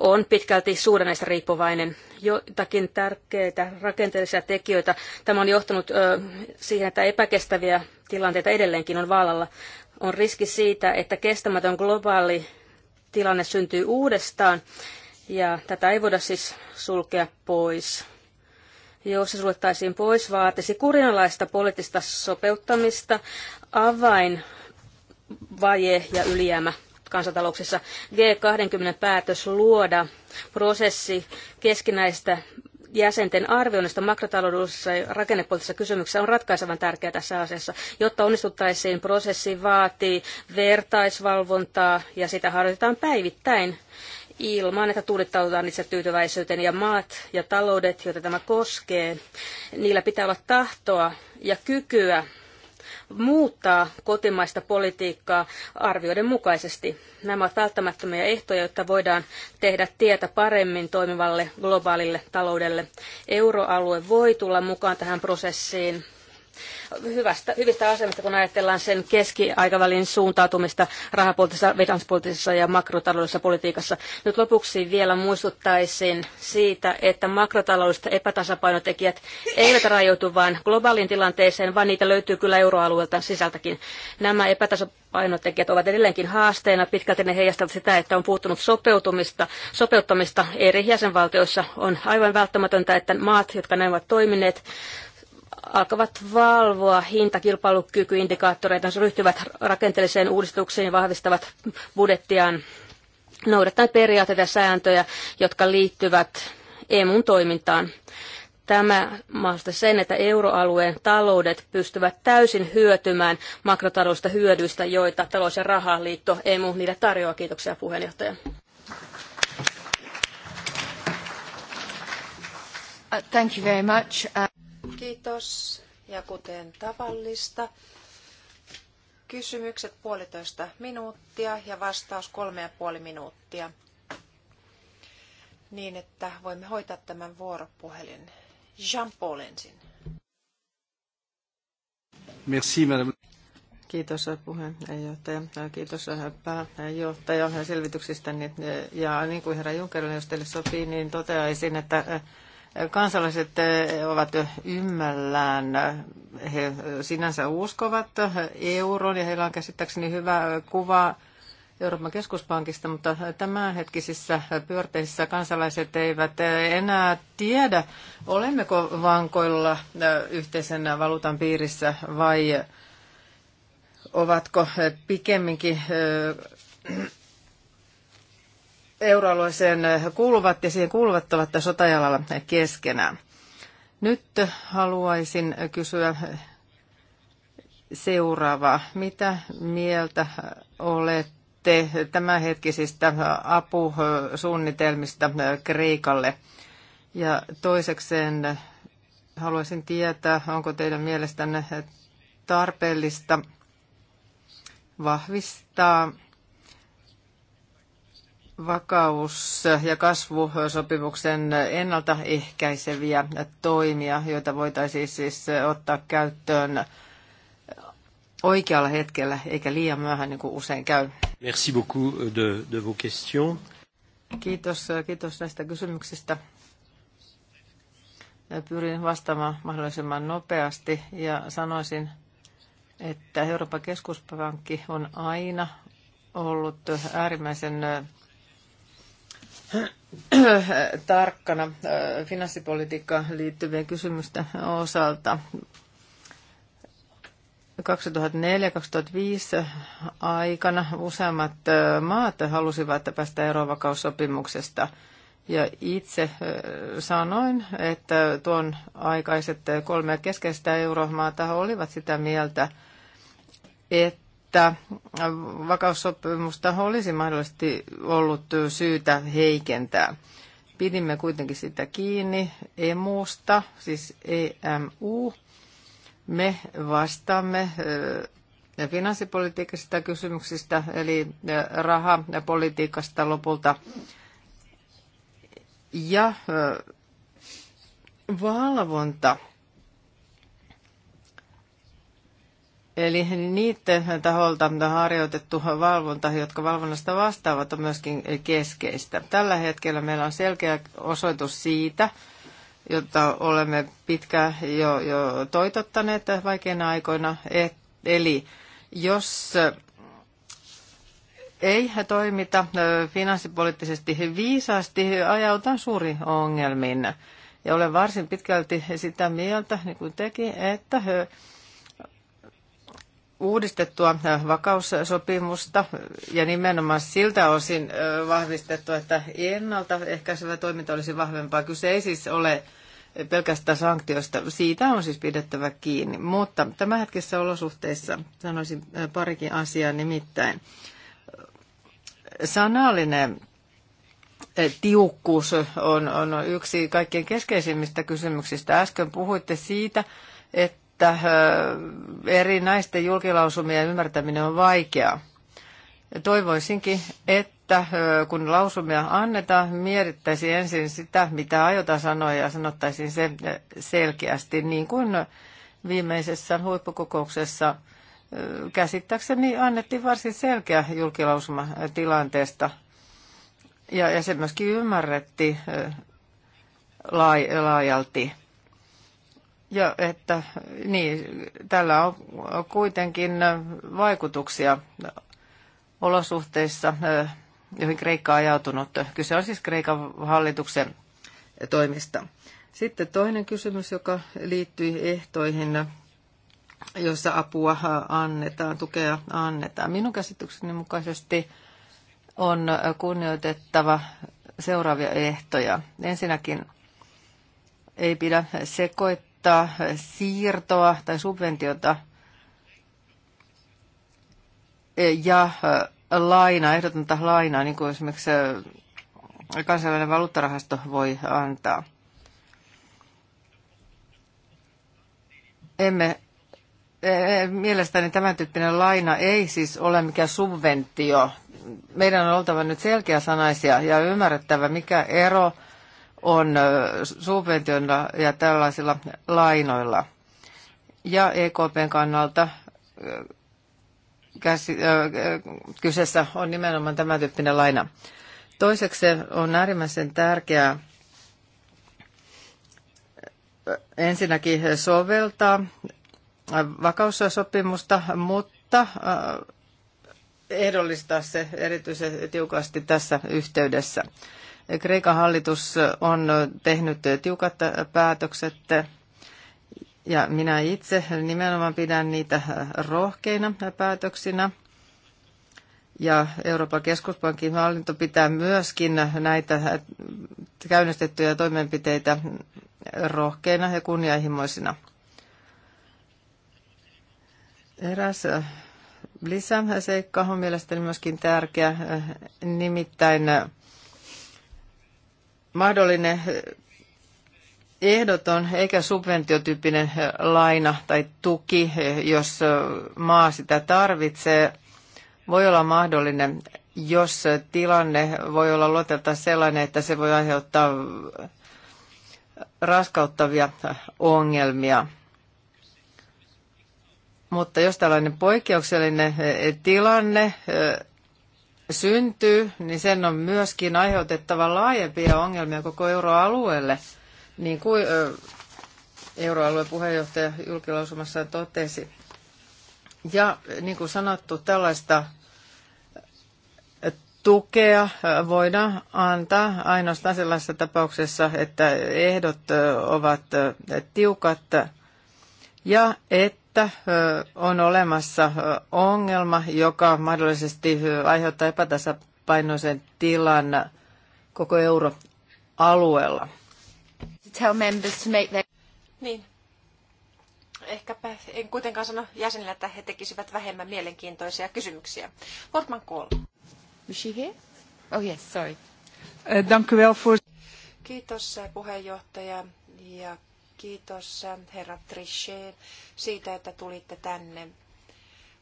on pitkälti suhdanneista riippuvainen joitakin tärkeitä rakenteellisia tekijöitä. Tämä on johtanut siihen, että epäkestäviä tilanteita edelleenkin on vallalla. On riski siitä, että kestämätön globaali tilanne syntyy uudestaan ja tätä ei voida siis sulkea pois. Jos se suljettaisiin pois, vaatisi kurinalaista poliittista sopeuttamista, avain, vaje ja ylijäämä kansantalouksissa. G20 päätös luoda prosessi keskinäistä jäsenten arvioinnista makrotaloudellisissa ja rakennepoliittisissa kysymyksissä on ratkaisevan tärkeää tässä asiassa. Jotta onnistuttaisiin, prosessi vaatii vertaisvalvontaa ja sitä harjoitetaan päivittäin ilman, että tuudittaudutaan itse tyytyväisyyteen ja maat ja taloudet, joita tämä koskee, niillä pitää olla tahtoa ja kykyä muuttaa kotimaista politiikkaa arvioiden mukaisesti. Nämä ovat välttämättömiä ehtoja, jotta voidaan tehdä tietä paremmin toimivalle globaalille taloudelle. Euroalue voi tulla mukaan tähän prosessiin hyvästä, hyvistä asemista, kun ajatellaan sen keskiaikavälin suuntautumista rahapoliittisessa, finanssipoliittisessa ja makrotaloudellisessa politiikassa. Nyt lopuksi vielä muistuttaisin siitä, että makrotaloudelliset epätasapainotekijät eivät rajoitu vain globaaliin tilanteeseen, vaan niitä löytyy kyllä euroalueelta sisältäkin. Nämä epätasapainotekijät ovat edelleenkin haasteena. Pitkälti ne heijastavat sitä, että on puuttunut sopeutumista, sopeuttamista eri jäsenvaltioissa. On aivan välttämätöntä, että maat, jotka näin ovat toimineet, alkavat valvoa hintakilpailukykyindikaattoreita, ryhtyvät rakenteelliseen uudistukseen ja vahvistavat budjettiaan noudattaen periaatteita ja sääntöjä, jotka liittyvät EMUn toimintaan. Tämä mahdollistaa sen, että euroalueen taloudet pystyvät täysin hyötymään makrotaloudellisista hyödyistä, joita talous- ja rahaliitto EMU niille tarjoaa. Kiitoksia puheenjohtaja. Uh, thank you very much. Uh, Kiitos. Ja kuten tavallista, kysymykset puolitoista minuuttia ja vastaus kolme ja puoli minuuttia. Niin, että voimme hoitaa tämän vuoropuhelin. Jean-Paul ensin. Merci, madame. Kiitos puheenjohtaja. Kiitos pääjohtaja selvityksistä. Ja niin kuin herra Juncker, jos teille sopii, niin toteaisin, että Kansalaiset eh, ovat ymmällään. He eh, sinänsä uskovat euron ja heillä on käsittääkseni hyvä eh, kuva Euroopan keskuspankista, mutta tämänhetkisissä pyörteissä kansalaiset eivät enää tiedä, olemmeko vankoilla yhteisen valuutan piirissä vai ovatko pikemminkin euroalueeseen kuuluvat ja siihen kuuluvat ovat sotajalalla keskenään. Nyt haluaisin kysyä seuraavaa. Mitä mieltä olette tämänhetkisistä apusuunnitelmista Kreikalle? Ja toisekseen haluaisin tietää, onko teidän mielestänne tarpeellista vahvistaa vakaus- ja kasvusopimuksen ennaltaehkäiseviä toimia, joita voitaisiin siis ottaa käyttöön oikealla hetkellä eikä liian myöhään niin kuin usein käy. Merci beaucoup de, de vos questions. Kiitos, kiitos näistä kysymyksistä. Pyrin vastaamaan mahdollisimman nopeasti ja sanoisin, että Euroopan keskuspankki on aina ollut äärimmäisen [CLEARS THROAT] tarkkana finanssipolitiikkaan liittyvien kysymysten osalta. 2004-2005 aikana useammat maat halusivat päästä erovakaussopimuksesta. Ja itse sanoin, että tuon aikaiset kolme keskeistä euromaata olivat sitä mieltä, että että vakaussopimusta olisi mahdollisesti ollut syytä heikentää. Pidimme kuitenkin sitä kiinni EMUsta, siis EMU. Me vastaamme eh, finanssipolitiikasta kysymyksistä, eli eh, raha politiikasta lopulta. Ja eh, valvonta Eli niiden taholta harjoitettu valvonta, jotka valvonnasta vastaavat, on myöskin keskeistä. Tällä hetkellä meillä on selkeä osoitus siitä, jota olemme pitkään jo, jo toitottaneet vaikeina aikoina. Et, eli jos ei toimita finanssipoliittisesti viisaasti, ajautaan suuri ongelmin. Ja olen varsin pitkälti sitä mieltä, niin kuin teki, että uudistettua äh, vakaussopimusta ja nimenomaan siltä osin äh, vahvistettua, että ennaltaehkäisevä toiminta olisi vahvempaa. Kyse ei siis ole pelkästään sanktioista. Siitä on siis pidettävä kiinni. Mutta tämänhetkisissä olosuhteissa sanoisin äh, parikin asiaa nimittäin. Sanallinen tiukkuus on, on yksi kaikkein keskeisimmistä kysymyksistä. Äsken puhuitte siitä, että että eri naisten julkilausumien ymmärtäminen on vaikeaa. Toivoisinkin, että kun lausumia annetaan, mietittäisiin ensin sitä, mitä aiotaan sanoa ja sanottaisiin se selkeästi, niin kuin viimeisessä huippukokouksessa käsittääkseni annettiin varsin selkeä julkilausuma tilanteesta. Ja, ja se myöskin ymmärrettiin laajalti. Ja että niin, tällä on kuitenkin vaikutuksia olosuhteissa, joihin Kreikka on ajautunut. Kyse on siis Kreikan hallituksen toimista. Sitten toinen kysymys, joka liittyy ehtoihin, joissa apua annetaan, tukea annetaan. Minun käsitykseni mukaisesti on kunnioitettava seuraavia ehtoja. Ensinnäkin ei pidä sekoittaa uutta siirtoa tai subventiota ja äh, lainaa, ehdotonta lainaa, niin kuin esimerkiksi äh, kansainvälinen valuuttarahasto voi antaa. Emme, e, e, mielestäni tämän tyyppinen laina ei siis ole mikään subventio. Meidän on oltava nyt selkeä sanaisia ja ymmärrettävä, mikä ero on subventioilla ja tällaisilla lainoilla. Ja EKPn kannalta käsi, kyseessä on nimenomaan tämä tyyppinen laina. Toiseksi on äärimmäisen tärkeää ensinnäkin soveltaa vakaussopimusta, mutta ehdollistaa se erityisen tiukasti tässä yhteydessä. Kreikan hallitus on tehnyt tiukat päätökset ja minä itse nimenomaan pidän niitä rohkeina päätöksinä. Ja Euroopan keskuspankin hallinto pitää myöskin näitä käynnistettyjä toimenpiteitä rohkeina ja kunnianhimoisina. Eräs lisäseikka on mielestäni myöskin tärkeä, nimittäin mahdollinen ehdoton eikä subventiotyyppinen laina tai tuki, jos maa sitä tarvitsee, voi olla mahdollinen, jos tilanne voi olla luotelta sellainen, että se voi aiheuttaa raskauttavia ongelmia. Mutta jos tällainen poikkeuksellinen tilanne syntyy, niin sen on myöskin aiheutettava laajempia ongelmia koko euroalueelle, niin kuin euroalueen puheenjohtaja julkilausumassaan totesi. Ja niin kuin sanottu, tällaista tukea voidaan antaa ainoastaan sellaisessa tapauksessa, että ehdot ovat tiukat ja että että on olemassa ongelma, joka mahdollisesti aiheuttaa epätasapainoisen tilan koko euroalueella. Niin. Ehkäpä en kuitenkaan sano jäsenille, että he tekisivät vähemmän mielenkiintoisia kysymyksiä. Portman Kohl. Is she here? Oh yes, sorry. Eh, dank Kiitos eh, puheenjohtaja ja Kiitos herra Trichet siitä, että tulitte tänne.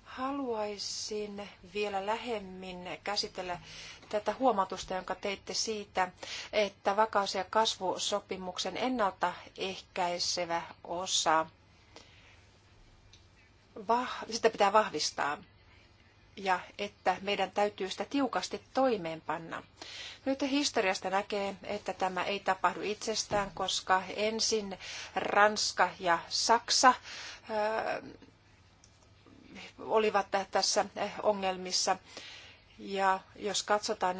Haluaisin vielä lähemmin käsitellä tätä huomautusta, jonka teitte siitä, että vakaus- ja kasvusopimuksen ennaltaehkäisevä osa, sitä pitää vahvistaa ja että meidän täytyy sitä tiukasti toimeenpanna. Nyt historiasta näkee, että tämä ei tapahdu itsestään, koska ensin Ranska ja Saksa äh, olivat tässä ongelmissa. Ja jos katsotaan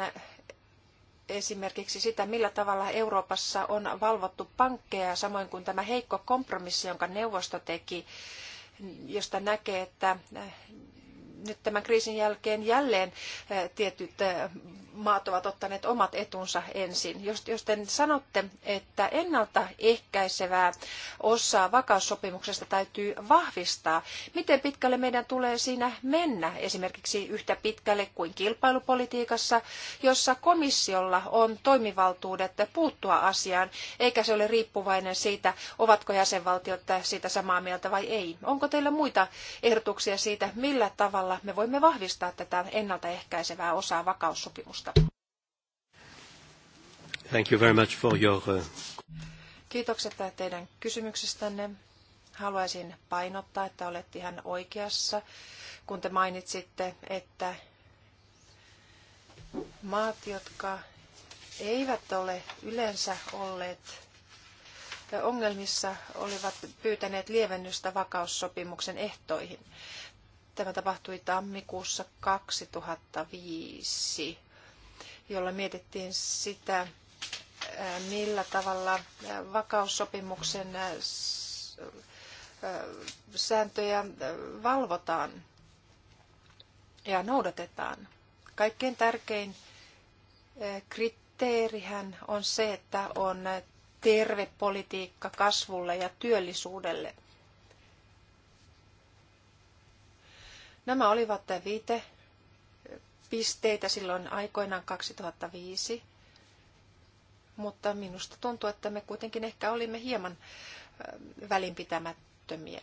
esimerkiksi sitä, millä tavalla Euroopassa on valvottu pankkeja, samoin kuin tämä heikko kompromissi, jonka neuvosto teki, josta näkee, että nyt tämän kriisin jälkeen jälleen eh, tietyt eh, maat ovat ottaneet omat etunsa ensin. Jos, jos te sanotte, että ennaltaehkäisevää osaa vakaussopimuksesta täytyy vahvistaa, miten pitkälle meidän tulee siinä mennä, esimerkiksi yhtä pitkälle kuin kilpailupolitiikassa, jossa komissiolla on toimivaltuudet puuttua asiaan, eikä se ole riippuvainen siitä, ovatko jäsenvaltiot siitä samaa mieltä vai ei. Onko teillä muita ehdotuksia siitä, millä tavalla me voimme vahvistaa tätä ennaltaehkäisevää osaa vakaussopimusta? ehdotusta. Thank you very much for your... Uh, Kiitokset teidän kysymyksestänne. Haluaisin painottaa, että olette ihan oikeassa, kun te mainitsitte, että maat, jotka eivät ole yleensä olleet ongelmissa, olivat pyytäneet lievennystä vakaussopimuksen ehtoihin. Tämä tapahtui tammikuussa 2005 jolla mietittiin sitä, millä tavalla vakaussopimuksen sääntöjä valvotaan ja noudatetaan. Kaikkein tärkein kriteerihän on se, että on terve politiikka kasvulle ja työllisyydelle. Nämä olivat viite pisteitä silloin aikoinaan 2005, mutta minusta tuntuu, että me kuitenkin ehkä olimme hieman välinpitämättömiä.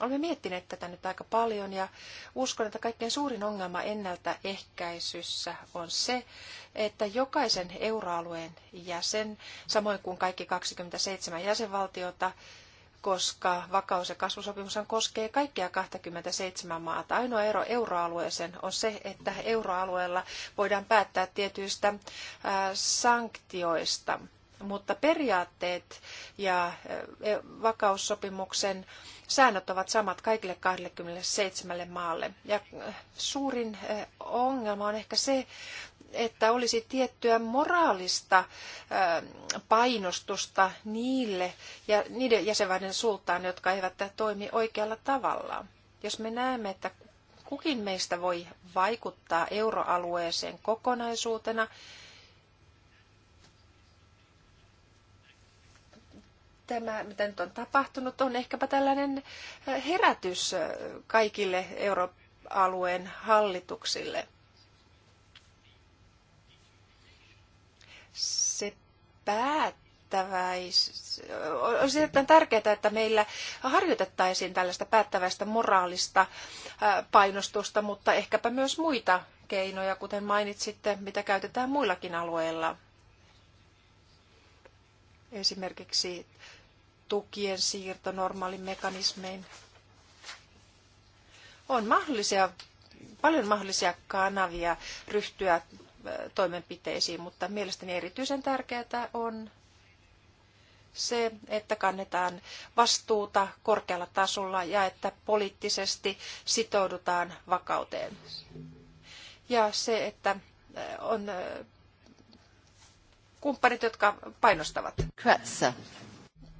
Olemme miettineet tätä nyt aika paljon ja uskon, että kaikkein suurin ongelma ennaltaehkäisyssä on se, että jokaisen euroalueen jäsen, samoin kuin kaikki 27 jäsenvaltiota, koska vakaus- ja kasvusopimus koskee kaikkia 27 maata. Ainoa ero euroalueeseen on se, että euroalueella voidaan päättää tietyistä sanktioista, mutta periaatteet ja e, vakaussopimuksen säännöt ovat samat kaikille 27 maalle. Ja suurin ongelma on ehkä se, että olisi tiettyä moraalista painostusta niille ja niiden jäsenvaltioiden suuntaan, jotka eivät toimi oikealla tavalla. Jos me näemme, että kukin meistä voi vaikuttaa euroalueeseen kokonaisuutena, tämä, mitä nyt on tapahtunut, on ehkäpä tällainen herätys kaikille euroalueen hallituksille – päättäväis... Olisi erittäin tärkeää, että meillä harjoitettaisiin tällaista päättäväistä moraalista painostusta, mutta ehkäpä myös muita keinoja, kuten mainitsitte, mitä käytetään muillakin alueilla. Esimerkiksi tukien siirto normaalin mekanismein. On mahdollisia, paljon mahdollisia kanavia ryhtyä toimenpiteisiin, mutta mielestäni erityisen tärkeää on se, että kannetaan vastuuta korkealla tasolla ja että poliittisesti sitoudutaan vakauteen. Ja se, että äh, on äh, kumppanit, jotka painostavat. Kratsa.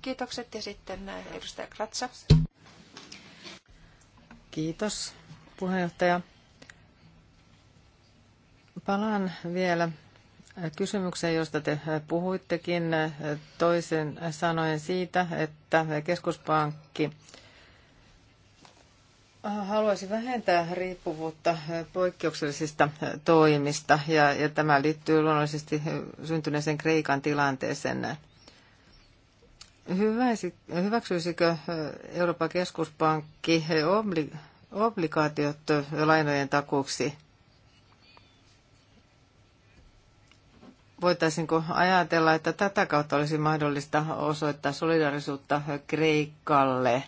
Kiitokset ja sitten äh, edustaja Kratsa. Kiitos puheenjohtaja. Palaan vielä kysymykseen, josta te puhuittekin toisen sanoen siitä, että keskuspankki haluaisi vähentää riippuvuutta poikkeuksellisista toimista ja, ja tämä liittyy luonnollisesti syntyneeseen Kreikan tilanteeseen. Hyväisi, hyväksyisikö Euroopan keskuspankki obli, obligaatiot lainojen takuuksi? voitaisinko ajatella, että tätä kautta olisi mahdollista osoittaa solidarisuutta Kreikalle?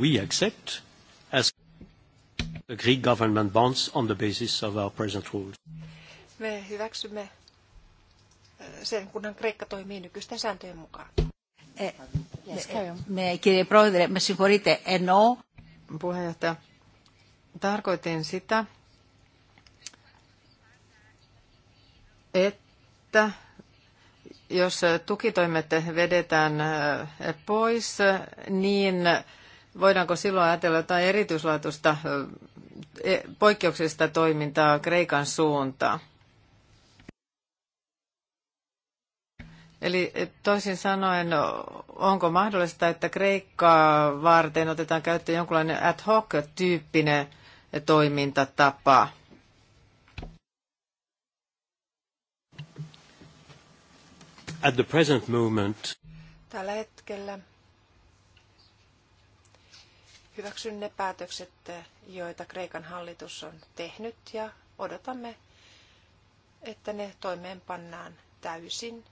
We accept as the Greek government bonds on the basis of our present rules. Me hyväksymme sen, kunhan Kreikka toimii nykyisten sääntöjen mukaan. Ε, yes, me, me, κύριε Πρόεδρε, με συγχωρείτε, ενώ puheenjohtaja. Tarkoitin sitä, että jos tukitoimet vedetään äh, pois, niin voidaanko silloin ajatella jotain erityislaatuista äh, e, poikkeuksista toimintaa Kreikan suuntaan? Eli eh, toisin sanoen, onko mahdollista, että Kreikkaa varten otetaan käyttöön jonkinlainen ad hoc-tyyppinen toimintatapa? At the present moment. Tällä hetkellä hyväksyn ne päätökset, joita Kreikan hallitus on tehnyt ja odotamme, että ne toimeenpannaan täysin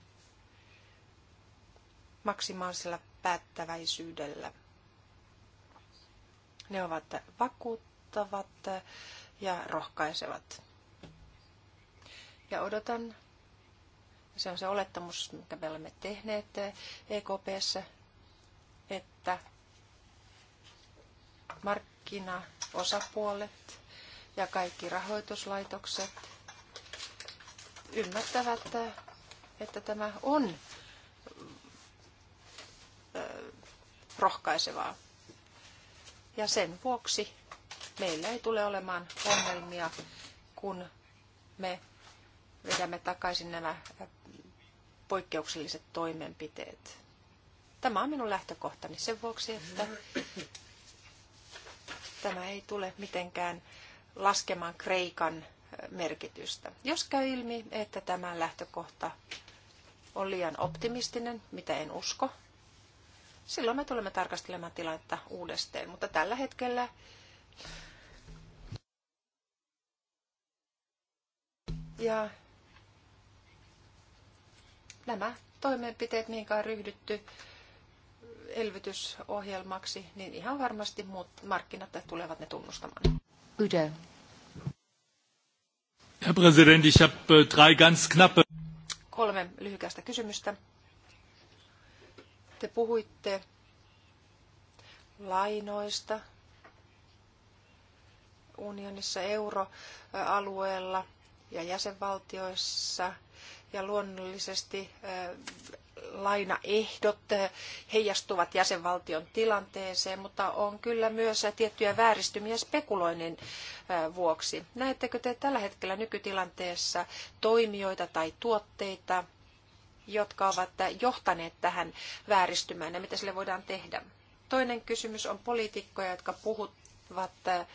maksimaalisella päättäväisyydellä. Ne ovat vakuuttavat ja rohkaisevat. Ja odotan, se on se olettamus, mitä me olemme tehneet EKPssä, että markkinaosapuolet ja kaikki rahoituslaitokset ymmärtävät, että tämä on rohkaisevaa. Ja sen vuoksi meillä ei tule olemaan ongelmia, kun me vedämme takaisin nämä poikkeukselliset toimenpiteet. Tämä on minun lähtökohtani sen vuoksi, että tämä ei tule mitenkään laskemaan Kreikan merkitystä. Jos käy ilmi, että tämä lähtökohta on liian optimistinen, mitä en usko, silloin me tulemme tarkastelemaan tilannetta uudestaan. Mutta tällä hetkellä ja nämä toimenpiteet, mihinkä on ryhdytty elvytysohjelmaksi, niin ihan varmasti muut markkinat tulevat ne tunnustamaan. Yde. Herr Präsident, ich habe äh, drei ganz knappe. Kolme lyhykäistä kysymystä. Te puhuitte lainoista unionissa euroalueella ja jäsenvaltioissa ja luonnollisesti lainaehdot heijastuvat jäsenvaltion tilanteeseen, mutta on kyllä myös tiettyjä vääristymiä spekuloinnin vuoksi. Näettekö te tällä hetkellä nykytilanteessa toimijoita tai tuotteita, jotka ovat johtaneet tähän vääristymään ja mitä sille voidaan tehdä. Toinen kysymys on poliitikkoja, jotka puhuvat äh,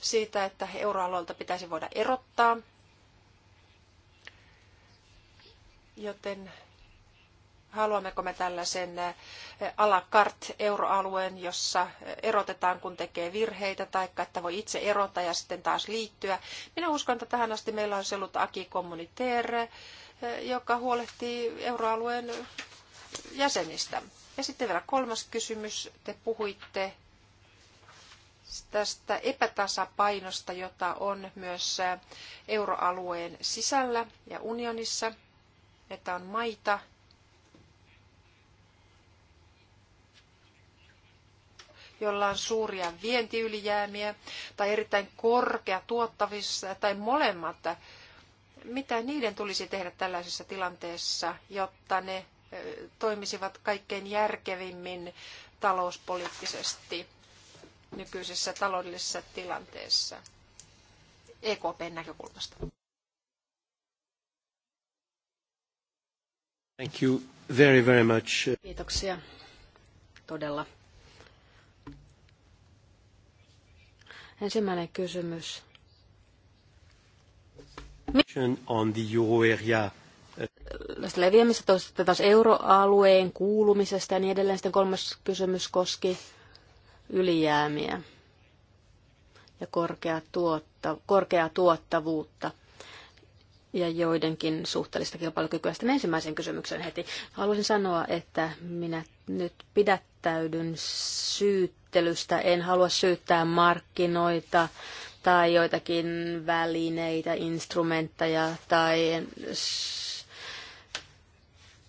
siitä, että euroalueelta pitäisi voida erottaa. Joten haluammeko me tällaisen a äh, la carte euroalueen, jossa äh, erotetaan kun tekee virheitä tai että voi itse erota ja sitten taas liittyä. Minä uskon, että tähän asti meillä on ollut aki communitaire, joka huolehtii euroalueen jäsenistä. Ja sitten vielä kolmas kysymys. Te puhuitte tästä epätasapainosta, jota on myös euroalueen sisällä ja unionissa, että on maita, jolla on suuria vientiylijäämiä tai erittäin korkea tuottavissa tai molemmat mitä niiden tulisi tehdä tällaisessa tilanteessa, jotta ne toimisivat kaikkein järkevimmin talouspoliittisesti nykyisessä taloudellisessa tilanteessa EKPn näkökulmasta? Thank you very, very much. Kiitoksia todella. Ensimmäinen kysymys on Leviämistä toisesta taas euroalueen kuulumisesta ja niin edelleen. Sitten kolmas kysymys koski ylijäämiä ja korkeaa, tuotta, korkeaa tuottavuutta ja joidenkin suhteellista kilpailukykyä. Sitten ensimmäisen kysymyksen heti. Haluaisin sanoa, että minä nyt pidättäydyn syyttelystä. En halua syyttää markkinoita tai joitakin välineitä, instrumentteja tai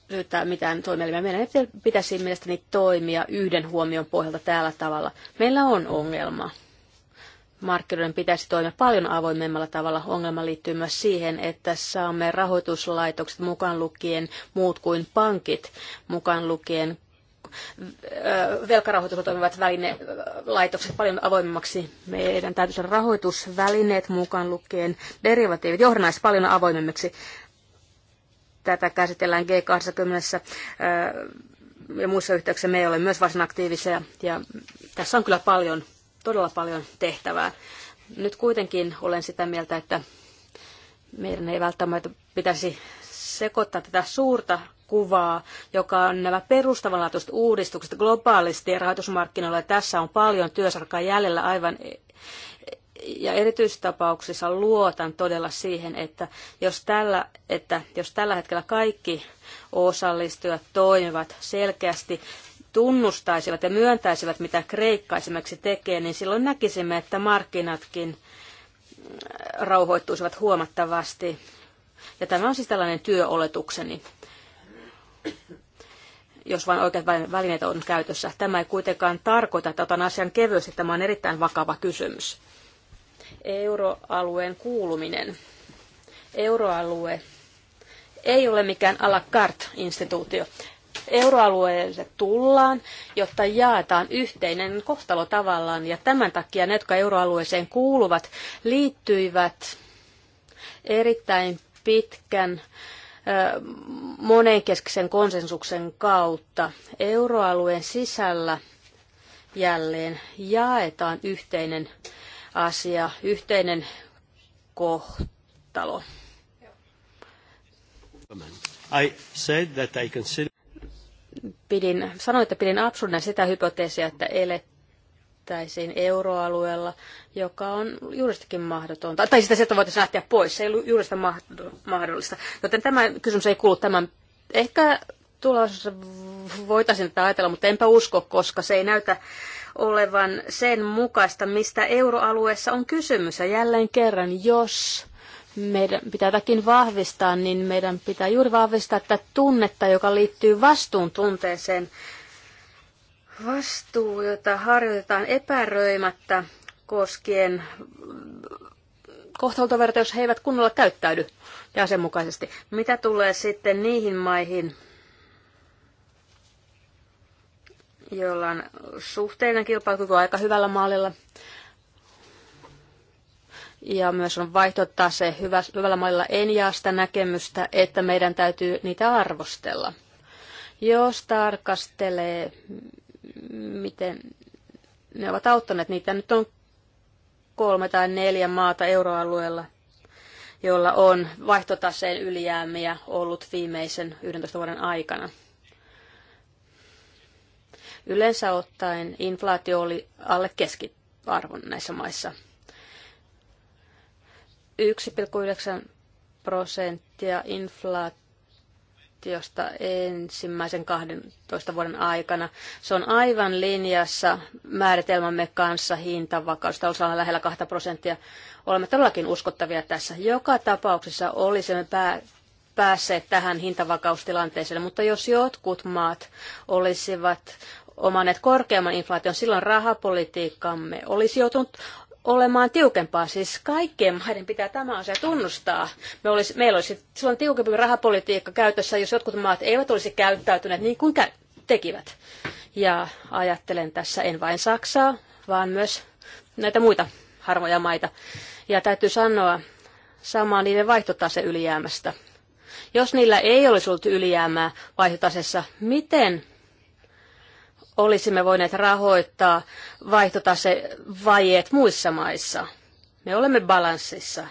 ryhdytään mitään toimielimiä. Meidän ei pitäisi mielestäni toimia yhden huomion pohjalta tällä tavalla. Meillä on ongelma. Markkinoiden pitäisi toimia paljon avoimemmalla tavalla. Ongelma liittyy myös siihen, että saamme rahoituslaitokset mukaan lukien muut kuin pankit, mukaan lukien velkarahoitusta toimivat väline, paljon avoimemmaksi. Meidän täytyy saada rahoitusvälineet mukaan lukien derivatiivit johdannais paljon avoimemmiksi. Tätä käsitellään G20 ja muissa yhteyksissä me ei ole myös varsin aktiivisia ja tässä on kyllä paljon, todella paljon tehtävää. Nyt kuitenkin olen sitä mieltä, että meidän ei välttämättä pitäisi sekoittaa tätä suurta kuvaa, joka on nämä perustavanlaatuiset uudistukset globaalisti rahoitusmarkkinoilla. Tässä on paljon työsarkaa jäljellä aivan e- ja erityistapauksissa luotan todella siihen, että jos tällä, että jos tällä hetkellä kaikki osallistujat toimivat selkeästi, tunnustaisivat ja myöntäisivät, mitä Kreikka esimerkiksi tekee, niin silloin näkisimme, että markkinatkin rauhoittuisivat huomattavasti ja tämä on siis tällainen työoletukseni, jos vain oikeat välineet on käytössä. Tämä ei kuitenkaan tarkoita, että otan asian kevyesti. Tämä on erittäin vakava kysymys. Euroalueen kuuluminen. Euroalue ei ole mikään à la carte instituutio. Euroalueelle tullaan, jotta jaetaan yhteinen kohtalo tavallaan, ja tämän takia ne, jotka euroalueeseen kuuluvat, liittyivät erittäin pitkän monenkeskisen konsensuksen kautta euroalueen sisällä jälleen jaetaan yhteinen asia, yhteinen kohtalo. I said that I consider... pidin, sanoin, että pidin absurdina sitä hypoteesia, että elet tehtäisiin euroalueella, joka on juuristakin mahdotonta. Tai sitä sieltä voitaisiin lähteä pois, se ei ollut juurista mahdollista. Joten tämä kysymys ei kuulu tämän. Ehkä tulossa voitaisiin tätä ajatella, mutta enpä usko, koska se ei näytä olevan sen mukaista, mistä euroalueessa on kysymys. Ja jälleen kerran, jos meidän pitää jotakin vahvistaa, niin meidän pitää juuri vahvistaa tätä tunnetta, joka liittyy vastuuntunteeseen. tunteeseen Vastuu, jota harjoitetaan epäröimättä koskien kohtaltoverta, jos he eivät kunnolla käyttäydy jäsenmukaisesti. Mitä tulee sitten niihin maihin, joilla on suhteellinen kilpailukyky aika hyvällä mallilla, ja myös on vaihtotase hyvä, hyvällä mallilla. En jaa sitä näkemystä, että meidän täytyy niitä arvostella. Jos tarkastelee miten ne ovat auttaneet. Niitä nyt on kolme tai neljä maata euroalueella, jolla on vaihtotaseen ylijäämiä ollut viimeisen 11 vuoden aikana. Yleensä ottaen inflaatio oli alle keskiarvon näissä maissa. 1,9 prosenttia inflaatio josta ensimmäisen 12 vuoden aikana. Se on aivan linjassa määritelmämme kanssa hintavakaudesta osalla lähellä 2 prosenttia. Olemme todellakin uskottavia tässä. Joka tapauksessa olisimme pää, päässeet tähän hintavakaustilanteeseen, mutta jos jotkut maat olisivat omaneet korkeamman inflaation, silloin rahapolitiikkamme olisi joutunut olemaan tiukempaa. Siis kaikkien maiden pitää tämä asia tunnustaa. Me olisi, meillä olisi silloin tiukempi rahapolitiikka käytössä, jos jotkut maat eivät olisi käyttäytyneet niin kuin tekivät. Ja ajattelen tässä en vain Saksaa, vaan myös näitä muita harvoja maita. Ja täytyy sanoa samaa niiden vaihtotase ylijäämästä. Jos niillä ei olisi ollut ylijäämää vaihtotasessa, miten olisimme voineet rahoittaa vaihtotasevajeet muissa maissa. Me olemme balanssissa.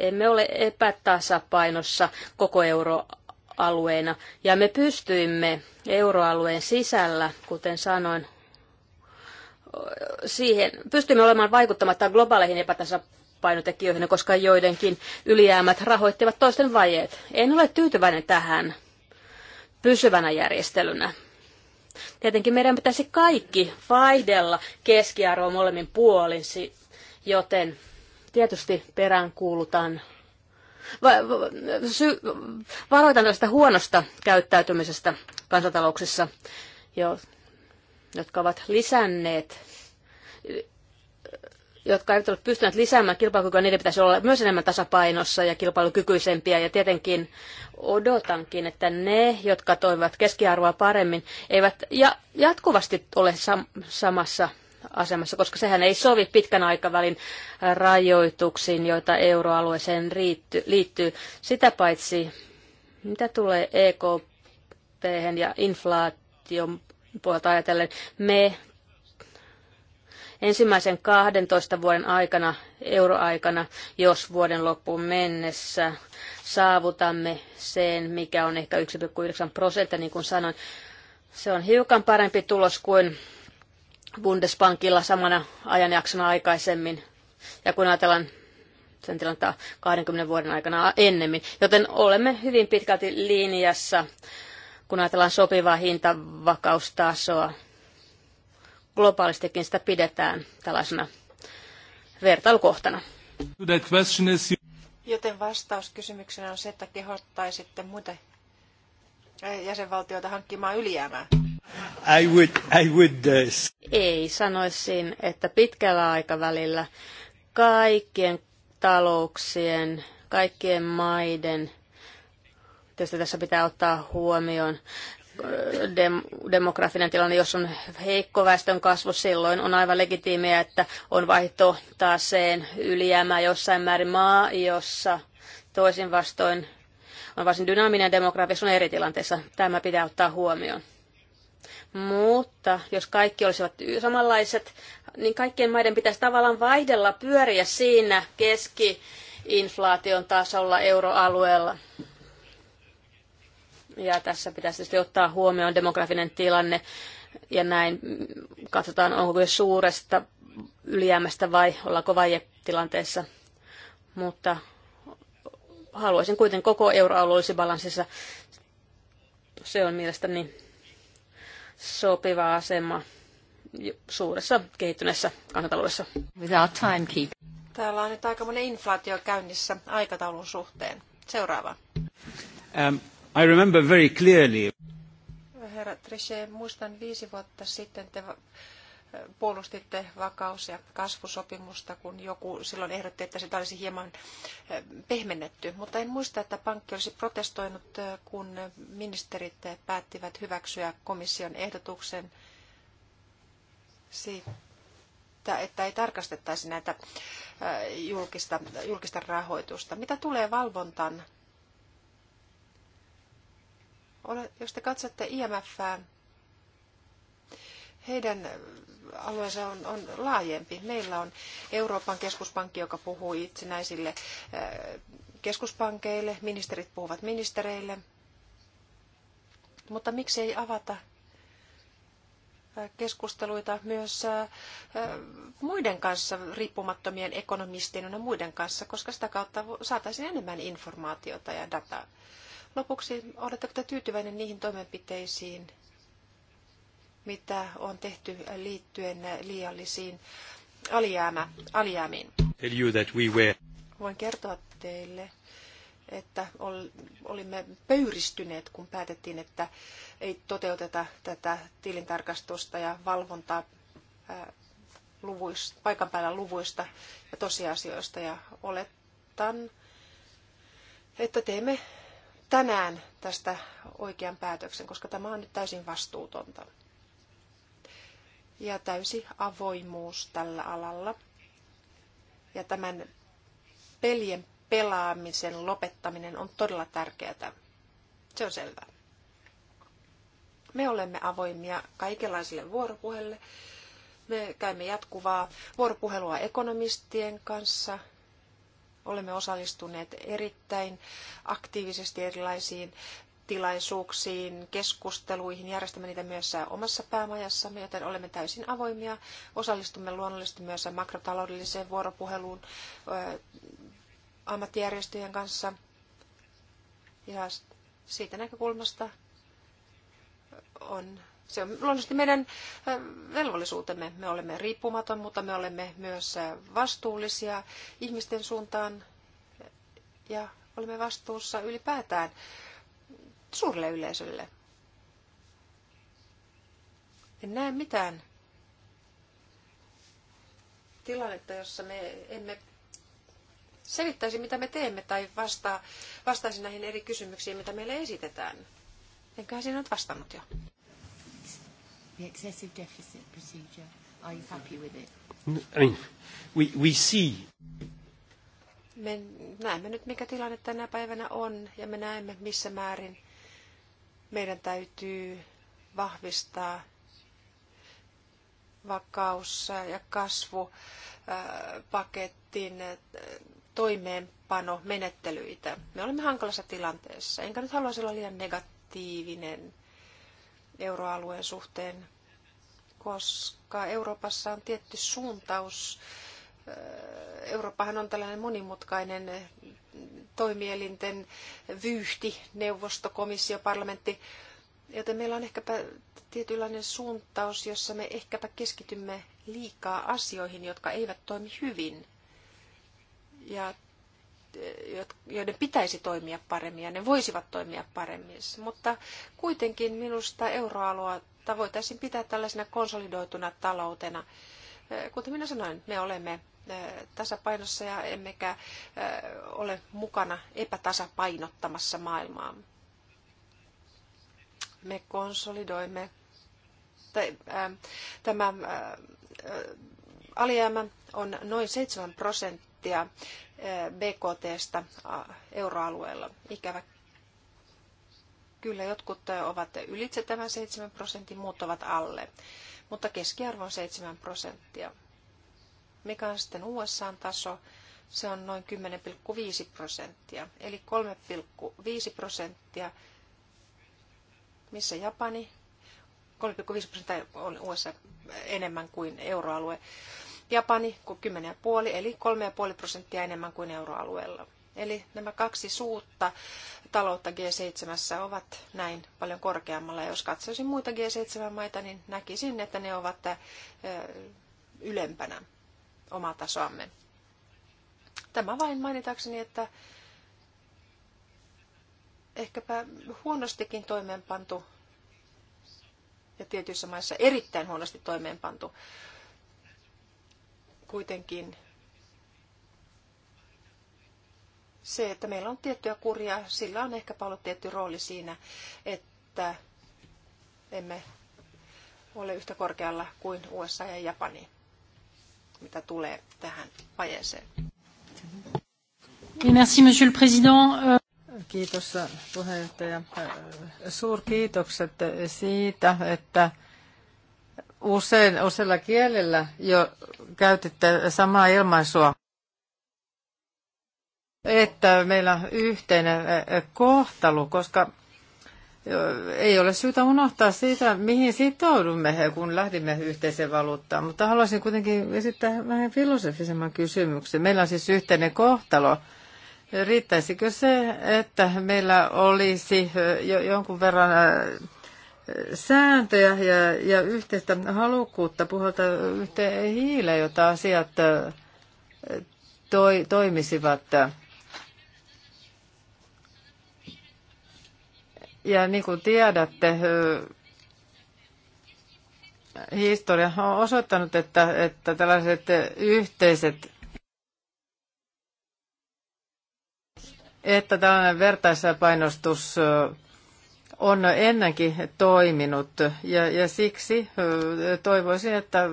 Emme ole epätasapainossa koko euroalueena. Ja me pystyimme euroalueen sisällä, kuten sanoin, siihen, pystymme olemaan vaikuttamatta globaaleihin epätasapainotekijöihin, koska joidenkin ylijäämät rahoittivat toisten vajeet. En ole tyytyväinen tähän pysyvänä järjestelynä. Tietenkin meidän pitäisi kaikki vaihdella keskiarvoa molemmin puolin, joten tietysti peräänkuulutan va, va, sy, varoitan tästä huonosta käyttäytymisestä kansantalouksissa, jo, jotka ovat lisänneet jotka eivät ole pystyneet lisäämään kilpailukykyä, niiden pitäisi olla myös enemmän tasapainossa ja kilpailukykyisempiä. Ja tietenkin odotankin, että ne, jotka toimivat keskiarvoa paremmin, eivät ja, jatkuvasti ole sam- samassa asemassa, koska sehän ei sovi pitkän aikavälin rajoituksiin, joita euroalueeseen liittyy. Sitä paitsi, mitä tulee EKP ja inflaation puolta ajatellen, me ensimmäisen 12 vuoden aikana, euroaikana, jos vuoden loppuun mennessä saavutamme sen, mikä on ehkä 1,9 prosenttia, niin kuin sanoin. Se on hiukan parempi tulos kuin Bundesbankilla samana ajanjaksona aikaisemmin. Ja kun ajatellaan sen tilannetta 20 vuoden aikana ennemmin. Joten olemme hyvin pitkälti linjassa, kun ajatellaan sopivaa hintavakaustasoa globaalistikin sitä pidetään tällaisena vertailukohtana. Joten vastaus kysymykseen on se, että kehottaisitte muita eh, jäsenvaltioita hankkimaan ylijäämää. I would, I would uh, Ei, sanoisin, että pitkällä aikavälillä kaikkien talouksien, kaikkien maiden, tietysti tässä pitää ottaa huomioon dem- demografinen tilanne, jos on heikko väestön kasvu, silloin on aivan legitiimiä, että on vaihto taaseen ylijäämää jossain määrin maa, jossa toisin vastoin on varsin dynaaminen demografia, on eri tilanteessa. Tämä pitää ottaa huomioon. Mutta jos kaikki olisivat samanlaiset, niin kaikkien maiden pitäisi tavallaan vaihdella pyöriä siinä keski-inflaation tasolla euroalueella. Ja tässä pitäisi tietysti ottaa huomioon demografinen tilanne ja näin katsotaan, onko kyse suuresta ylijäämästä vai ollaanko vajetilanteessa. Mutta haluaisin kuitenkin koko euroalue olisi balanssissa. Se on mielestäni sopiva asema suuressa kehittyneessä kansantaloudessa. Without timekeep. Täällä on nyt aikamoinen inflaatio käynnissä aikataulun suhteen. Seuraava. Um, I remember very clearly. Herra Trichet, muistan viisi vuotta sitten te puolustitte vakaus- ja kasvusopimusta, kun joku silloin ehdotti, että sitä olisi hieman eh, pehmennetty. Mutta en muista, että pankki olisi protestoinut, eh, kun ministerit päättivät hyväksyä komission ehdotuksen siitä, että ei tarkastettaisi näitä eh, julkista, julkista rahoitusta. Mitä tulee valvontaan jos te katsotte IMFää, heidän alueensa on, on laajempi. Meillä on Euroopan keskuspankki, joka puhuu itsenäisille keskuspankeille, ministerit puhuvat ministereille. Mutta miksi ei avata keskusteluita myös muiden kanssa, riippumattomien ekonomistien ja muiden kanssa, koska sitä kautta saataisiin enemmän informaatiota ja dataa. Lopuksi, oletteko te tyytyväinen niihin toimenpiteisiin, mitä on tehty liittyen liiallisiin alijäämä, alijäämiin? Voin kertoa teille, että olimme pöyristyneet, kun päätettiin, että ei toteuteta tätä tilintarkastusta ja valvontaa luvuista, paikan päällä luvuista ja tosiasioista. Ja oletan, että teemme tänään tästä oikean päätöksen, koska tämä on nyt täysin vastuutonta. Ja täysi avoimuus tällä alalla. Ja tämän pelien pelaamisen lopettaminen on todella tärkeää. Se on selvää. Me olemme avoimia kaikenlaisille vuoropuhelle. Me käymme jatkuvaa vuoropuhelua ekonomistien kanssa, Olemme osallistuneet erittäin aktiivisesti erilaisiin tilaisuuksiin, keskusteluihin, järjestämme niitä myös omassa päämajassamme, joten olemme täysin avoimia. Osallistumme luonnollisesti myös makrotaloudelliseen vuoropuheluun ammattijärjestöjen kanssa. Ja siitä näkökulmasta on se on luonnollisesti meidän velvollisuutemme. Me olemme riippumaton, mutta me olemme myös vastuullisia ihmisten suuntaan ja olemme vastuussa ylipäätään suurelle yleisölle. En näe mitään tilannetta, jossa me emme selittäisi, mitä me teemme, tai vastaa, vastaisi näihin eri kysymyksiin, mitä meille esitetään. Enköhän siinä nyt vastannut jo the excessive deficit procedure. Are you happy with it? I mean, we, we see. Me näemme nyt, mikä tilanne tänä päivänä on, ja me näemme, missä määrin meidän täytyy vahvistaa vakaus- ja kasvupakettiin äh, toimeenpanomenettelyitä. Me olemme hankalassa tilanteessa, enkä nyt haluaisi olla liian negatiivinen euroalueen suhteen, koska Euroopassa on tietty suuntaus. Eurooppahan on tällainen monimutkainen toimielinten vyyhti, neuvosto, komissio, parlamentti, joten meillä on ehkäpä tietynlainen suuntaus, jossa me ehkäpä keskitymme liikaa asioihin, jotka eivät toimi hyvin. Ja joiden pitäisi toimia paremmin ja ne voisivat toimia paremmin. Mutta kuitenkin minusta euroalue voitaisiin pitää tällaisena konsolidoituna taloutena. Äh, kuten minä sanoin, me olemme äh, tasapainossa ja emmekä äh, ole mukana epätasapainottamassa maailmaa. Me konsolidoimme tämä alijäämä on noin 7 prosenttia BKTstä euroalueella. Ikävä kyllä jotkut ovat ylitse tämän 7 prosentin, muut ovat alle, mutta keskiarvo on 7 prosenttia. Mikä on sitten USA-taso? Se on noin 10,5 prosenttia, eli 3,5 prosenttia. Missä Japani? 3,5 prosenttia on USA enemmän kuin euroalue Japani kuin 10,5 eli 3,5 prosenttia enemmän kuin euroalueella. Eli nämä kaksi suutta taloutta G7 ovat näin paljon korkeammalla. Ja jos katsoisin muita G7-maita, niin näkisin, että ne ovat ylempänä omaa tasoamme. Tämä vain mainitakseni, että ehkäpä huonostikin toimeenpantu ja tietyissä maissa erittäin huonosti toimeenpantu kuitenkin se, että meillä on tiettyä kuria, sillä on ehkä paljon tietty rooli siinä, että emme ole yhtä korkealla kuin USA ja Japani, mitä tulee tähän vajeeseen. Merci, monsieur le président. Kiitos puheenjohtaja. Suurkiitokset siitä, että usein osella kielellä jo käytitte samaa ilmaisua, että meillä on yhteinen kohtalu, koska ei ole syytä unohtaa siitä, mihin sitoudumme, kun lähdimme yhteiseen valuuttaan. Mutta haluaisin kuitenkin esittää vähän filosofisemman kysymyksen. Meillä on siis yhteinen kohtalo. Riittäisikö se, että meillä olisi jonkun verran sääntöjä ja, ja yhteistä halukkuutta puhalta yhteen hiileen, jota asiat toi, toimisivat. Ja niin kuin tiedätte, historia on osoittanut, että, että tällaiset yhteiset että tällainen vertaispainostus painostus on ennenkin toiminut ja, ja siksi toivoisin, että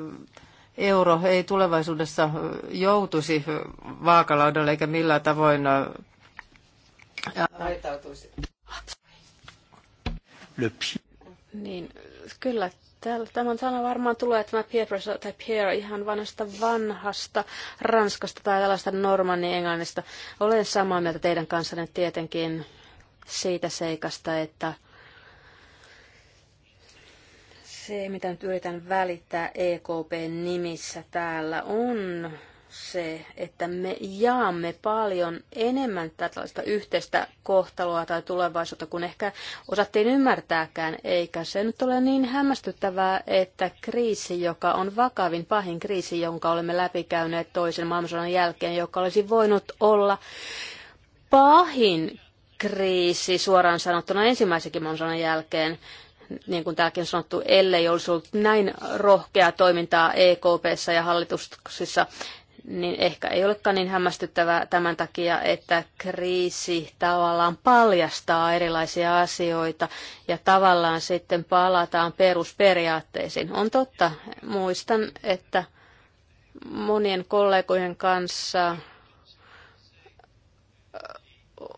euro ei tulevaisuudessa joutuisi vaakalaudalle eikä millään tavoin raitautuisi. Niin, kyllä tämän sana varmaan tulee tämä Pierre tai Pierre ihan vanhasta vanhasta Ranskasta tai tällaista normanni englannista. Olen samaa mieltä teidän kanssanne tietenkin siitä seikasta, että se, mitä nyt yritän välittää EKPn nimissä täällä, on se, että me jaamme paljon enemmän tällaista yhteistä kohtaloa tai tulevaisuutta kuin ehkä osattiin ymmärtääkään, eikä se nyt ole niin hämmästyttävää, että kriisi, joka on vakavin pahin kriisi, jonka olemme läpikäyneet toisen maailmansodan jälkeen, joka olisi voinut olla pahin kriisi suoraan sanottuna ensimmäisenkin maailmansodan jälkeen, niin kuin täälläkin on sanottu, ellei olisi ollut näin rohkeaa toimintaa EKPssä ja hallituksissa, niin ehkä ei olekaan niin hämmästyttävää tämän takia, että kriisi tavallaan paljastaa erilaisia asioita ja tavallaan sitten palataan perusperiaatteisiin. On totta, muistan, että monien kollegojen kanssa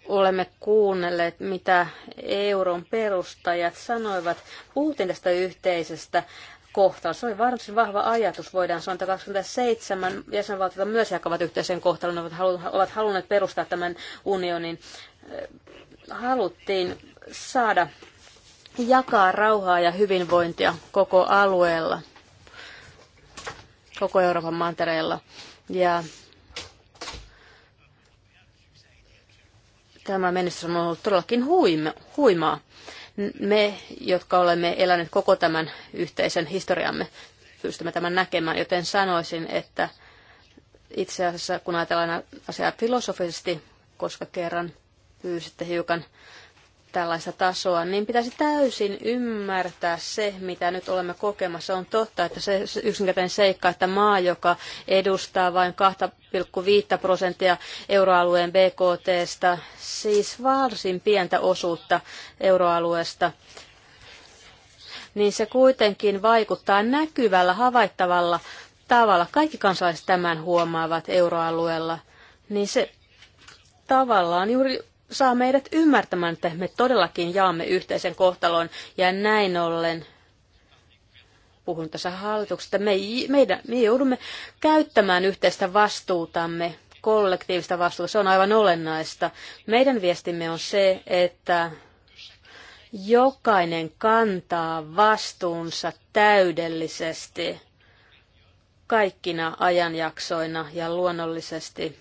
olemme kuunnelleet, mitä euron perustajat sanoivat. Puhuttiin tästä yhteisestä kohtalosta. Se oli varmasti vahva ajatus, voidaan sanoa, että 27 jäsenvaltiota myös jakavat yhteisen kohtalon, ovat, ovat halunneet perustaa tämän unionin. Haluttiin saada jakaa rauhaa ja hyvinvointia koko alueella, koko Euroopan mantereella. Ja Tämä mennessä on ollut todellakin huima, huimaa. Me, jotka olemme eläneet koko tämän yhteisen historiamme, pystymme tämän näkemään, joten sanoisin, että itse asiassa kun ajatellaan asiaa filosofisesti, koska kerran pyysitte hiukan tällaista tasoa, niin pitäisi täysin ymmärtää se, mitä nyt olemme kokemassa. On totta, että se yksinkertainen seikka, että maa, joka edustaa vain 2,5 prosenttia euroalueen BKTstä, siis varsin pientä osuutta euroalueesta, niin se kuitenkin vaikuttaa näkyvällä, havaittavalla tavalla. Kaikki kansalaiset tämän huomaavat euroalueella, niin se tavallaan juuri saa meidät ymmärtämään, että me todellakin jaamme yhteisen kohtalon ja näin ollen puhun tässä hallituksesta, me, meidän, me joudumme käyttämään yhteistä vastuutamme, kollektiivista vastuuta, se on aivan olennaista. Meidän viestimme on se, että jokainen kantaa vastuunsa täydellisesti kaikkina ajanjaksoina ja luonnollisesti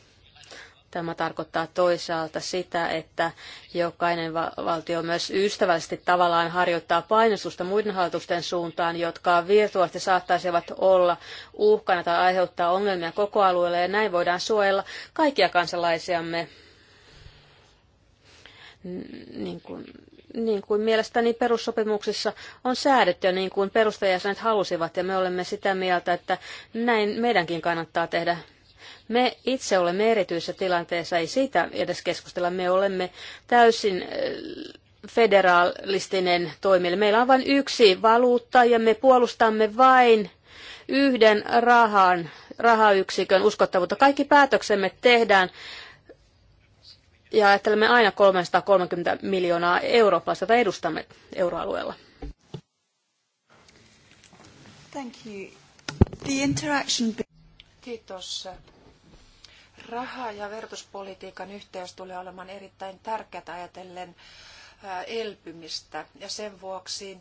Tämä tarkoittaa toisaalta sitä, että jokainen valtio myös ystävällisesti tavallaan harjoittaa painostusta muiden hallitusten suuntaan, jotka virtuaalisesti saattaisivat olla uhkana tai aiheuttaa ongelmia koko alueelle, ja näin voidaan suojella kaikkia kansalaisiamme. Niin kuin, niin kuin mielestäni perussopimuksissa on säädetty ja niin kuin perustajajäsenet halusivat, ja me olemme sitä mieltä, että näin meidänkin kannattaa tehdä me itse olemme erityisessä tilanteessa, ei siitä edes keskustella. Me olemme täysin äh, federalistinen toimija. Meillä on vain yksi valuutta ja me puolustamme vain yhden rahan, rahayksikön uskottavuutta. Kaikki päätöksemme tehdään ja ajattelemme aina 330 miljoonaa eurooppalaista, jota edustamme euroalueella. Thank you. The interaction... Kiitos. Raha- ja verotuspolitiikan yhteys tulee olemaan erittäin tärkeätä ajatellen elpymistä ja sen vuoksi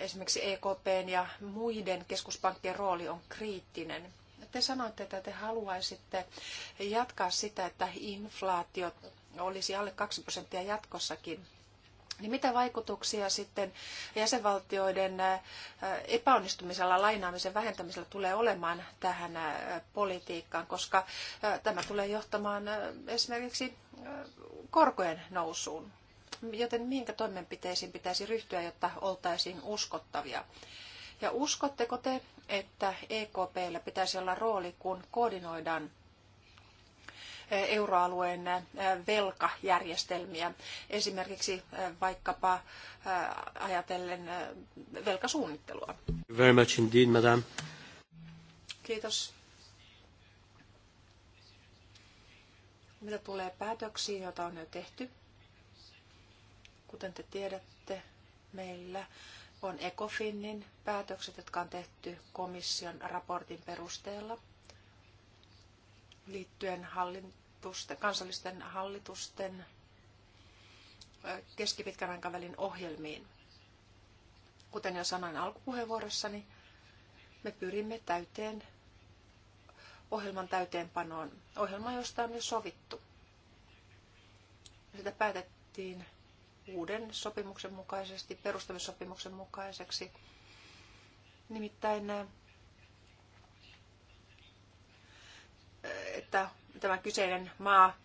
esimerkiksi EKPn ja muiden keskuspankkien rooli on kriittinen. Te sanoitte, että te haluaisitte jatkaa sitä, että inflaatio olisi alle 2 prosenttia jatkossakin niin mitä vaikutuksia sitten jäsenvaltioiden epäonnistumisella lainaamisen vähentämisellä tulee olemaan tähän politiikkaan, koska tämä tulee johtamaan esimerkiksi korkojen nousuun. Joten minkä toimenpiteisiin pitäisi ryhtyä, jotta oltaisiin uskottavia? Ja uskotteko te, että EKPllä pitäisi olla rooli, kun koordinoidaan euroalueen velkajärjestelmiä, esimerkiksi vaikkapa ajatellen velkasuunnittelua. Very much indeed, madam. Kiitos. Mitä tulee päätöksiin, joita on jo tehty, kuten te tiedätte, meillä on ECOFINin päätökset, jotka on tehty komission raportin perusteella – liittyen hallitusten, kansallisten hallitusten keskipitkän aikavälin ohjelmiin. Kuten jo sanoin alkupuheenvuorossani, me pyrimme täyteen ohjelman täyteenpanoon, ohjelma, josta on jo sovittu. Sitä päätettiin uuden sopimuksen mukaisesti, perustamissopimuksen mukaiseksi. Nimittäin että tämä kyseinen maa,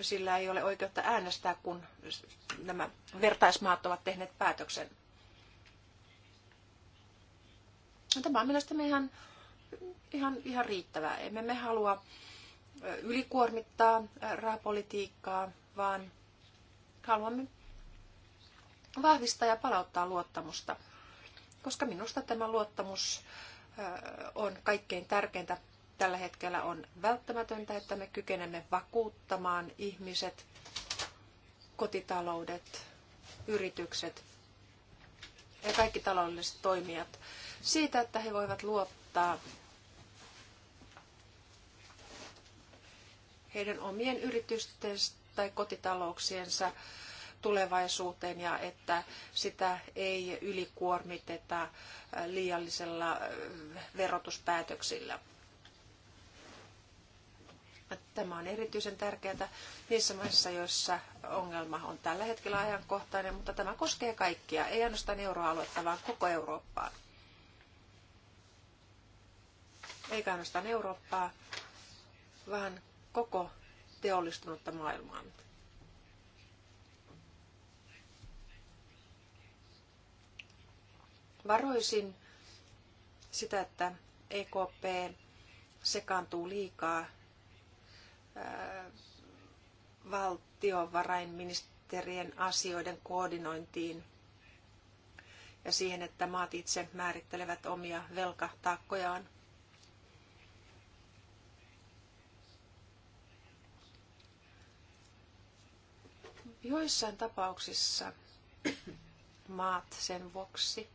sillä ei ole oikeutta äänestää, kun nämä vertaismaat ovat tehneet päätöksen. No, tämä on mielestäni ihan, ihan, ihan riittävää. Emme me halua ylikuormittaa rahapolitiikkaa, vaan haluamme vahvistaa ja palauttaa luottamusta, koska minusta tämä luottamus on kaikkein tärkeintä tällä hetkellä on välttämätöntä, että me kykenemme vakuuttamaan ihmiset, kotitaloudet, yritykset ja kaikki taloudelliset toimijat siitä, että he voivat luottaa heidän omien yritystensä tai kotitalouksiensa tulevaisuuteen ja että sitä ei ylikuormiteta liiallisella verotuspäätöksillä. Tämä on erityisen tärkeää niissä maissa, joissa ongelma on tällä hetkellä ajankohtainen, mutta tämä koskee kaikkia, ei ainoastaan euroaluetta, vaan koko Eurooppaa. Eikä ainoastaan Eurooppaa, vaan koko teollistunutta maailmaa. Varoisin sitä, että EKP sekaantuu liikaa valtiovarainministerien asioiden koordinointiin ja siihen, että maat itse määrittelevät omia velkataakkojaan. Joissain tapauksissa maat sen vuoksi,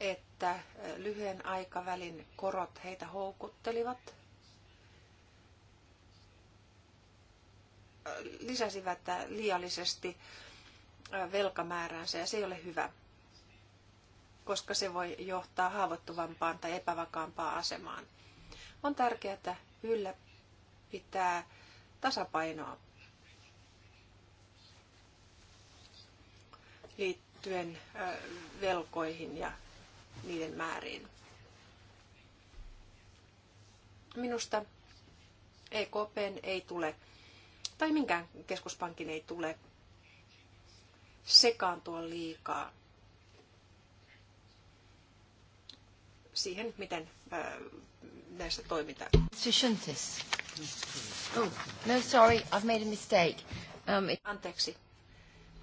että lyhyen aikavälin korot heitä houkuttelivat, lisäsivät liiallisesti velkamääräänsä ja se ei ole hyvä, koska se voi johtaa haavoittuvampaan tai epävakaampaan asemaan. On tärkeää, että ylläpitää tasapainoa liittyen velkoihin ja niiden määriin. Minusta EKPn ei tule tai minkään keskuspankin ei tule sekaantua liikaa siihen, miten näissä toimitaan. Oh, no sorry, I've made a mistake. Um, it... Anteeksi.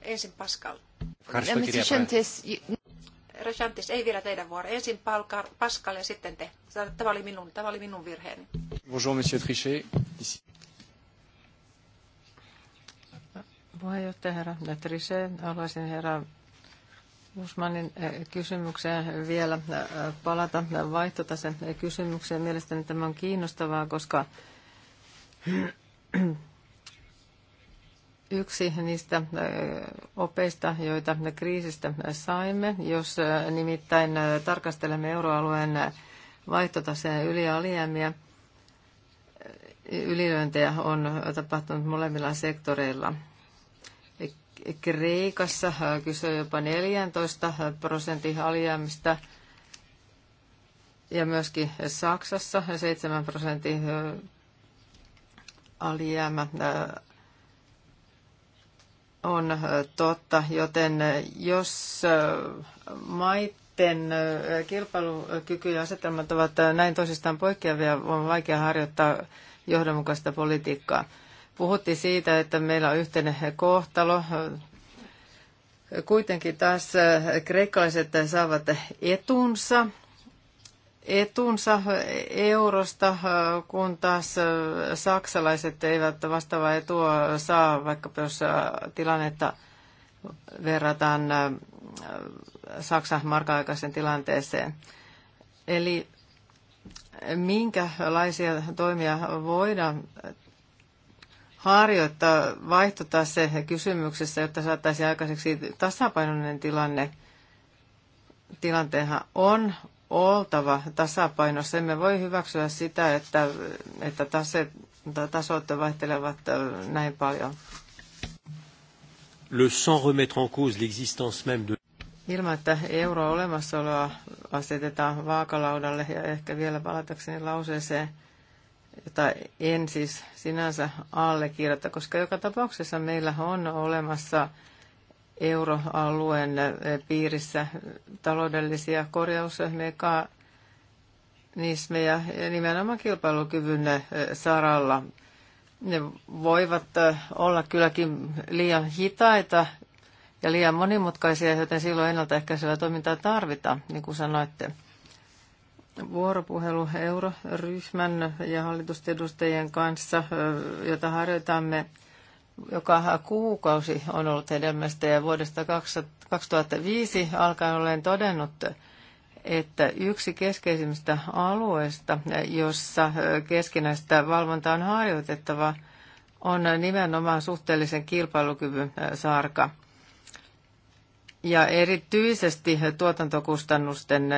Ensin Pascal. Uh, Mr. ei vielä teidän vuoro. Ensin Pascal ja sitten te. Tämä oli minun, tämä oli minun virheeni. Bonjour, monsieur Trichet. Puheenjohtaja herra Netrise. haluaisin herra Usmanin eh, kysymykseen vielä eh, palata eh, vaihtotasen kysymykseen. Mielestäni tämä on kiinnostavaa, koska [CLEARS THROAT] yksi niistä opeista, joita me kriisistä saimme, jos nimittäin tarkastelemme euroalueen vaihtotaseen yli ja alijäämiä, ylilyöntejä on tapahtunut molemmilla sektoreilla. Kreikassa kyse on jopa 14 prosentin alijäämistä ja myöskin Saksassa 7 prosentin alijäämä on totta, joten jos maiden kilpailukyky ja asetelmat ovat näin toisistaan poikkeavia, on vaikea harjoittaa johdonmukaista politiikkaa. Puhuttiin siitä, että meillä on yhteinen kohtalo. Kuitenkin taas kreikkalaiset saavat etunsa, etunsa eurosta, kun taas saksalaiset eivät vastaavaa etua saa, vaikka jos tilannetta verrataan Saksan marka-aikaisen tilanteeseen. Eli minkälaisia toimia voidaan harjoittaa vaihtotase kysymyksessä, jotta saataisiin aikaiseksi tasapainoinen tilanne. Tilanteenhan on oltava tasapainossa. me voi hyväksyä sitä, että, että tase, tasot vaihtelevat näin paljon. Le sans remettre en cause l'existence même de... Ilman, että euroa olemassaoloa asetetaan vaakalaudalle ja ehkä vielä palatakseni lauseeseen – jota en siis sinänsä allekirjoita, koska joka tapauksessa meillä on olemassa euroalueen piirissä taloudellisia korjausmekanismeja nimenomaan kilpailukyvyn saralla. Ne voivat olla kylläkin liian hitaita ja liian monimutkaisia, joten silloin ennaltaehkäisevää toimintaa tarvitaan, niin kuin sanoitte vuoropuhelu euroryhmän ja hallitustedustajien kanssa, jota harjoitamme joka kuukausi on ollut hedelmästä ja vuodesta 2005 alkaen olen todennut, että yksi keskeisimmistä alueista, jossa keskinäistä valvontaa on harjoitettava, on nimenomaan suhteellisen kilpailukyvyn sarka. Ja erityisesti tuotantokustannusten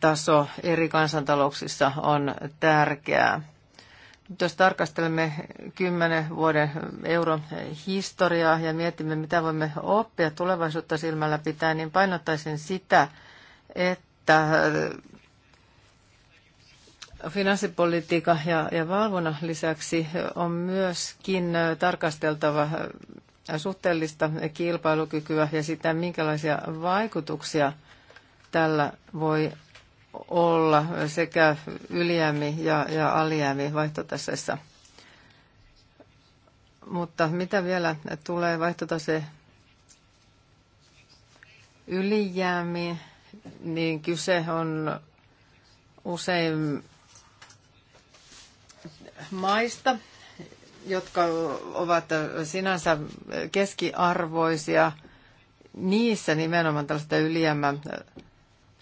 taso eri kansantalouksissa on tärkeää. Nyt jos tarkastelemme kymmenen vuoden euron historiaa ja mietimme, mitä voimme oppia tulevaisuutta silmällä pitää, niin painottaisin sitä, että finanssipolitiikka ja, ja valvonnan lisäksi on myöskin tarkasteltava suhteellista kilpailukykyä ja sitä, minkälaisia vaikutuksia tällä voi olla sekä ylijäämi ja, ja alijäämi vaihtotaseessa. Mutta mitä vielä tulee vaihtotase ylijäämiin, niin kyse on usein maista, jotka ovat sinänsä keskiarvoisia. Niissä nimenomaan tällaista ylijäämää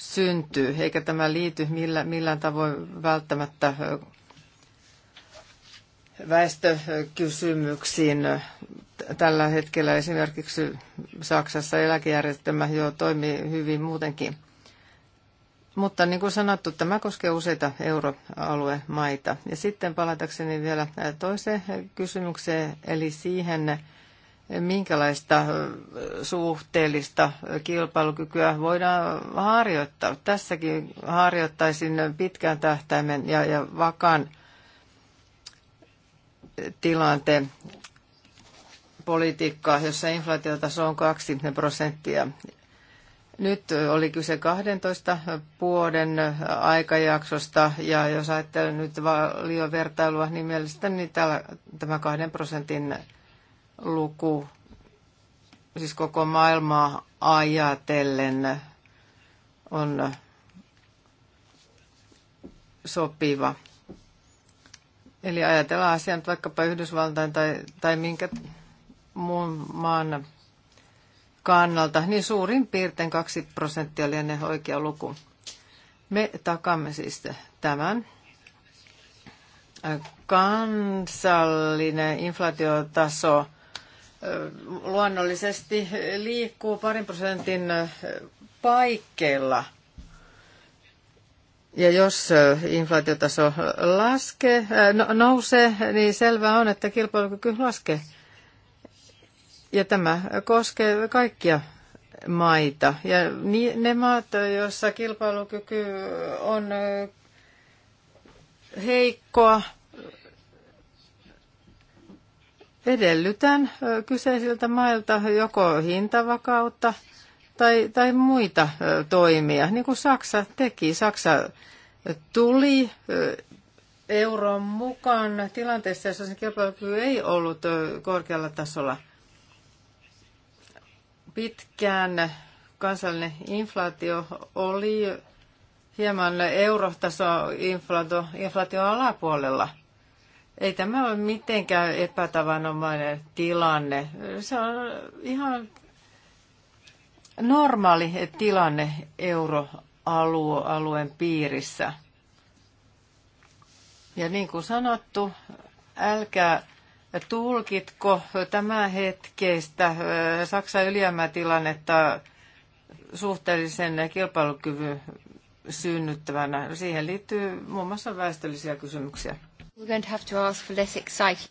syntyy, eikä tämä liity millä, millään tavoin välttämättä väestökysymyksiin. Tällä hetkellä esimerkiksi Saksassa eläkejärjestelmä jo toimii hyvin muutenkin. Mutta niin kuin sanottu, tämä koskee useita euroaluemaita. Ja sitten palatakseni vielä toiseen kysymykseen, eli siihen, minkälaista suhteellista kilpailukykyä voidaan harjoittaa. Tässäkin harjoittaisin pitkän tähtäimen ja, ja vakaan tilanteen politiikkaa, jossa inflaatiotaso on 20 prosenttia. Nyt oli kyse 12 vuoden aikajaksosta, ja jos ajattelen nyt liiovertailua, niin mielestäni tämä 2 prosentin luku, siis koko maailmaa ajatellen on sopiva. Eli ajatellaan asiaa vaikkapa Yhdysvaltain tai, tai minkä muun maan kannalta, niin suurin piirtein 2 prosenttia lienee oikea luku. Me takamme siis tämän. Kansallinen inflaatiotaso luonnollisesti liikkuu parin prosentin paikkeilla. Ja jos inflaatiotaso laskee, äh, no, nousee, niin selvää on, että kilpailukyky laskee. Ja tämä koskee kaikkia maita. Ja ne maat, joissa kilpailukyky on äh, heikkoa, edellytän kyseisiltä mailta joko hintavakautta tai, tai muita toimia, niin kuin Saksa teki. Saksa tuli euron mukaan tilanteessa, jossa sen kilpailukyky ei ollut korkealla tasolla. Pitkään kansallinen inflaatio oli hieman eurotaso inflaatio, inflaatio alapuolella – ei tämä ole mitenkään epätavanomainen tilanne. Se on ihan normaali tilanne euroalueen piirissä. Ja niin kuin sanottu, älkää tulkitko tämä hetkeistä äh, Saksan ylijäämätilannetta suhteellisen kilpailukyvyn synnyttävänä. Siihen liittyy muun muassa väestöllisiä kysymyksiä. We're going to have to ask for less exciting.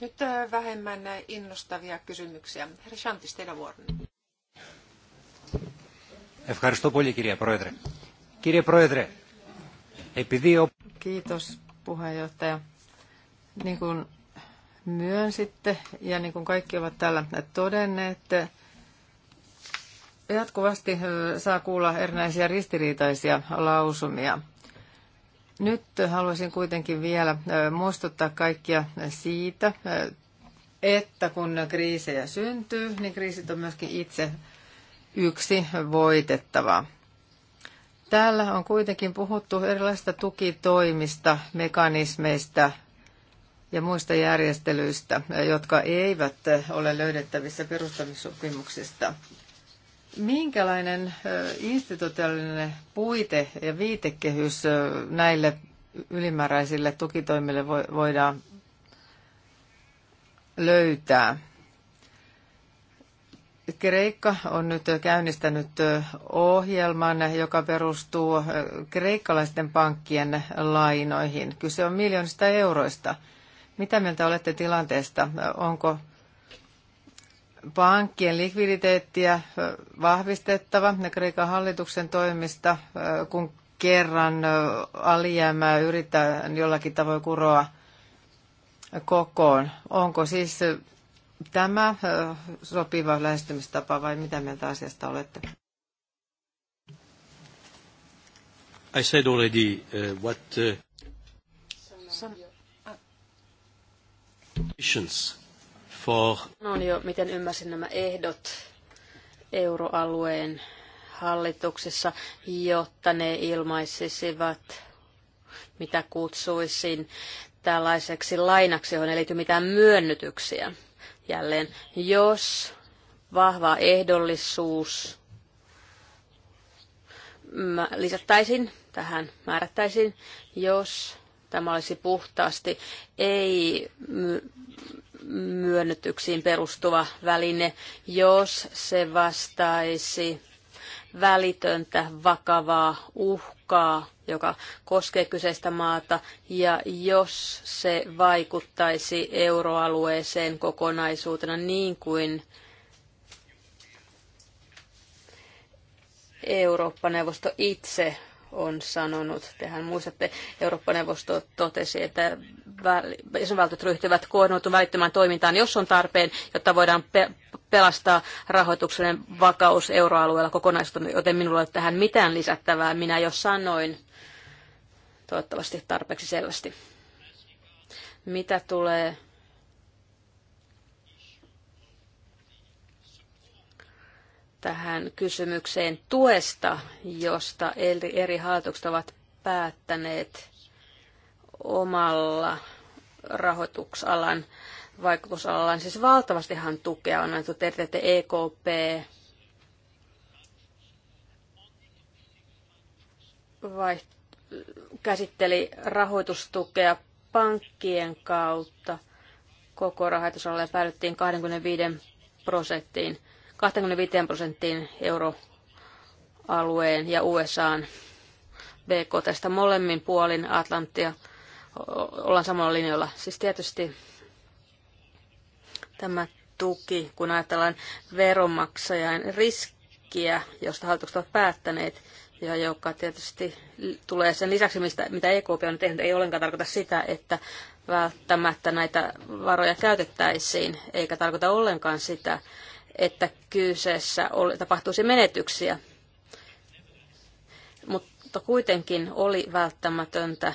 Nyt äh, vähemmän innostavia kysymyksiä. Herra Shantis, teidän vuoronne. Kiitos puheenjohtaja. Niin kuin myönsitte ja niin kuin kaikki ovat täällä todenneet, jatkuvasti äh, saa kuulla erinäisiä ristiriitaisia lausumia – nyt haluaisin kuitenkin vielä muistuttaa kaikkia siitä, että kun kriisejä syntyy, niin kriisit on myöskin itse yksi voitettava. Täällä on kuitenkin puhuttu erilaisista tukitoimista, mekanismeista ja muista järjestelyistä, jotka eivät ole löydettävissä perustamissopimuksista. Minkälainen institutionaalinen puite ja viitekehys näille ylimääräisille tukitoimille voidaan löytää? Kreikka on nyt käynnistänyt ohjelman, joka perustuu kreikkalaisten pankkien lainoihin. Kyse on miljoonista euroista. Mitä mieltä olette tilanteesta? Onko pankkien likviditeettiä vahvistettava ja Kreikan hallituksen toimista, kun kerran alijäämää yritetään jollakin tavoin kuroa kokoon. Onko siis tämä sopiva lähestymistapa vai mitä mieltä asiasta olette? I said already uh, what uh, Some, ah. uh, for... No jo, miten ymmärsin nämä ehdot euroalueen hallituksessa, jotta ne ilmaisisivat, mitä kutsuisin tällaiseksi lainaksi, johon ei liity mitään myönnytyksiä. Jälleen, jos vahva ehdollisuus lisättäisiin tähän, määrättäisiin, jos tämä olisi puhtaasti ei myönnytyksiin perustuva väline, jos se vastaisi välitöntä vakavaa uhkaa, joka koskee kyseistä maata, ja jos se vaikuttaisi euroalueeseen kokonaisuutena niin kuin Eurooppa-neuvosto itse on sanonut. Tehän muistatte, Eurooppa-neuvosto totesi, että jäsenvaltiot ryhtyvät koordinoitun välittömään toimintaan, jos on tarpeen, jotta voidaan pe- pelastaa rahoituksen vakaus euroalueella kokonaisuutena, joten minulla ei ole tähän mitään lisättävää. Minä jo sanoin toivottavasti tarpeeksi selvästi. Mitä tulee tähän kysymykseen tuesta, josta eri, eri hallitukset ovat päättäneet omalla rahoituksalan vaikutusalan. Siis valtavastihan tukea on annettu TTT EKP, e vaiht- käsitteli rahoitustukea pankkien kautta. Koko rahoitusalalle päädyttiin 25 prosenttiin, 25 prosenttiin euroalueen ja USAn BKTstä molemmin puolin Atlanttia – ollaan samalla linjalla. Siis tietysti tämä tuki, kun ajatellaan veronmaksajan riskiä, josta hallitukset ovat päättäneet, ja joka tietysti tulee sen lisäksi, mistä, mitä EKP on tehnyt, ei ollenkaan tarkoita sitä, että välttämättä näitä varoja käytettäisiin, eikä tarkoita ollenkaan sitä, että kyseessä tapahtuisi menetyksiä. Mutta kuitenkin oli välttämätöntä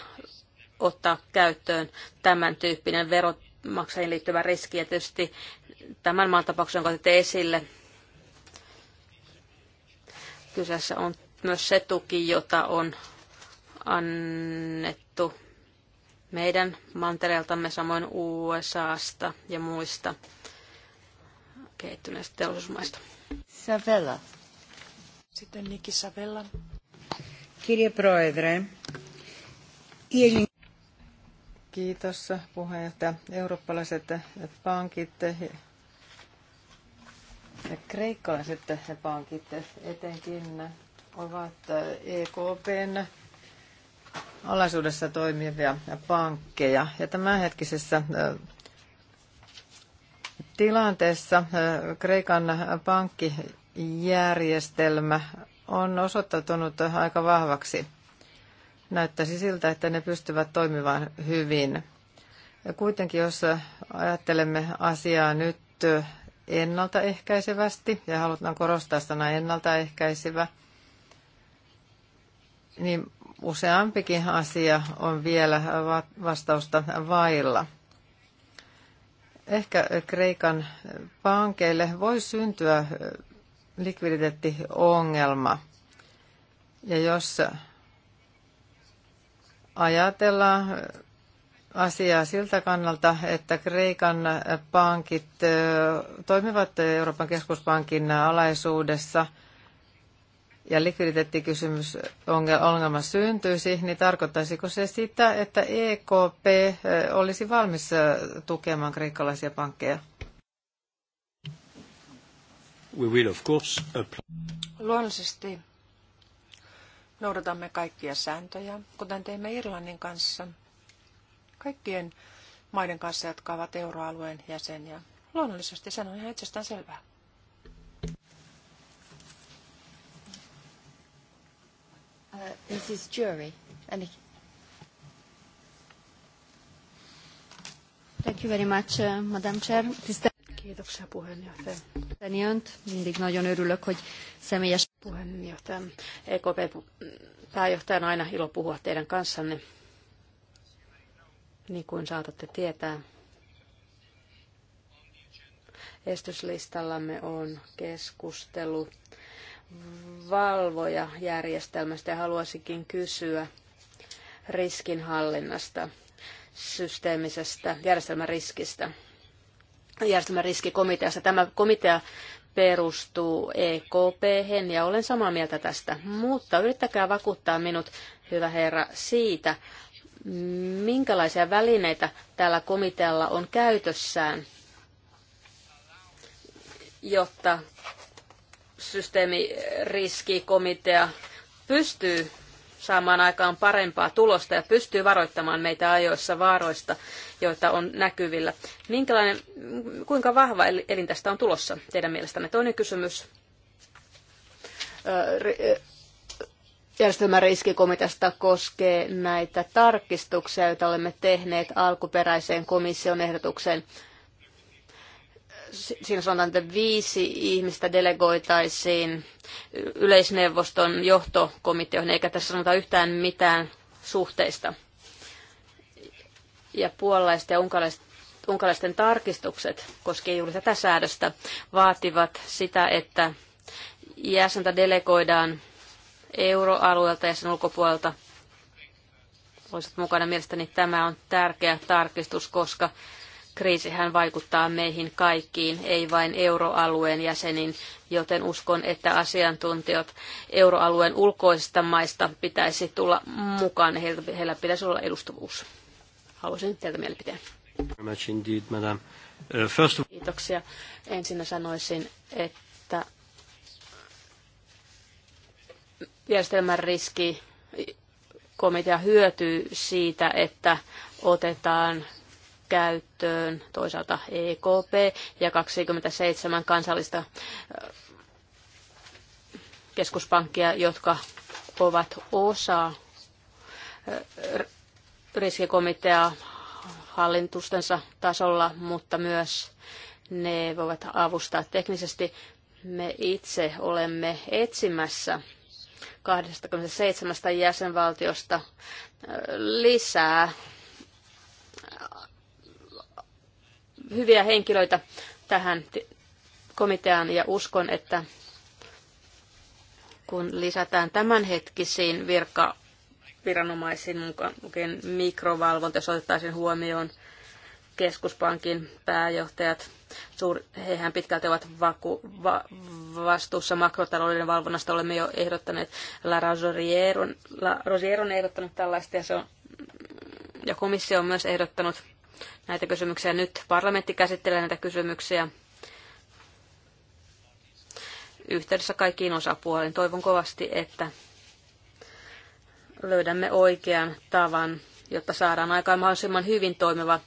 ottaa käyttöön tämän tyyppinen veronmaksajien liittyvä riski. Ja tietysti tämän maan tapauksen, jonka otitte esille, kyseessä on myös se tuki, jota on annettu meidän mantereeltamme, samoin USAsta ja muista kehittyneistä teollisuusmaista. Savella. Sitten Niki Savella. Kirje Proedre. Kiitos puheenjohtaja. Eurooppalaiset pankit ja kreikkalaiset pankit etenkin ovat EKPn alaisuudessa toimivia pankkeja. Ja tämänhetkisessä tilanteessa Kreikan pankkijärjestelmä on osoittautunut aika vahvaksi näyttäisi siltä, että ne pystyvät toimimaan hyvin. Ja kuitenkin jos ajattelemme asiaa nyt ennaltaehkäisevästi, ja halutaan korostaa sana ennaltaehkäisevä, niin useampikin asia on vielä vastausta vailla. Ehkä Kreikan pankeille voi syntyä likviditeettiongelma. Ja jos ajatella asiaa siltä kannalta, että Kreikan pankit toimivat Euroopan keskuspankin alaisuudessa ja likviditeettikysymys ongelma syntyisi, niin tarkoittaisiko se sitä, että EKP olisi valmis tukemaan kreikkalaisia pankkeja? We will of course apply. Luonnollisesti noudatamme kaikkia sääntöjä, kuten teimme Irlannin kanssa, kaikkien maiden kanssa, jotka ovat euroalueen jäseniä. Luonnollisesti se on ihan itsestään selvää. Uh, Mrs. Jury. Annika. Thank you very much, uh, Madam Chair. Tisztelt Kiitoksia puheenjohtaja. Mindig nagyon örülök, hogy személyes puheenjohtaja. EKP pääjohtaja on aina ilo puhua teidän kanssanne. Niin kuin saatatte tietää, estyslistallamme on keskustelu valvojajärjestelmästä ja haluaisinkin kysyä riskinhallinnasta, systeemisestä järjestelmäriskistä järjestelmäriskikomiteasta. Tämä komitea perustuu ekp ja olen samaa mieltä tästä. Mutta yrittäkää vakuuttaa minut, hyvä herra, siitä, minkälaisia välineitä tällä komitealla on käytössään, jotta systeemiriskikomitea pystyy saamaan aikaan parempaa tulosta ja pystyy varoittamaan meitä ajoissa vaaroista, joita on näkyvillä. Minkälainen, kuinka vahva elin tästä on tulossa teidän mielestänne? Toinen kysymys riskikomiteasta koskee näitä tarkistuksia, joita olemme tehneet alkuperäiseen komission ehdotukseen siinä sanotaan, että viisi ihmistä delegoitaisiin yleisneuvoston johtokomiteoihin, eikä tässä sanota yhtään mitään suhteista. Ja puolalaiset ja unkalaisten tarkistukset koskien juuri tätä säädöstä vaativat sitä, että jäsentä delegoidaan euroalueelta ja sen ulkopuolelta. Olisit mukana mielestäni tämä on tärkeä tarkistus, koska kriisihän vaikuttaa meihin kaikkiin, ei vain euroalueen jäseniin, joten uskon, että asiantuntijat euroalueen ulkoisista maista pitäisi tulla mukaan. Heillä, heillä pitäisi olla edustavuus. Haluaisin teiltä mielipiteen. Uh, Kiitoksia. Ensinnä sanoisin, että järjestelmän riski komitea hyötyy siitä, että otetaan käyttöön toisaalta EKP ja 27 kansallista keskuspankkia, jotka ovat osa riskikomiteaa hallintustensa tasolla, mutta myös ne voivat avustaa teknisesti. Me itse olemme etsimässä 27 jäsenvaltiosta lisää hyviä henkilöitä tähän komiteaan ja uskon, että kun lisätään tämänhetkisiin virka viranomaisiin mukaan mikrovalvonta, jos otettaisiin huomioon keskuspankin pääjohtajat, suur, hehän pitkälti ovat vaku, va, vastuussa makrotalouden valvonnasta. Olemme jo ehdottaneet, La Rosier on ehdottanut tällaista ja, se on, ja komissio on myös ehdottanut näitä kysymyksiä. Nyt parlamentti käsittelee näitä kysymyksiä yhteydessä kaikkiin osapuoliin. Toivon kovasti, että löydämme oikean tavan, jotta saadaan aikaan mahdollisimman hyvin toimiva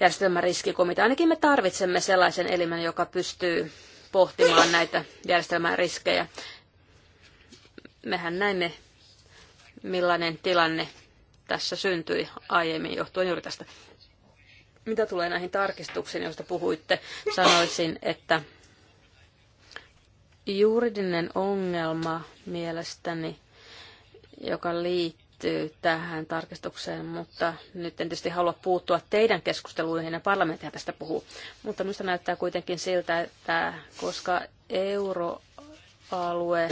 järjestelmäriskikomitea. Ainakin me tarvitsemme sellaisen elimen, joka pystyy pohtimaan näitä järjestelmäriskejä. Mehän näimme, millainen tilanne tässä syntyi aiemmin johtuen juuri tästä mitä tulee näihin tarkistuksiin, joista puhuitte, sanoisin, että juridinen ongelma mielestäni, joka liittyy tähän tarkistukseen, mutta nyt en tietysti halua puuttua teidän keskusteluihin ja tästä puhuu. Mutta minusta näyttää kuitenkin siltä, että koska euroalue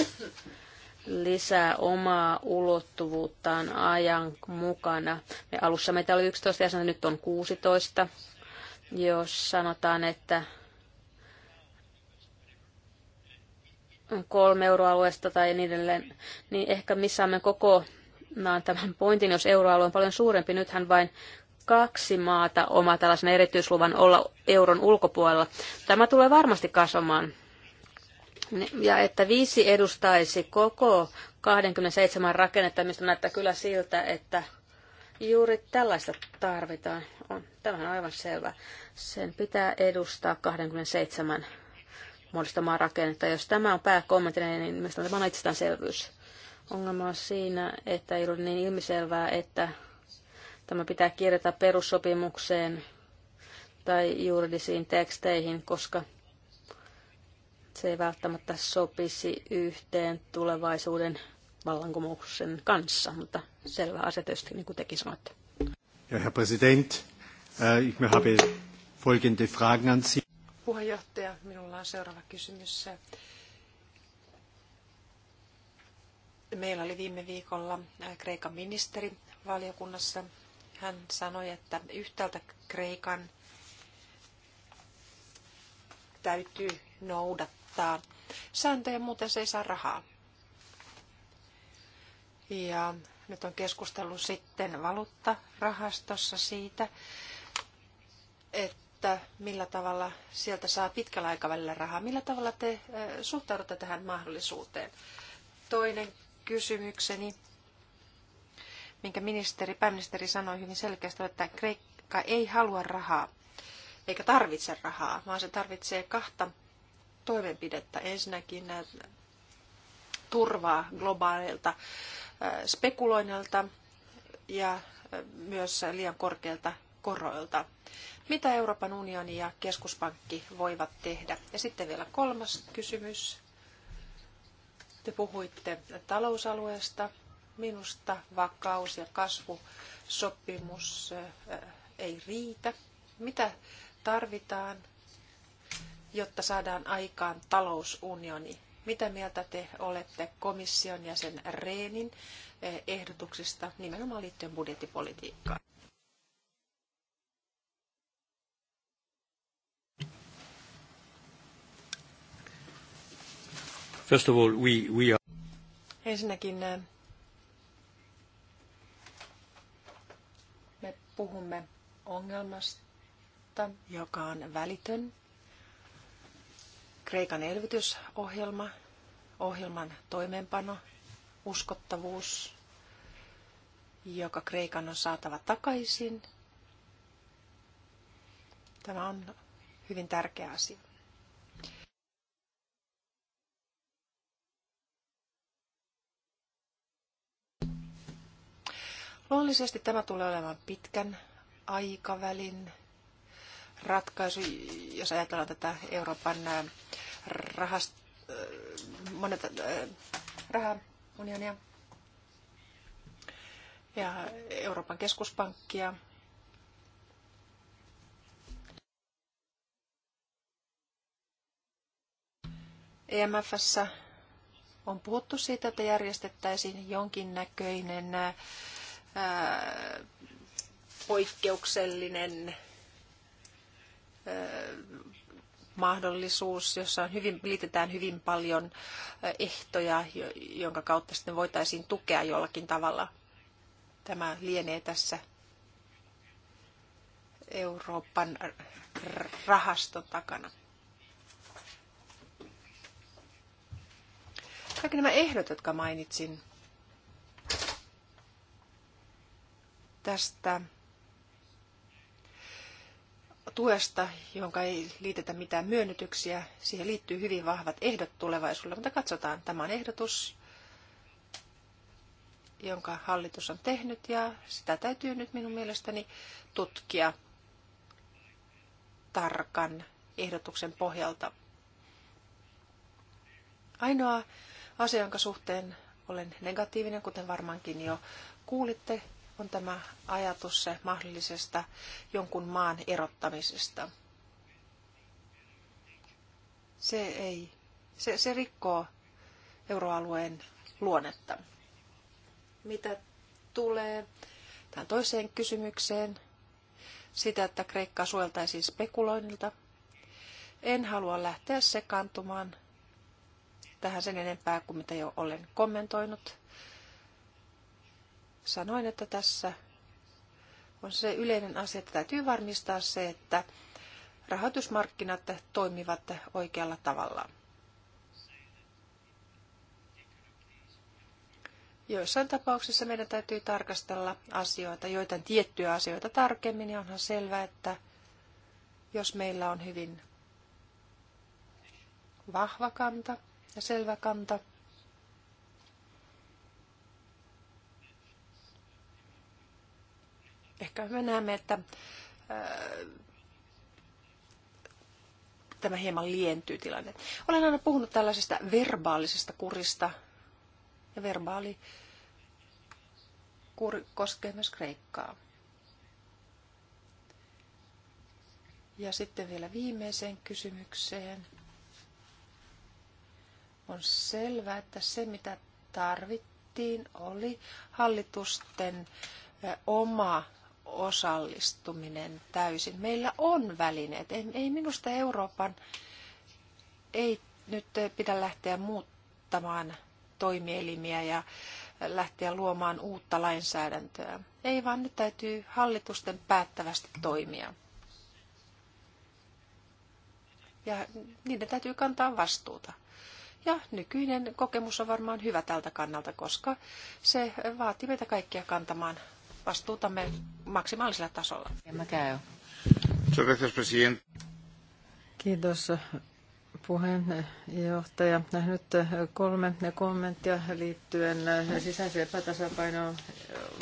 lisää omaa ulottuvuuttaan ajan mukana. Me alussa meitä oli 11 jäsenä, nyt on 16. Jos sanotaan, että kolme euroalueesta tai niin edelleen, niin ehkä missaamme koko naan tämän pointin, jos euroalue on paljon suurempi. Nythän vain kaksi maata omaa tällaisen erityisluvan olla euron ulkopuolella. Tämä tulee varmasti kasvamaan ja että viisi edustaisi koko 27 rakennetta, mistä näyttää kyllä siltä, että juuri tällaista tarvitaan. On, tämähän on aivan selvä. Sen pitää edustaa 27 muodostamaa rakennetta. Jos tämä on pääkommentti, niin mistä tämä on itsestäänselvyys. Ongelma on siinä, että ei ole niin ilmiselvää, että tämä pitää kirjata perussopimukseen tai juridisiin teksteihin, koska se ei välttämättä sopisi yhteen tulevaisuuden vallankumouksen kanssa, mutta selvä asia tietysti, niin kuin tekin sanoitte. Ja herra president, äh, ich habe folgende Fragen an Sie. Puheenjohtaja, minulla on seuraava kysymys. Meillä oli viime viikolla äh, Kreikan ministeri valiokunnassa. Hän sanoi, että yhtäältä Kreikan täytyy noudattaa noudattaa sääntöjä, muuten se ei saa rahaa. Ja nyt on keskustellut sitten valuuttarahastossa siitä, että millä tavalla sieltä saa pitkällä aikavälillä rahaa. Millä tavalla te suhtaudutte tähän mahdollisuuteen? Toinen kysymykseni, minkä ministeri, pääministeri sanoi hyvin selkeästi, että Kreikka ei halua rahaa, eikä tarvitse rahaa, vaan se tarvitsee kahta toimenpidettä. Ensinnäkin äh, turvaa globaalilta äh, spekuloinnilta ja äh, myös liian korkeilta koroilta. Mitä Euroopan unioni ja keskuspankki voivat tehdä? Ja sitten vielä kolmas kysymys. Te puhuitte talousalueesta. Minusta vakaus- ja kasvusopimus ei riitä. Mitä tarvitaan jotta saadaan aikaan talousunioni. Mitä mieltä te olette komission ja sen Reenin eh, ehdotuksista nimenomaan liittyen budjettipolitiikkaan? First of all, we, we are... Ensinnäkin eh, me puhumme ongelmasta, joka on välitön Kreikan elvytysohjelma, ohjelman toimeenpano, uskottavuus, joka Kreikan on saatava takaisin. Tämä on hyvin tärkeä asia. Luonnollisesti tämä tulee olemaan pitkän aikavälin ratkaisu, jos ajatellaan tätä Euroopan rahast, monet, rahaunionia ja Euroopan keskuspankkia. EMFssä on puhuttu siitä, että järjestettäisiin jonkinnäköinen ää, poikkeuksellinen mahdollisuus, jossa on hyvin, liitetään hyvin paljon ehtoja, jonka kautta sitten voitaisiin tukea jollakin tavalla. Tämä lienee tässä Euroopan rahaston takana. Kaikki nämä ehdot, jotka mainitsin tästä tuesta, jonka ei liitetä mitään myönnytyksiä. Siihen liittyy hyvin vahvat ehdot tulevaisuudelle, mutta katsotaan. Tämä on ehdotus, jonka hallitus on tehnyt ja sitä täytyy nyt minun mielestäni tutkia tarkan ehdotuksen pohjalta. Ainoa asia, jonka suhteen olen negatiivinen, kuten varmaankin jo kuulitte, on tämä ajatus se mahdollisesta jonkun maan erottamisesta. Se ei, se, se rikkoo euroalueen luonnetta. Mitä tulee tähän toiseen kysymykseen, sitä, että Kreikkaa suojeltaisiin spekuloinnilta, en halua lähteä sekaantumaan tähän sen enempää kuin mitä jo olen kommentoinut sanoin, että tässä on se yleinen asia, että täytyy varmistaa se, että rahoitusmarkkinat toimivat oikealla tavalla. Joissain tapauksissa meidän täytyy tarkastella asioita, joitain tiettyjä asioita tarkemmin, ja onhan selvää, että jos meillä on hyvin vahva kanta ja selvä kanta, ehkä me näemme, että tämä hieman lientyy tilanne. Olen aina puhunut tällaisesta verbaalisesta kurista. Ja verbaali kuri koskee myös Kreikkaa. Ja sitten vielä viimeiseen kysymykseen. On selvää, että se mitä tarvittiin oli hallitusten oma osallistuminen täysin. Meillä on välineet. Ei, ei minusta Euroopan ei nyt pidä lähteä muuttamaan toimielimiä ja lähteä luomaan uutta lainsäädäntöä. Ei vaan nyt täytyy hallitusten päättävästi toimia. Ja niiden täytyy kantaa vastuuta. Ja nykyinen kokemus on varmaan hyvä tältä kannalta, koska se vaatii meitä kaikkia kantamaan vastuutamme maksimaalisella tasolla. Kiitos puheenjohtaja. Nyt kolme kommenttia liittyen sisäiseen epätasapainoon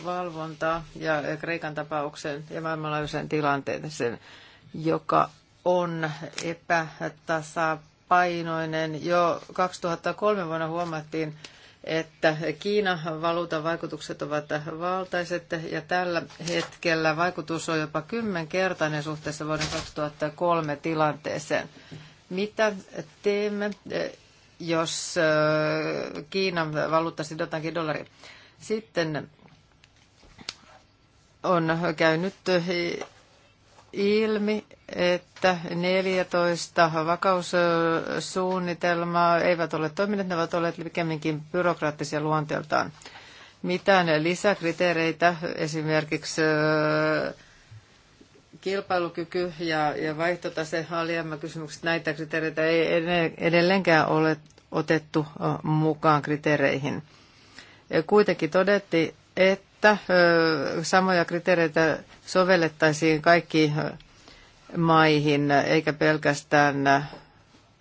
valvontaa ja Kreikan tapaukseen ja maailmanlaajuiseen tilanteeseen, joka on epätasapainoinen. Jo 2003 vuonna huomattiin että Kiinan valuutan vaikutukset ovat valtaiset ja tällä hetkellä vaikutus on jopa kymmenkertainen suhteessa vuoden 2003 tilanteeseen. Mitä teemme, jos äh, Kiinan valuutta sidotaankin dollariin? Sitten on käynyt ilmi, että 14 vakaussuunnitelmaa eivät ole toimineet, ne ovat olleet pikemminkin byrokraattisia luonteeltaan. Mitään lisäkriteereitä esimerkiksi kilpailukyky ja, ja vaihtotase, alijäämäkysymykset, näitä kriteereitä ei edelleenkään ole otettu mukaan kriteereihin. Kuitenkin todettiin, että että samoja kriteereitä sovellettaisiin kaikkiin maihin, eikä pelkästään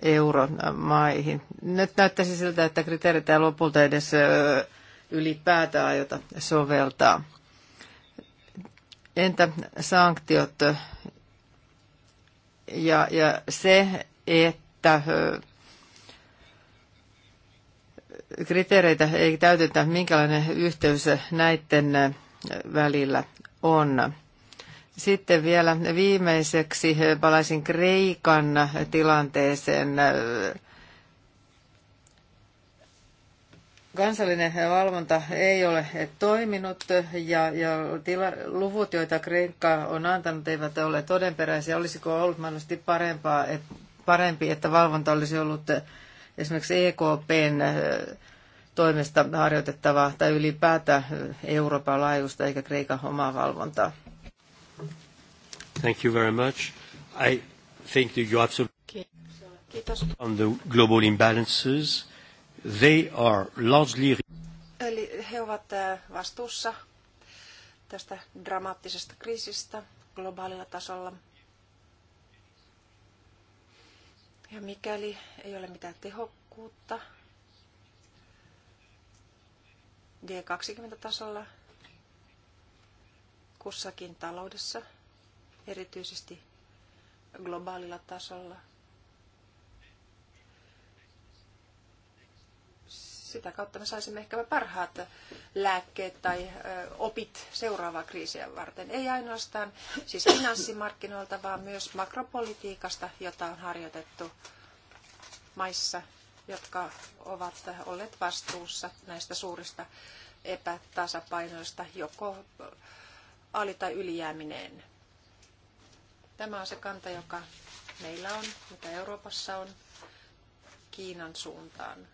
euron maihin. Nyt näyttäisi siltä, että kriteereitä ei lopulta edes ylipäätään aiota soveltaa. Entä sanktiot ja, ja se, että kriteereitä ei täytetä, minkälainen yhteys näiden välillä on. Sitten vielä viimeiseksi palaisin Kreikan tilanteeseen. Kansallinen valvonta ei ole toiminut ja, ja tila, luvut, joita Kreikka on antanut, eivät ole todenperäisiä. Olisiko ollut mahdollisesti parempaa, et, parempi, että valvonta olisi ollut esimerkiksi EKPn toimesta harjoitettavaa tai ylipäätään Euroopan laajuista eikä Kreikan omaa valvontaa. Thank you very much. I think that you absolutely on the global imbalances. They are largely... Eli he ovat vastuussa tästä dramaattisesta kriisistä globaalilla tasolla – Ja mikäli ei ole mitään tehokkuutta d 20 tasolla kussakin taloudessa, erityisesti globaalilla tasolla, Sitä kautta me saisimme ehkä parhaat lääkkeet tai opit seuraavaa kriisiä varten. Ei ainoastaan siis finanssimarkkinoilta, vaan myös makropolitiikasta, jota on harjoitettu maissa, jotka ovat olleet vastuussa näistä suurista epätasapainoista, joko ali- tai ylijäämineen. Tämä on se kanta, joka meillä on, mitä Euroopassa on Kiinan suuntaan.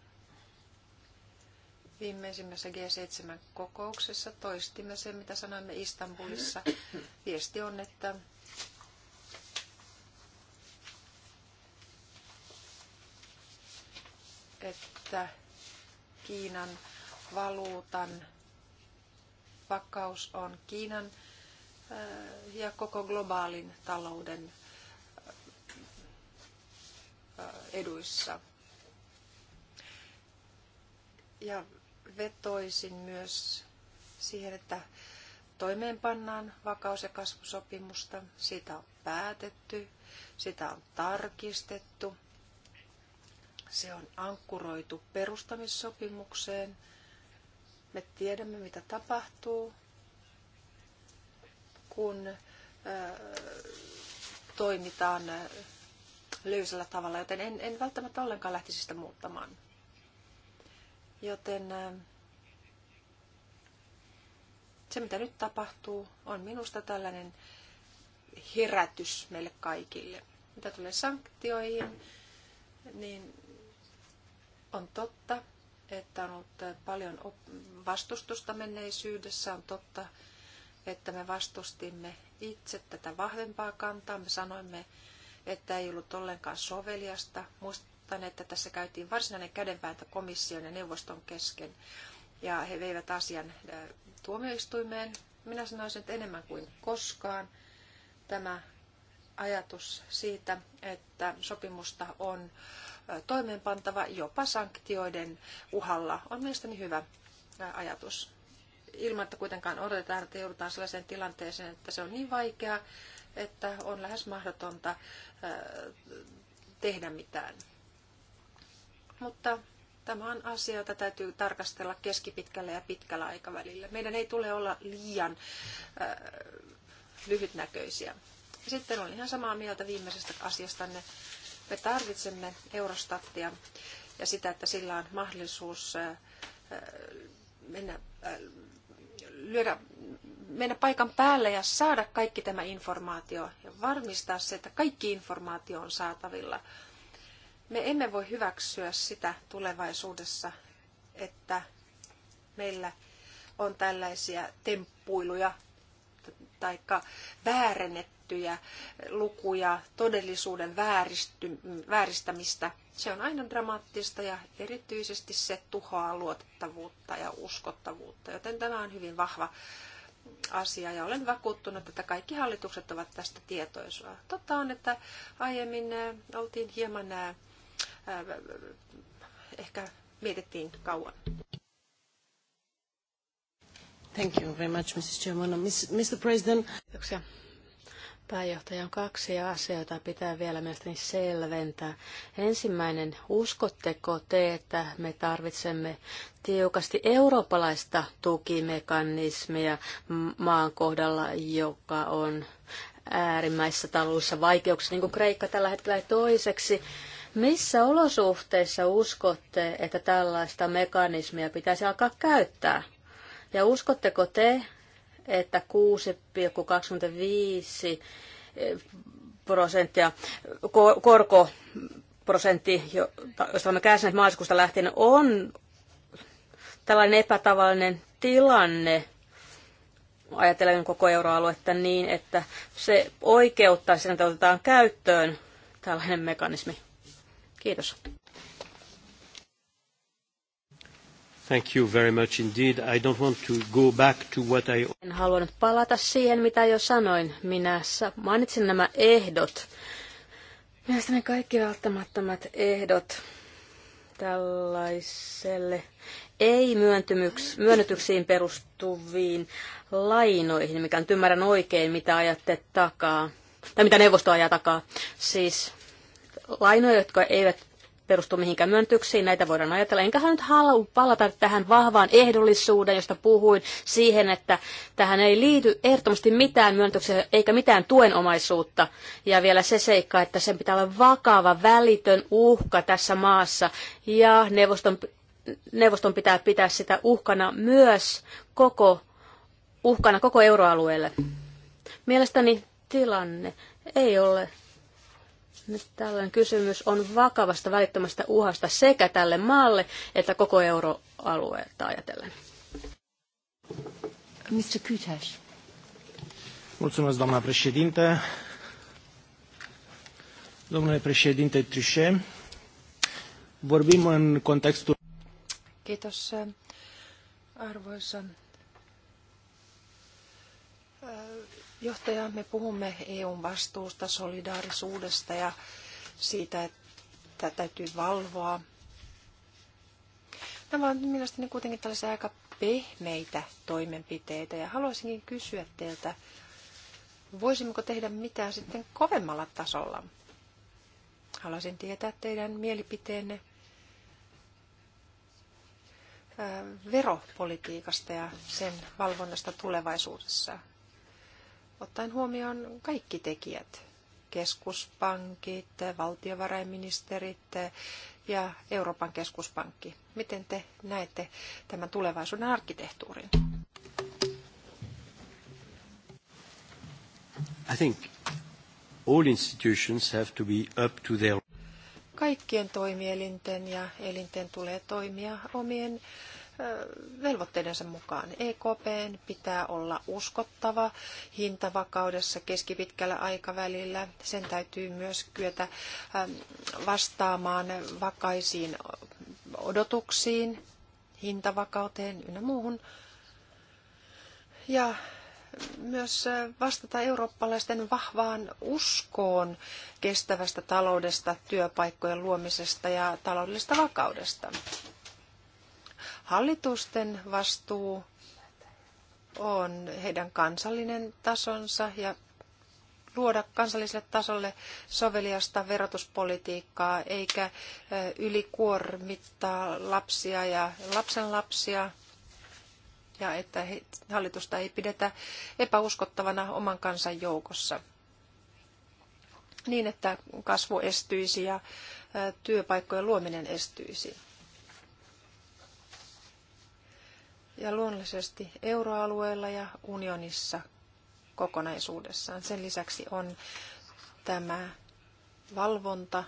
Viimeisimmässä G7-kokouksessa toistimme sen, mitä sanoimme Istanbulissa. Viesti on, että että Kiinan valuutan vakaus on Kiinan äh, ja koko globaalin talouden äh, eduissa. Ja vetoisin myös siihen, että toimeenpannaan vakaus- ja kasvusopimusta. Siitä on päätetty, sitä on tarkistettu. Se on ankkuroitu perustamissopimukseen. Me tiedämme, mitä tapahtuu, kun toimitaan löysällä tavalla, joten en, en välttämättä ollenkaan lähtisi sitä muuttamaan. Joten se, mitä nyt tapahtuu, on minusta tällainen herätys meille kaikille. Mitä tulee sanktioihin, niin on totta, että on ollut paljon vastustusta menneisyydessä. On totta, että me vastustimme itse tätä vahvempaa kantaa. Me sanoimme, että ei ollut ollenkaan soveliasta muistan, että tässä käytiin varsinainen kädenvääntö komission ja neuvoston kesken. Ja he veivät asian tuomioistuimeen. Minä sanoisin, että enemmän kuin koskaan tämä ajatus siitä, että sopimusta on toimeenpantava jopa sanktioiden uhalla, on mielestäni hyvä ajatus. Ilman, että kuitenkaan odotetaan, että joudutaan sellaiseen tilanteeseen, että se on niin vaikea, että on lähes mahdotonta tehdä mitään mutta tämä on asia, jota täytyy tarkastella keskipitkällä ja pitkällä aikavälillä. Meidän ei tule olla liian äh, lyhytnäköisiä. Sitten olen ihan samaa mieltä viimeisestä asiastanne. Me tarvitsemme Eurostattia ja sitä, että sillä on mahdollisuus äh, äh, mennä, äh, lyödä, mennä paikan päälle ja saada kaikki tämä informaatio ja varmistaa se, että kaikki informaatio on saatavilla. Äh, me emme voi hyväksyä sitä tulevaisuudessa, että meillä on tällaisia temppuiluja tai väärennettyjä lukuja, todellisuuden vääristy, vääristämistä. Se on aina dramaattista ja erityisesti se tuhoaa luotettavuutta ja uskottavuutta, joten tämä on hyvin vahva asia ja olen vakuuttunut, että kaikki hallitukset ovat tästä tietoisia. Totta on, että aiemmin oltiin hieman Äh, äh, äh, ehkä mietittiin kauan. Thank you very much, Mrs. Chairman. No, Mr. President. Kiitoksia. Pääjohtaja on kaksi asiaa, pitää vielä mielestäni selventää. Ensimmäinen, uskotteko te, että me tarvitsemme tiukasti eurooppalaista tukimekanismia maan kohdalla, joka on äärimmäisissä taloudellisissa vaikeuksissa, niin kuin Kreikka tällä hetkellä toiseksi missä olosuhteissa uskotte, että tällaista mekanismia pitäisi alkaa käyttää? Ja uskotteko te, että 6,25 eh, prosenttia korko prosentti, josta olemme kärsineet maaliskuusta lähtien, on tällainen epätavallinen tilanne, ajatellen koko euroaluetta niin, että se oikeuttaisi sen, että otetaan käyttöön tällainen mekanismi? Kiitos. Thank you very much indeed. I don't want to go back to what I... En halunnut palata siihen, mitä jo sanoin. Minä mainitsin nämä ehdot. Mielestäni kaikki välttämättömät ehdot tällaiselle ei-myönnytyksiin perustuviin lainoihin, mikä nyt ymmärrän oikein, mitä ajatte takaa, tai mitä neuvosto ajaa takaa. Siis lainoja, jotka eivät perustu mihinkään myöntyksiin, näitä voidaan ajatella. Enkä nyt halua palata tähän vahvaan ehdollisuuden, josta puhuin, siihen, että tähän ei liity ehdottomasti mitään myöntyksiä eikä mitään tuenomaisuutta. Ja vielä se seikka, että sen pitää olla vakava, välitön uhka tässä maassa. Ja neuvoston, neuvoston pitää pitää sitä uhkana myös koko, uhkana koko euroalueelle. Mielestäni tilanne ei ole nyt tällainen kysymys on vakavasta välittömästä uhasta sekä tälle maalle että koko euroalueelta ajatellen. Mr. Kytäs. Mulțumesc, doamna președinte. Domnule președinte Trichet, vorbim în contextul... Kiitos, arvoisa johtaja, me puhumme EUn vastuusta, solidaarisuudesta ja siitä, että täytyy valvoa. Nämä ovat mielestäni kuitenkin tällaisia aika pehmeitä toimenpiteitä ja haluaisinkin kysyä teiltä, voisimmeko tehdä mitään sitten kovemmalla tasolla? Haluaisin tietää teidän mielipiteenne veropolitiikasta ja sen valvonnasta tulevaisuudessa ottaen huomioon kaikki tekijät, keskuspankit, valtiovarainministerit ja Euroopan keskuspankki. Miten te näette tämän tulevaisuuden arkkitehtuurin? I think all institutions have to be up to their... Kaikkien toimielinten ja elinten tulee toimia omien velvoitteidensa mukaan. EKPn pitää olla uskottava hintavakaudessa keskipitkällä aikavälillä. Sen täytyy myös kyetä vastaamaan vakaisiin odotuksiin, hintavakauteen ynnä muuhun. Ja myös vastata eurooppalaisten vahvaan uskoon kestävästä taloudesta, työpaikkojen luomisesta ja taloudellisesta vakaudesta. Hallitusten vastuu on heidän kansallinen tasonsa ja luoda kansalliselle tasolle soveliasta verotuspolitiikkaa eikä ylikuormittaa lapsia ja lapsenlapsia ja että hallitusta ei pidetä epäuskottavana oman kansan joukossa niin, että kasvu estyisi ja työpaikkojen luominen estyisi. ja luonnollisesti euroalueella ja unionissa kokonaisuudessaan. Sen lisäksi on tämä valvonta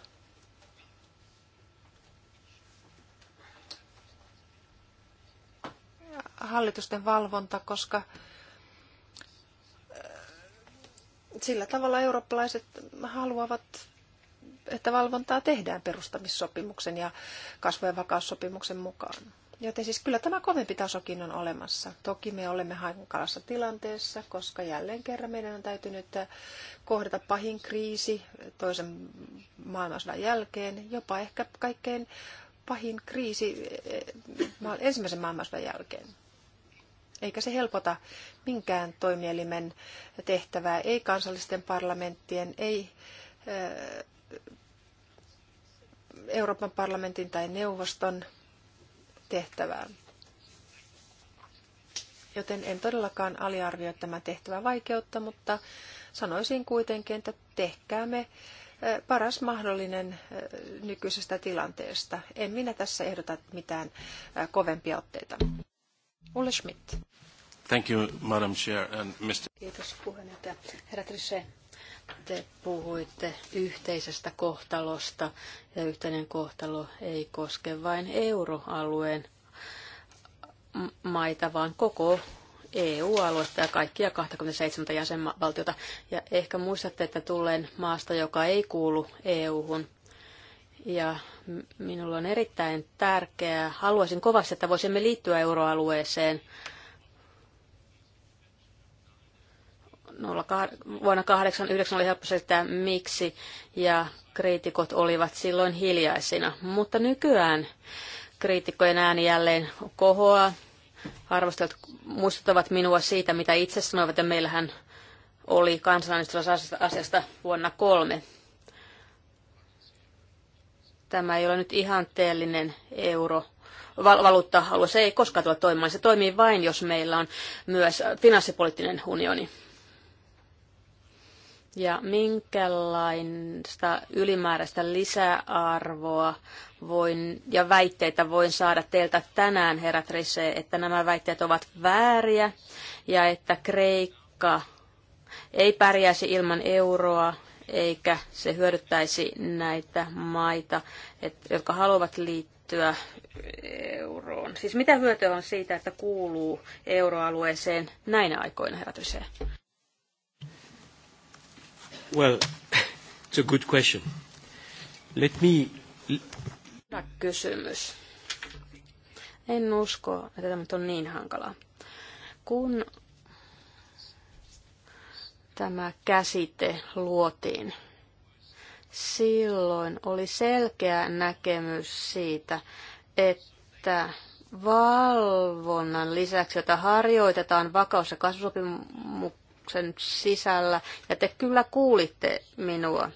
hallitusten valvonta, koska äh, sillä tavalla eurooppalaiset haluavat, että valvontaa tehdään perustamissopimuksen ja kasvu- ja vakaussopimuksen mukaan. Joten siis kyllä tämä kovempi tasokin on olemassa. Toki me olemme hankalassa tilanteessa, koska jälleen kerran meidän on täytynyt kohdata pahin kriisi toisen maailmansodan jälkeen, jopa ehkä kaikkein pahin kriisi eh, eh, ensimmäisen maailmansodan jälkeen. Eikä se helpota minkään toimielimen tehtävää, ei kansallisten parlamenttien, ei eh, Euroopan parlamentin tai neuvoston tehtävää. Joten en todellakaan aliarvio tämän tehtävän vaikeutta, mutta sanoisin kuitenkin, että tehkäämme eh, paras mahdollinen eh, nykyisestä tilanteesta. En minä tässä ehdota mitään eh, kovempia otteita. Ulle Schmidt. Thank you, Madam Chair and Mr. Kiitos puheenjohtaja. Herra Trichet te puhuitte yhteisestä kohtalosta ja yhteinen kohtalo ei koske vain euroalueen maita, vaan koko EU-aluetta ja kaikkia 27 jäsenvaltiota. Ja ehkä muistatte, että tulen maasta, joka ei kuulu EU-hun. Ja minulla on erittäin tärkeää, haluaisin kovasti, että voisimme liittyä euroalueeseen vuonna 89 oli helppo selittää miksi, ja kriitikot olivat silloin hiljaisina. Mutta nykyään kriitikkojen ääni jälleen kohoaa. Arvostelut muistuttavat minua siitä, mitä itse sanoivat, ja meillähän oli kansanäänestys asiasta vuonna kolme. Tämä ei ole nyt ihanteellinen euro val- valuutta-alue. Se ei koskaan tule toimimaan. Se toimii vain, jos meillä on myös finanssipoliittinen unioni ja minkälaista ylimääräistä lisäarvoa voin, ja väitteitä voin saada teiltä tänään, herra Trise, että nämä väitteet ovat vääriä ja että Kreikka ei pärjäisi ilman euroa eikä se hyödyttäisi näitä maita, jotka haluavat liittyä euroon. Siis mitä hyötyä on siitä, että kuuluu euroalueeseen näinä aikoina, herra Trise? Well, [LAUGHS] it's a good question. Let me... Hyvä kysymys. En usko, että tämä on niin hankalaa. Kun tämä käsite luotiin, silloin oli selkeä näkemys siitä, että valvonnan lisäksi, jota harjoitetaan vakaus- ja kasvusopimuksen hallituksen sisällä. Ja te kyllä kuulitte minua,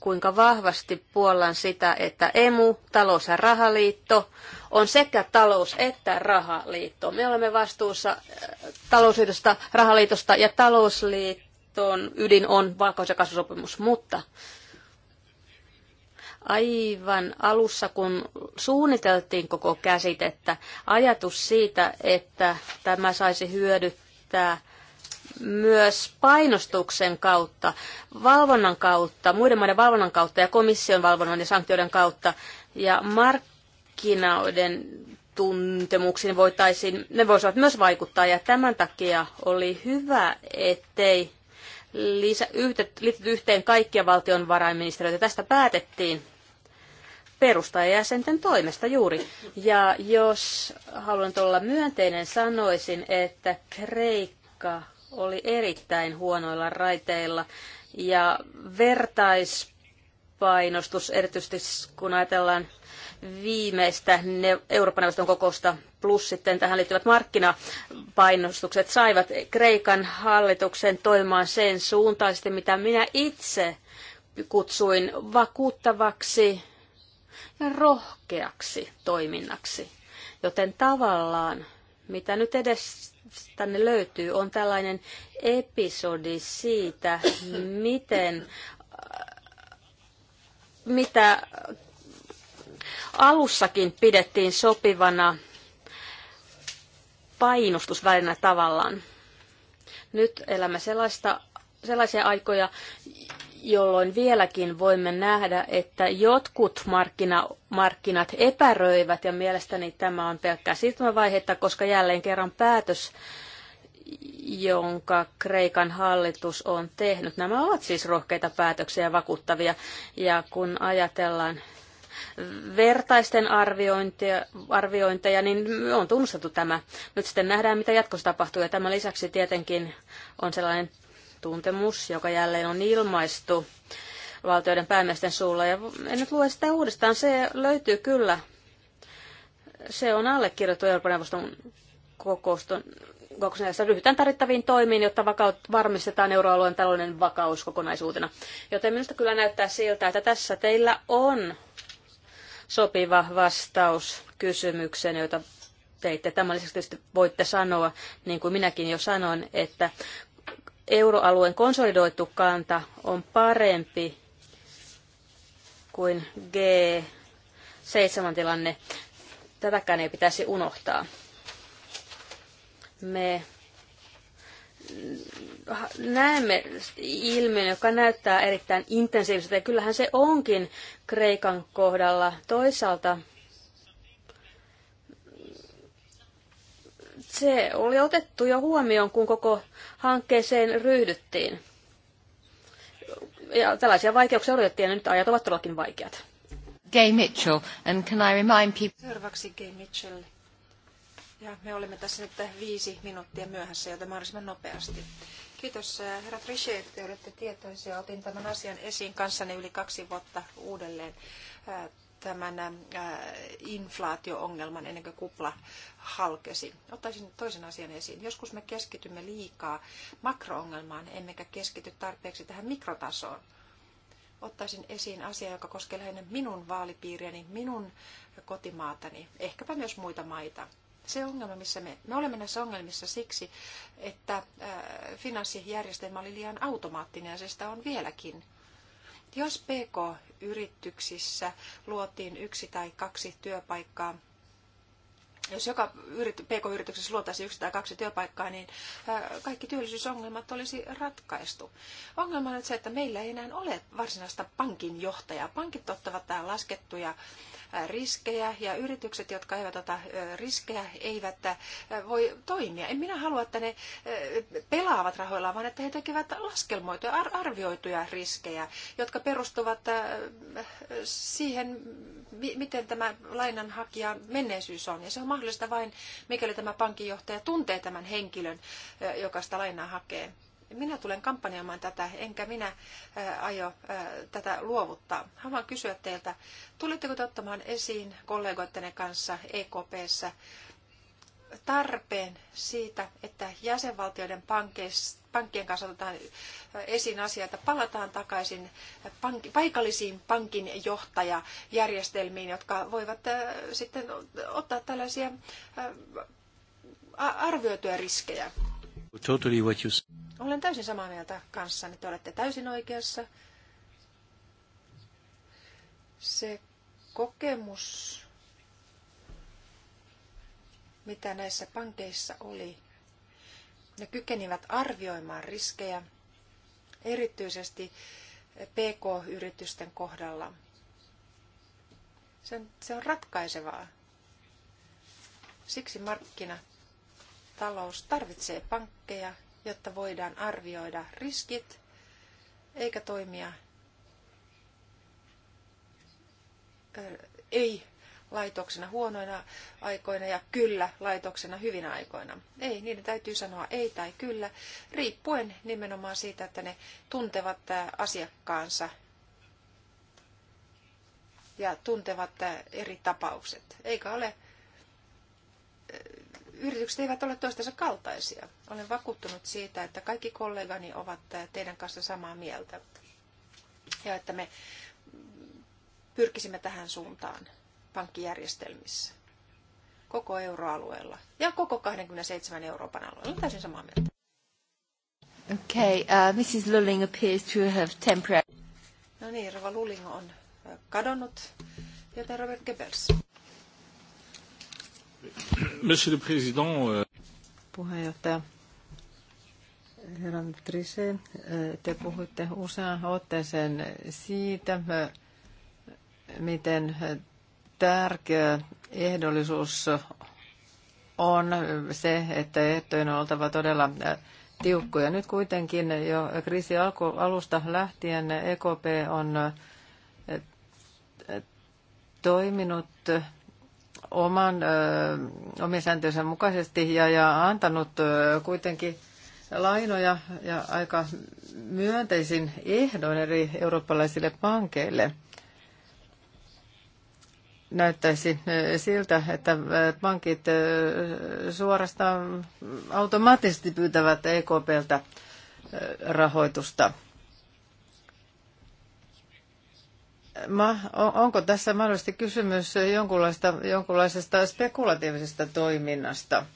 kuinka vahvasti puollan sitä, että EMU, talous- ja rahaliitto, on sekä talous- että rahaliitto. Me olemme vastuussa äh, talousliitosta, rahaliitosta ja talousliiton ydin on vakaus- ja kasvusopimus, mutta aivan alussa, kun suunniteltiin koko käsitettä, ajatus siitä, että tämä saisi hyödyttää myös painostuksen kautta, valvonnan kautta, muiden maiden valvonnan kautta ja komission valvonnan ja sanktioiden kautta ja markkinoiden tuntemuksiin voitaisiin, ne voisivat myös vaikuttaa ja tämän takia oli hyvä, ettei lisä, liitetty yhteen kaikkia valtionvarainministeriöitä. Tästä päätettiin perustajajäsenten toimesta juuri. Ja jos haluan olla myönteinen, sanoisin, että Kreikka oli erittäin huonoilla raiteilla ja vertaispainostus, erityisesti kun ajatellaan viimeistä Euroopan neuvoston kokousta plus sitten tähän liittyvät markkinapainostukset saivat Kreikan hallituksen toimimaan sen suuntaisesti, mitä minä itse kutsuin vakuuttavaksi ja rohkeaksi toiminnaksi. Joten tavallaan mitä nyt edes tänne löytyy, on tällainen episodi siitä, miten, mitä alussakin pidettiin sopivana painostusvälinä tavallaan. Nyt elämme sellaista, sellaisia aikoja, jolloin vieläkin voimme nähdä, että jotkut markkina, markkinat epäröivät, ja mielestäni tämä on pelkkää siirtymävaihetta, koska jälleen kerran päätös, jonka Kreikan hallitus on tehnyt. Nämä ovat siis rohkeita päätöksiä ja vakuuttavia, ja kun ajatellaan vertaisten arviointeja, arviointeja, niin on tunnustettu tämä. Nyt sitten nähdään, mitä jatkossa tapahtuu, ja tämän lisäksi tietenkin on sellainen tuntemus, joka jälleen on ilmaistu valtioiden päämiesten suulla. Ja en nyt lue sitä uudestaan, se löytyy kyllä. Se on allekirjoitettu Euroopan neuvoston kokouston ryhdytään tarvittaviin toimiin, jotta vakaut, varmistetaan euroalueen talouden vakaus kokonaisuutena. Joten minusta kyllä näyttää siltä, että tässä teillä on sopiva vastaus kysymykseen, joita teitte. Tämän lisäksi tietysti voitte sanoa, niin kuin minäkin jo sanoin, että euroalueen konsolidoitu kanta on parempi kuin G7-tilanne. Tätäkään ei pitäisi unohtaa. Me näemme ilmiön, joka näyttää erittäin intensiiviseltä, ja kyllähän se onkin Kreikan kohdalla. Toisaalta se oli otettu jo huomioon, kun koko hankkeeseen ryhdyttiin. Ja tällaisia vaikeuksia odotettiin, ja nyt ajat ovat todellakin vaikeat. Gay Mitchell, and can I remind people... Seuraavaksi Gay Mitchell. Ja me olemme tässä nyt viisi minuuttia myöhässä, joten mahdollisimman nopeasti. Kiitos eh, herra Trichet, että olette tietoisia. Otin tämän asian esiin kanssani yli kaksi vuotta uudelleen eh, tämän inflaatio-ongelman ennen kuin kupla halkesi. Ottaisin toisen asian esiin. Joskus me keskitymme liikaa makroongelmaan, emmekä keskity tarpeeksi tähän mikrotasoon. Ottaisin esiin asian, joka koskee lähinnä minun vaalipiiriäni, minun kotimaatani, ehkäpä myös muita maita se ongelma, missä me, me olemme näissä ongelmissa siksi, että finanssijärjestelmä oli liian automaattinen ja se sitä on vieläkin. Jos PK-yrityksissä luotiin yksi tai kaksi työpaikkaa jos joka pk-yrityksessä luotaisi yksi tai kaksi työpaikkaa, niin kaikki työllisyysongelmat olisi ratkaistu. Ongelma on nyt se, että meillä ei enää ole varsinaista pankinjohtajaa. Pankit ottavat tähän laskettuja riskejä ja yritykset, jotka eivät ota riskejä, eivät voi toimia. En minä halua, että ne pelaavat rahoillaan, vaan että he tekevät laskelmoituja, arvioituja riskejä, jotka perustuvat siihen, miten tämä lainanhakijan menneisyys on. Ja se on mahdollista vain, mikäli tämä pankinjohtaja tuntee tämän henkilön, joka sitä lainaa hakee. Minä tulen kampanjoimaan tätä, enkä minä aio tätä luovuttaa. Haluan kysyä teiltä, tulitteko te ottamaan esiin kollegoittenne kanssa EKPssä tarpeen siitä, että jäsenvaltioiden pankeista pankkien kanssa otetaan esiin asia, että palataan takaisin pankki, paikallisiin pankin johtajajärjestelmiin, jotka voivat äh, sitten ottaa tällaisia äh, arvioituja riskejä. Totally what you... Olen täysin samaa mieltä kanssanne. Te olette täysin oikeassa. Se kokemus, mitä näissä pankeissa oli, ne kykenivät arvioimaan riskejä erityisesti PK-yritysten kohdalla. Se on, se on ratkaisevaa. Siksi markkinatalous tarvitsee pankkeja, jotta voidaan arvioida riskit eikä toimia ei laitoksena huonoina aikoina ja kyllä laitoksena hyvinä aikoina. Ei, niiden täytyy sanoa ei tai kyllä, riippuen nimenomaan siitä, että ne tuntevat asiakkaansa ja tuntevat eri tapaukset. Eikä ole, yritykset eivät ole toistensa kaltaisia. Olen vakuuttunut siitä, että kaikki kollegani ovat teidän kanssa samaa mieltä ja että me pyrkisimme tähän suuntaan pankkijärjestelmissä koko euroalueella ja koko 27 Euroopan alueella. Olen täysin samaa mieltä. Okay, uh, Mrs. Lulling appears to have temporary... No niin, Rova Lulling on kadonnut, joten Robert Goebbels. Monsieur le Président... Euh- Puheenjohtaja Herra Trise, te puhuitte usean otteeseen siitä, miten tärkeä ehdollisuus on se, että ehtojen on oltava todella äh, tiukkoja. Nyt kuitenkin jo kriisi alusta lähtien EKP on äh, toiminut äh, oman, omien sääntöjensä mukaisesti ja, ja antanut kuitenkin lainoja ja aika myönteisin ehdoin eri eurooppalaisille pankeille – näyttäisi eh, siltä, että eh, pankit eh, suorastaan automaattisesti pyytävät EKPltä rahoitusta. Onko tässä mahdollisesti kysymys jonkunlaista, jonkunlaisesta spekulatiivisesta toiminnasta?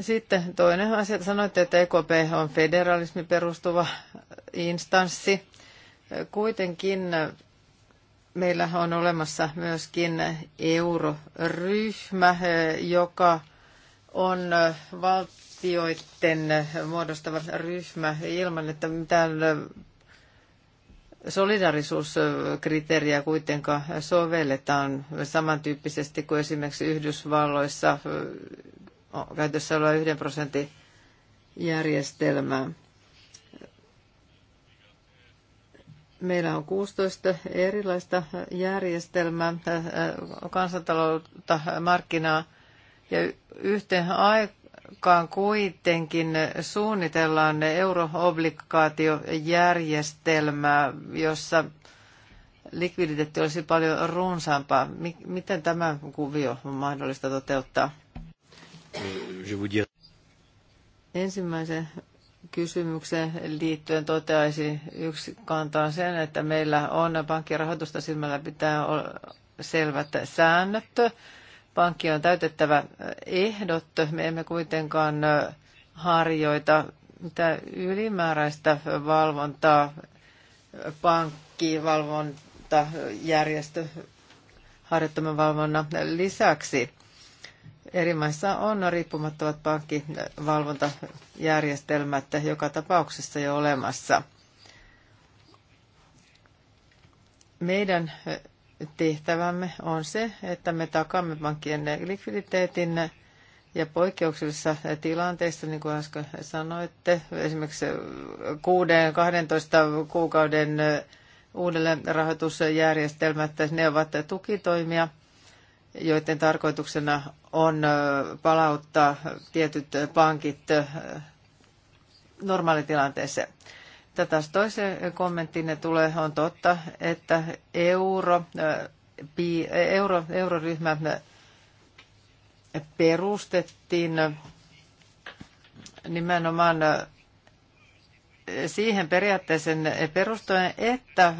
Sitten toinen asia. Sanoitte, että EKP on federalismi perustuva instanssi. Kuitenkin meillä on olemassa myöskin euroryhmä, joka on valtioiden muodostava ryhmä ilman, että mitään solidarisuuskriteeriä kuitenkaan sovelletaan samantyyppisesti kuin esimerkiksi Yhdysvalloissa käytössä oleva yhden prosentin järjestelmää. Meillä on 16 erilaista järjestelmää, äh, kansantaloutta, markkinaa ja yhteen aikaan kuitenkin suunnitellaan euroobligaatiojärjestelmää, jossa likviditeetti olisi paljon runsaampaa. Miten tämä kuvio on mahdollista toteuttaa? Euh, Ensimmäisen kysymykseen liittyen toteaisin yksi kantaa sen, että meillä on pankkirahoitusta silmällä pitää olla selvät säännöt. Pankki on täytettävä ehdot. Me emme kuitenkaan harjoita mitä ylimääräistä valvontaa pankkivalvontajärjestö harjoittaman valvonnan lisäksi. Eri maissa on riippumattomat pankkivalvontajärjestelmät joka tapauksessa jo olemassa. Meidän tehtävämme on se, että me takaamme pankkien likviditeetin ja poikkeuksellisissa tilanteissa, niin kuin äsken sanoitte, esimerkiksi 6-12 kuukauden rahoitusjärjestelmät, ne ovat tukitoimia, joiden tarkoituksena on palauttaa tietyt pankit normaalitilanteeseen. Tätä taas toiseen kommenttiin tulee, on totta, että euro, euro, euroryhmä perustettiin nimenomaan siihen periaatteeseen perustuen, että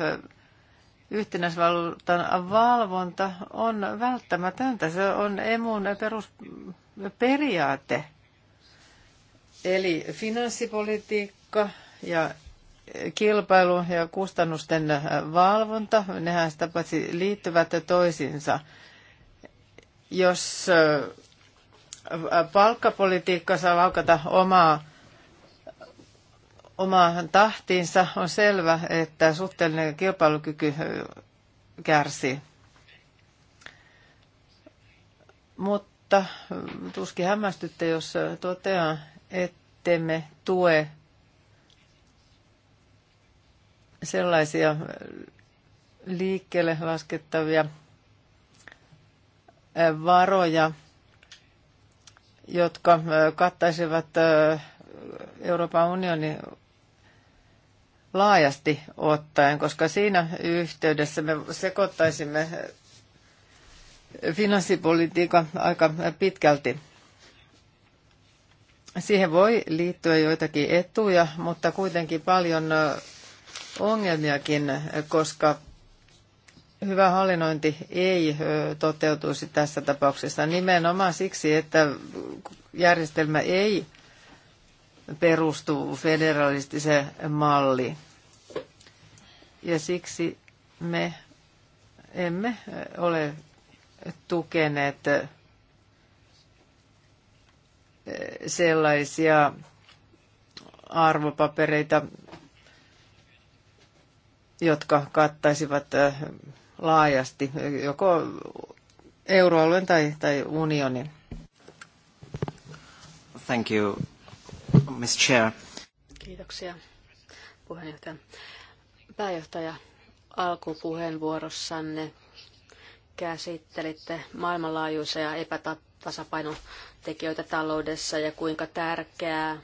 yhtenäisvaluutan valvonta on välttämätöntä. Se on emun perusperiaate. Eli finanssipolitiikka ja kilpailu ja kustannusten valvonta, nehän sitä paitsi liittyvät toisiinsa. Jos palkkapolitiikka saa laukata omaa omaan tahtiinsa, on selvä, että suhteellinen kilpailukyky kärsii. Mutta tuskin hämmästytte, jos totean, ettemme tue sellaisia liikkeelle laskettavia varoja, jotka kattaisivat Euroopan unionin laajasti ottaen, koska siinä yhteydessä me sekoittaisimme finanssipolitiikan aika pitkälti. Siihen voi liittyä joitakin etuja, mutta kuitenkin paljon ongelmiakin, koska hyvä hallinnointi ei toteutuisi tässä tapauksessa nimenomaan siksi, että järjestelmä ei perustuu federalistiseen malli. Ja siksi me emme ole tukeneet eh, sellaisia arvopapereita, jotka kattaisivat eh, laajasti joko euroalueen tai, tai unionin. Thank you. Miss Chair. Kiitoksia puheenjohtaja. Pääjohtaja, alkupuheenvuorossanne käsittelitte maailmanlaajuisia epätasapainotekijöitä taloudessa ja kuinka tärkeää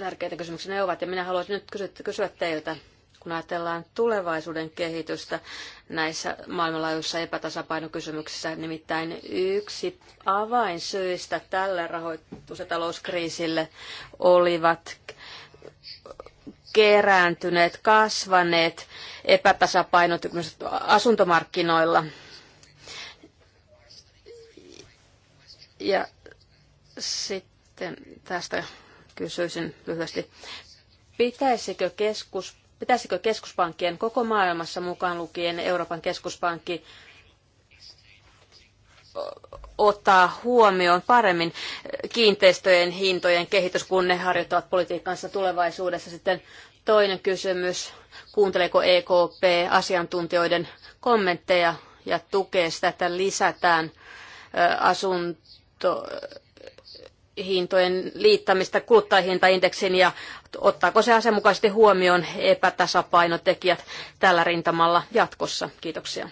tärkeitä kysymyksiä ne ovat. Ja minä haluaisin nyt kysyä, kysyä teiltä, kun ajatellaan tulevaisuuden kehitystä näissä maailmanlaajuisissa epätasapainokysymyksissä, nimittäin yksi avainsyistä tälle rahoitus- ja talouskriisille olivat kerääntyneet, kasvaneet epätasapainot asuntomarkkinoilla. Ja sitten tästä kysyisin lyhyesti. Pitäisikö keskus pitäisikö keskuspankkien koko maailmassa mukaan lukien Euroopan keskuspankki ottaa huomioon paremmin kiinteistöjen hintojen kehitys, kun ne harjoittavat politiikkansa tulevaisuudessa. Sitten toinen kysymys, kuunteleeko EKP asiantuntijoiden kommentteja ja tukee sitä, että lisätään asunto, hintojen liittämistä kuluttajahintaindeksiin ja ottaako se asianmukaisesti huomioon epätasapainotekijät tällä rintamalla jatkossa? Kiitoksia.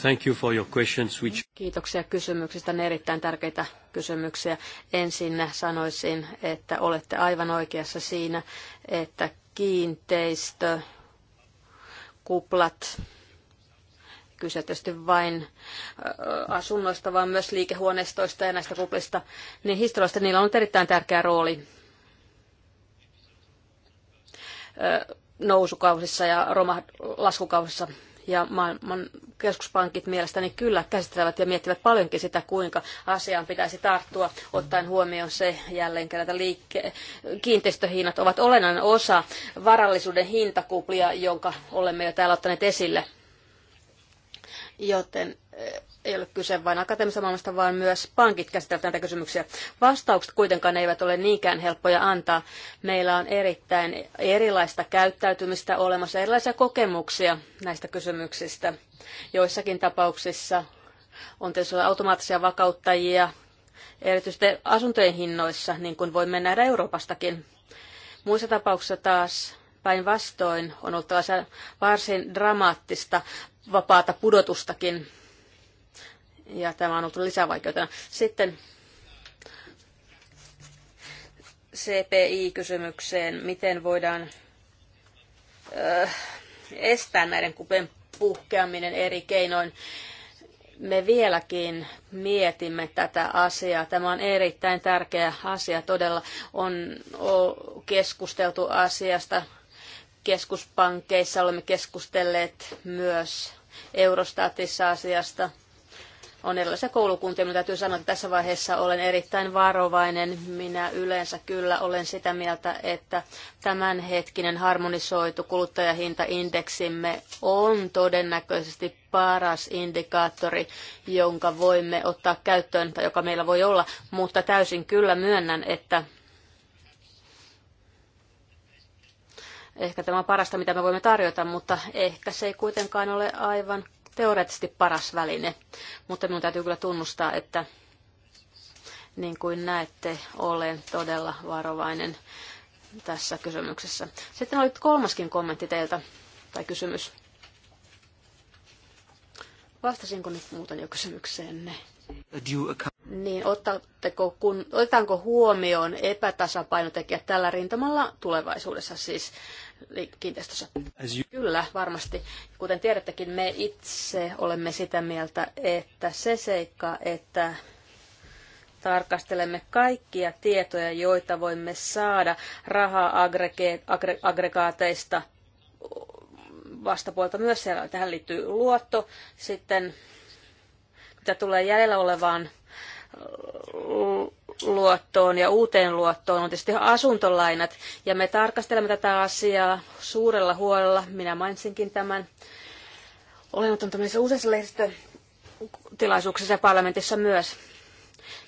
Thank you for your questions, which... Kiitoksia kysymyksistä. Ne erittäin tärkeitä kysymyksiä. Ensin sanoisin, että olette aivan oikeassa siinä, että kiinteistö, kuplat, kyse tietysti vain asunnoista, vaan myös liikehuoneistoista ja näistä kuplista, niin historiallisesti niillä on ollut erittäin tärkeä rooli nousukausissa ja romah- laskukausissa. Ja maailman keskuspankit mielestäni kyllä käsittelevät ja miettivät paljonkin sitä, kuinka asiaan pitäisi tarttua, ottaen huomioon se jälleen kerran, että liikke- kiinteistöhinnat ovat olennainen osa varallisuuden hintakuplia, jonka olemme jo täällä ottaneet esille joten eh, ei ole kyse vain akateemisesta maailmasta, vaan myös pankit käsittelevät näitä kysymyksiä. Vastaukset kuitenkaan eivät ole niinkään helppoja antaa. Meillä on erittäin erilaista käyttäytymistä olemassa, erilaisia kokemuksia näistä kysymyksistä. Joissakin tapauksissa on tietysti automaattisia vakauttajia, erityisesti asuntojen hinnoissa, niin kuin voimme nähdä Euroopastakin. Muissa tapauksissa taas päinvastoin on ollut varsin dramaattista vapaata pudotustakin. Ja tämä on ollut lisävaikeutena. Sitten CPI-kysymykseen, miten voidaan äh, estää näiden kupen puhkeaminen eri keinoin. Me vieläkin mietimme tätä asiaa. Tämä on erittäin tärkeä asia. Todella on keskusteltu asiasta keskuspankkeissa olemme keskustelleet myös Eurostatissa asiasta. On erilaisia koulukuntia, mutta täytyy sanoa, että tässä vaiheessa olen erittäin varovainen. Minä yleensä kyllä olen sitä mieltä, että tämänhetkinen harmonisoitu kuluttajahintaindeksimme on todennäköisesti paras indikaattori, jonka voimme ottaa käyttöön tai joka meillä voi olla, mutta täysin kyllä myönnän, että Ehkä tämä on parasta, mitä me voimme tarjota, mutta ehkä se ei kuitenkaan ole aivan teoreettisesti paras väline. Mutta minun täytyy kyllä tunnustaa, että niin kuin näette, olen todella varovainen tässä kysymyksessä. Sitten oli kolmaskin kommentti teiltä, tai kysymys. Vastasinko nyt muuten jo kysymykseenne? Niin, otatteko, kun, otetaanko huomioon epätasapainotekijät tällä rintamalla tulevaisuudessa siis kiinteistössä? Kyllä, varmasti. Kuten tiedättekin, me itse olemme sitä mieltä, että se seikka, että tarkastelemme kaikkia tietoja, joita voimme saada raha-aggregaateista vastapuolta myös siellä. Tähän liittyy luotto, sitten mitä tulee jäljellä olevaan luottoon ja uuteen luottoon on tietysti asuntolainat. Ja me tarkastelemme tätä asiaa suurella huolella. Minä mainitsinkin tämän. Olen ottanut tämmöisessä useissa lehdistötilaisuuksissa ja parlamentissa myös.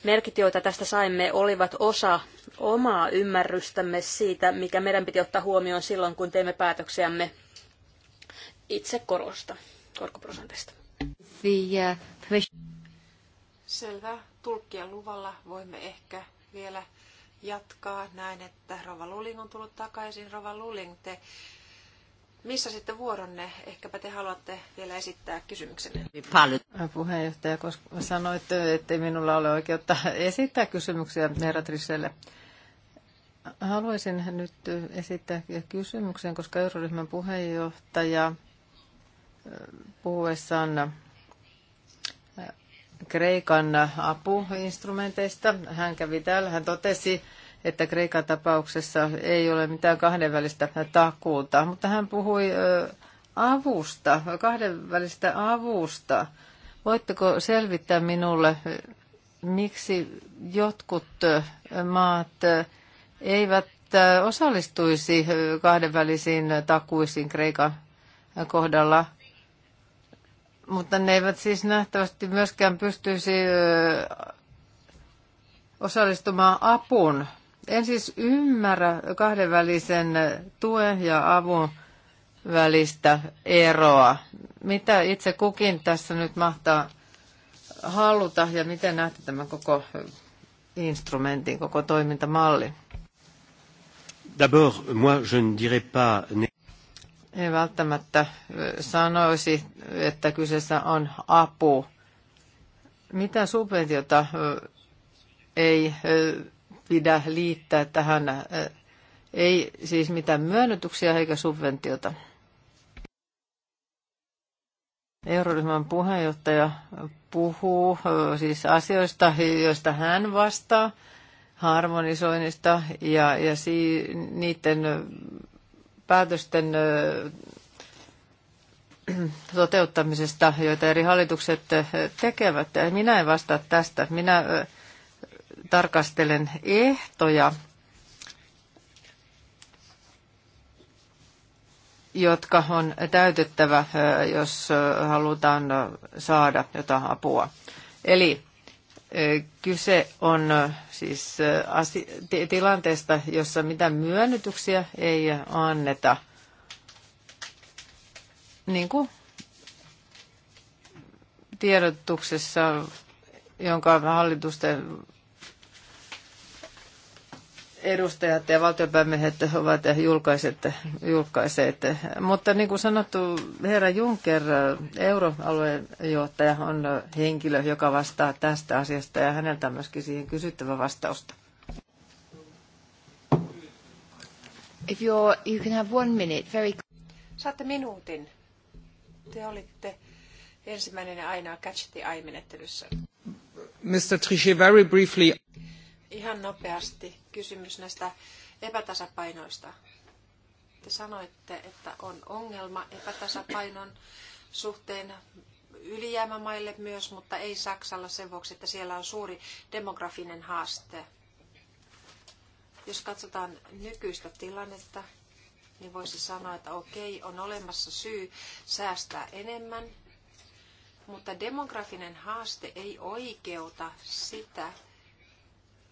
Merkit, joita tästä saimme, olivat osa omaa ymmärrystämme siitä, mikä meidän piti ottaa huomioon silloin, kun teimme päätöksiämme itse korosta, korkoprosentista. The, uh, Selvä. Tulkkien luvalla voimme ehkä vielä jatkaa näin, että Rova Luling on tullut takaisin. Rova Luling, te missä sitten vuoronne? Ehkäpä te haluatte vielä esittää kysymyksenne. Äh, puheenjohtaja, koska sanoitte, että minulla ole oikeutta esittää kysymyksiä herra Trisselle. Haluaisin nyt esittää kysymyksen, koska euroryhmän puheenjohtaja äh, puhuessaan Kreikan apuinstrumenteista. Hän kävi täällä, hän totesi, että Kreikan tapauksessa ei ole mitään kahdenvälistä takuuta, mutta hän puhui avusta, kahdenvälistä avusta. Voitteko selvittää minulle, miksi jotkut maat eivät osallistuisi kahdenvälisiin takuisiin Kreikan kohdalla? mutta ne eivät siis nähtävästi myöskään pystyisi osallistumaan apuun. En siis ymmärrä kahdenvälisen tuen ja avun välistä eroa. Mitä itse kukin tässä nyt mahtaa haluta ja miten näette tämän koko instrumentin, koko toimintamalli? D'abord, moi je ne dirais pas ei välttämättä sanoisi, että kyseessä on apu. Mitä subventiota ei pidä liittää tähän, ei siis mitään myönnytyksiä eikä subventiota. Euroryhmän puheenjohtaja puhuu siis asioista, joista hän vastaa, harmonisoinnista ja, ja si, niiden päätösten [CLEARS THROAT] toteuttamisesta, joita eri hallitukset tekevät. Minä en vastaa tästä. Minä tarkastelen ehtoja, jotka on täytettävä, jos halutaan saada jotain apua. Eli Kyse on siis tilanteesta, jossa mitään myönnytyksiä ei anneta. Niin kuin tiedotuksessa, jonka hallitusten edustajat ja valtionpäämiehet ovat julkaiset, julkaiseet. Mutta niin kuin sanottu, herra Juncker, euroalueen johtaja, on henkilö, joka vastaa tästä asiasta ja häneltä on myöskin siihen kysyttävä vastausta. If you can have one minute, very... Saatte minuutin. Te olitte ensimmäinen aina Catch the Eye-menettelyssä. Mr. Trichet, very briefly. Ihan nopeasti kysymys näistä epätasapainoista. Te sanoitte, että on ongelma epätasapainon suhteen ylijäämämaille myös, mutta ei Saksalla sen vuoksi, että siellä on suuri demografinen haaste. Jos katsotaan nykyistä tilannetta, niin voisi sanoa, että okei, on olemassa syy säästää enemmän, mutta demografinen haaste ei oikeuta sitä,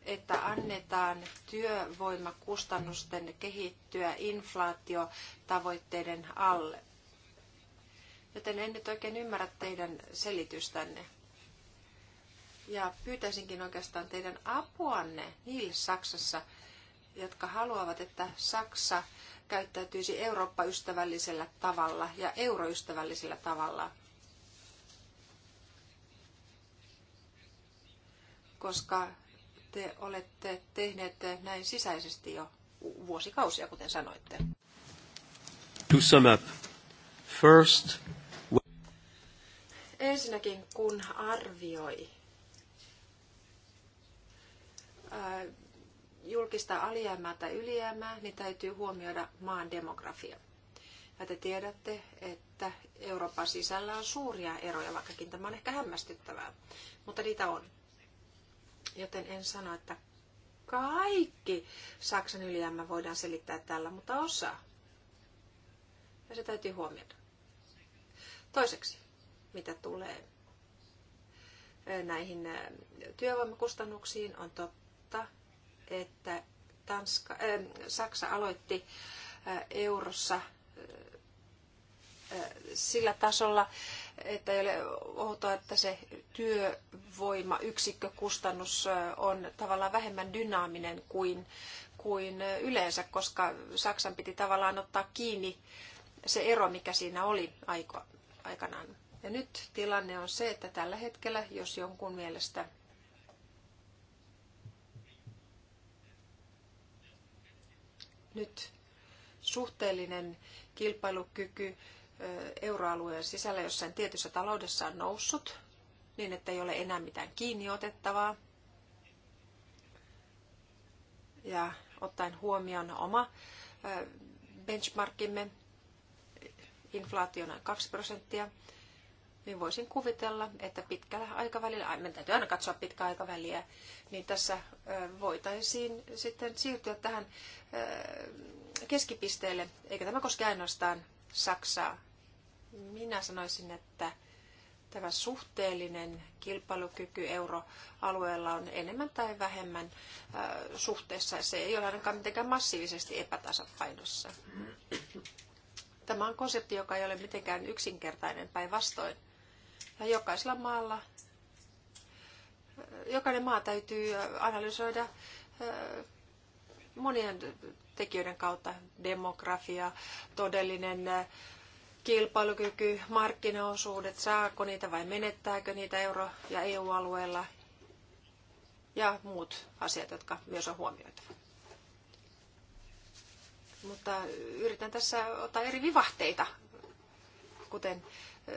että annetaan työvoimakustannusten kehittyä inflaatiotavoitteiden alle. Joten en nyt oikein ymmärrä teidän selitystänne. Ja pyytäisinkin oikeastaan teidän apuanne niille Saksassa, jotka haluavat, että Saksa käyttäytyisi Eurooppa-ystävällisellä tavalla ja euroystävällisellä tavalla. Koska te olette tehneet näin sisäisesti jo vuosikausia, kuten sanoitte. To sum up. First, Ensinnäkin kun arvioi julkista alijäämää tai ylijäämää, niin täytyy huomioida maan demografia. Ja te tiedätte, että Euroopan sisällä on suuria eroja, vaikkakin tämä on ehkä hämmästyttävää, mutta niitä on. Joten en sano, että kaikki Saksan ylijäämä voidaan selittää tällä, mutta osa. Ja se täytyy huomioida. Toiseksi, mitä tulee näihin työvoimakustannuksiin, on totta, että Tanska, äh, Saksa aloitti äh, eurossa äh, sillä tasolla, äh, että ei ole outoa, että se työvoimayksikkökustannus on tavallaan vähemmän dynaaminen kuin, kuin yleensä, koska Saksan piti tavallaan ottaa kiinni se ero, mikä siinä oli aiko, aikanaan. Ja nyt tilanne on se, että tällä hetkellä, jos jonkun mielestä nyt suhteellinen kilpailukyky euroalueen sisällä jossain tietyssä taloudessa on noussut, niin että ei ole enää mitään kiinni otettavaa. Ja ottaen huomioon oma benchmarkimme, inflaationa 2 prosenttia, niin voisin kuvitella, että pitkällä aikavälillä, meidän täytyy aina katsoa pitkää aikaväliä, niin tässä voitaisiin sitten siirtyä tähän keskipisteelle, eikä tämä koske ainoastaan Saksaa, minä sanoisin, että tämä suhteellinen kilpailukyky euroalueella on enemmän tai vähemmän äh, suhteessa. Se ei ole ainakaan mitenkään massiivisesti epätasapainossa. Tämä on konsepti, joka ei ole mitenkään yksinkertainen päinvastoin. Ja jokaisella maalla, äh, jokainen maa täytyy äh, analysoida monien tekijöiden kautta. Demografia, todellinen kilpailukyky, markkinaosuudet, saako niitä vai menettääkö niitä euro- ja EU-alueella ja muut asiat, jotka myös on huomioitava. Mutta yritän tässä ottaa eri vivahteita, kuten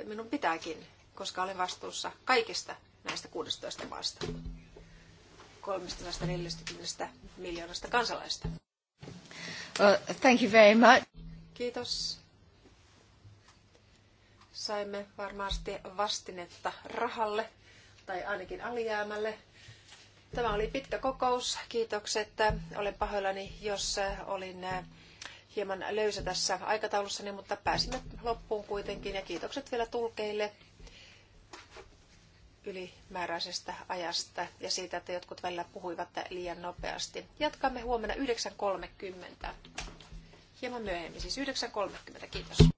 minun pitääkin, koska olen vastuussa kaikista näistä 16 maasta, 340 miljoonasta kansalaista. Well, uh, thank you very much. Kiitos saimme varmasti vastinetta rahalle tai ainakin alijäämälle. Tämä oli pitkä kokous. Kiitokset. Olen pahoillani, jos olin hieman löysä tässä aikataulussani, mutta pääsimme loppuun kuitenkin. Ja kiitokset vielä tulkeille ylimääräisestä ajasta ja siitä, että jotkut välillä puhuivat liian nopeasti. Jatkamme huomenna 9.30. Hieman myöhemmin, siis 9.30. Kiitos.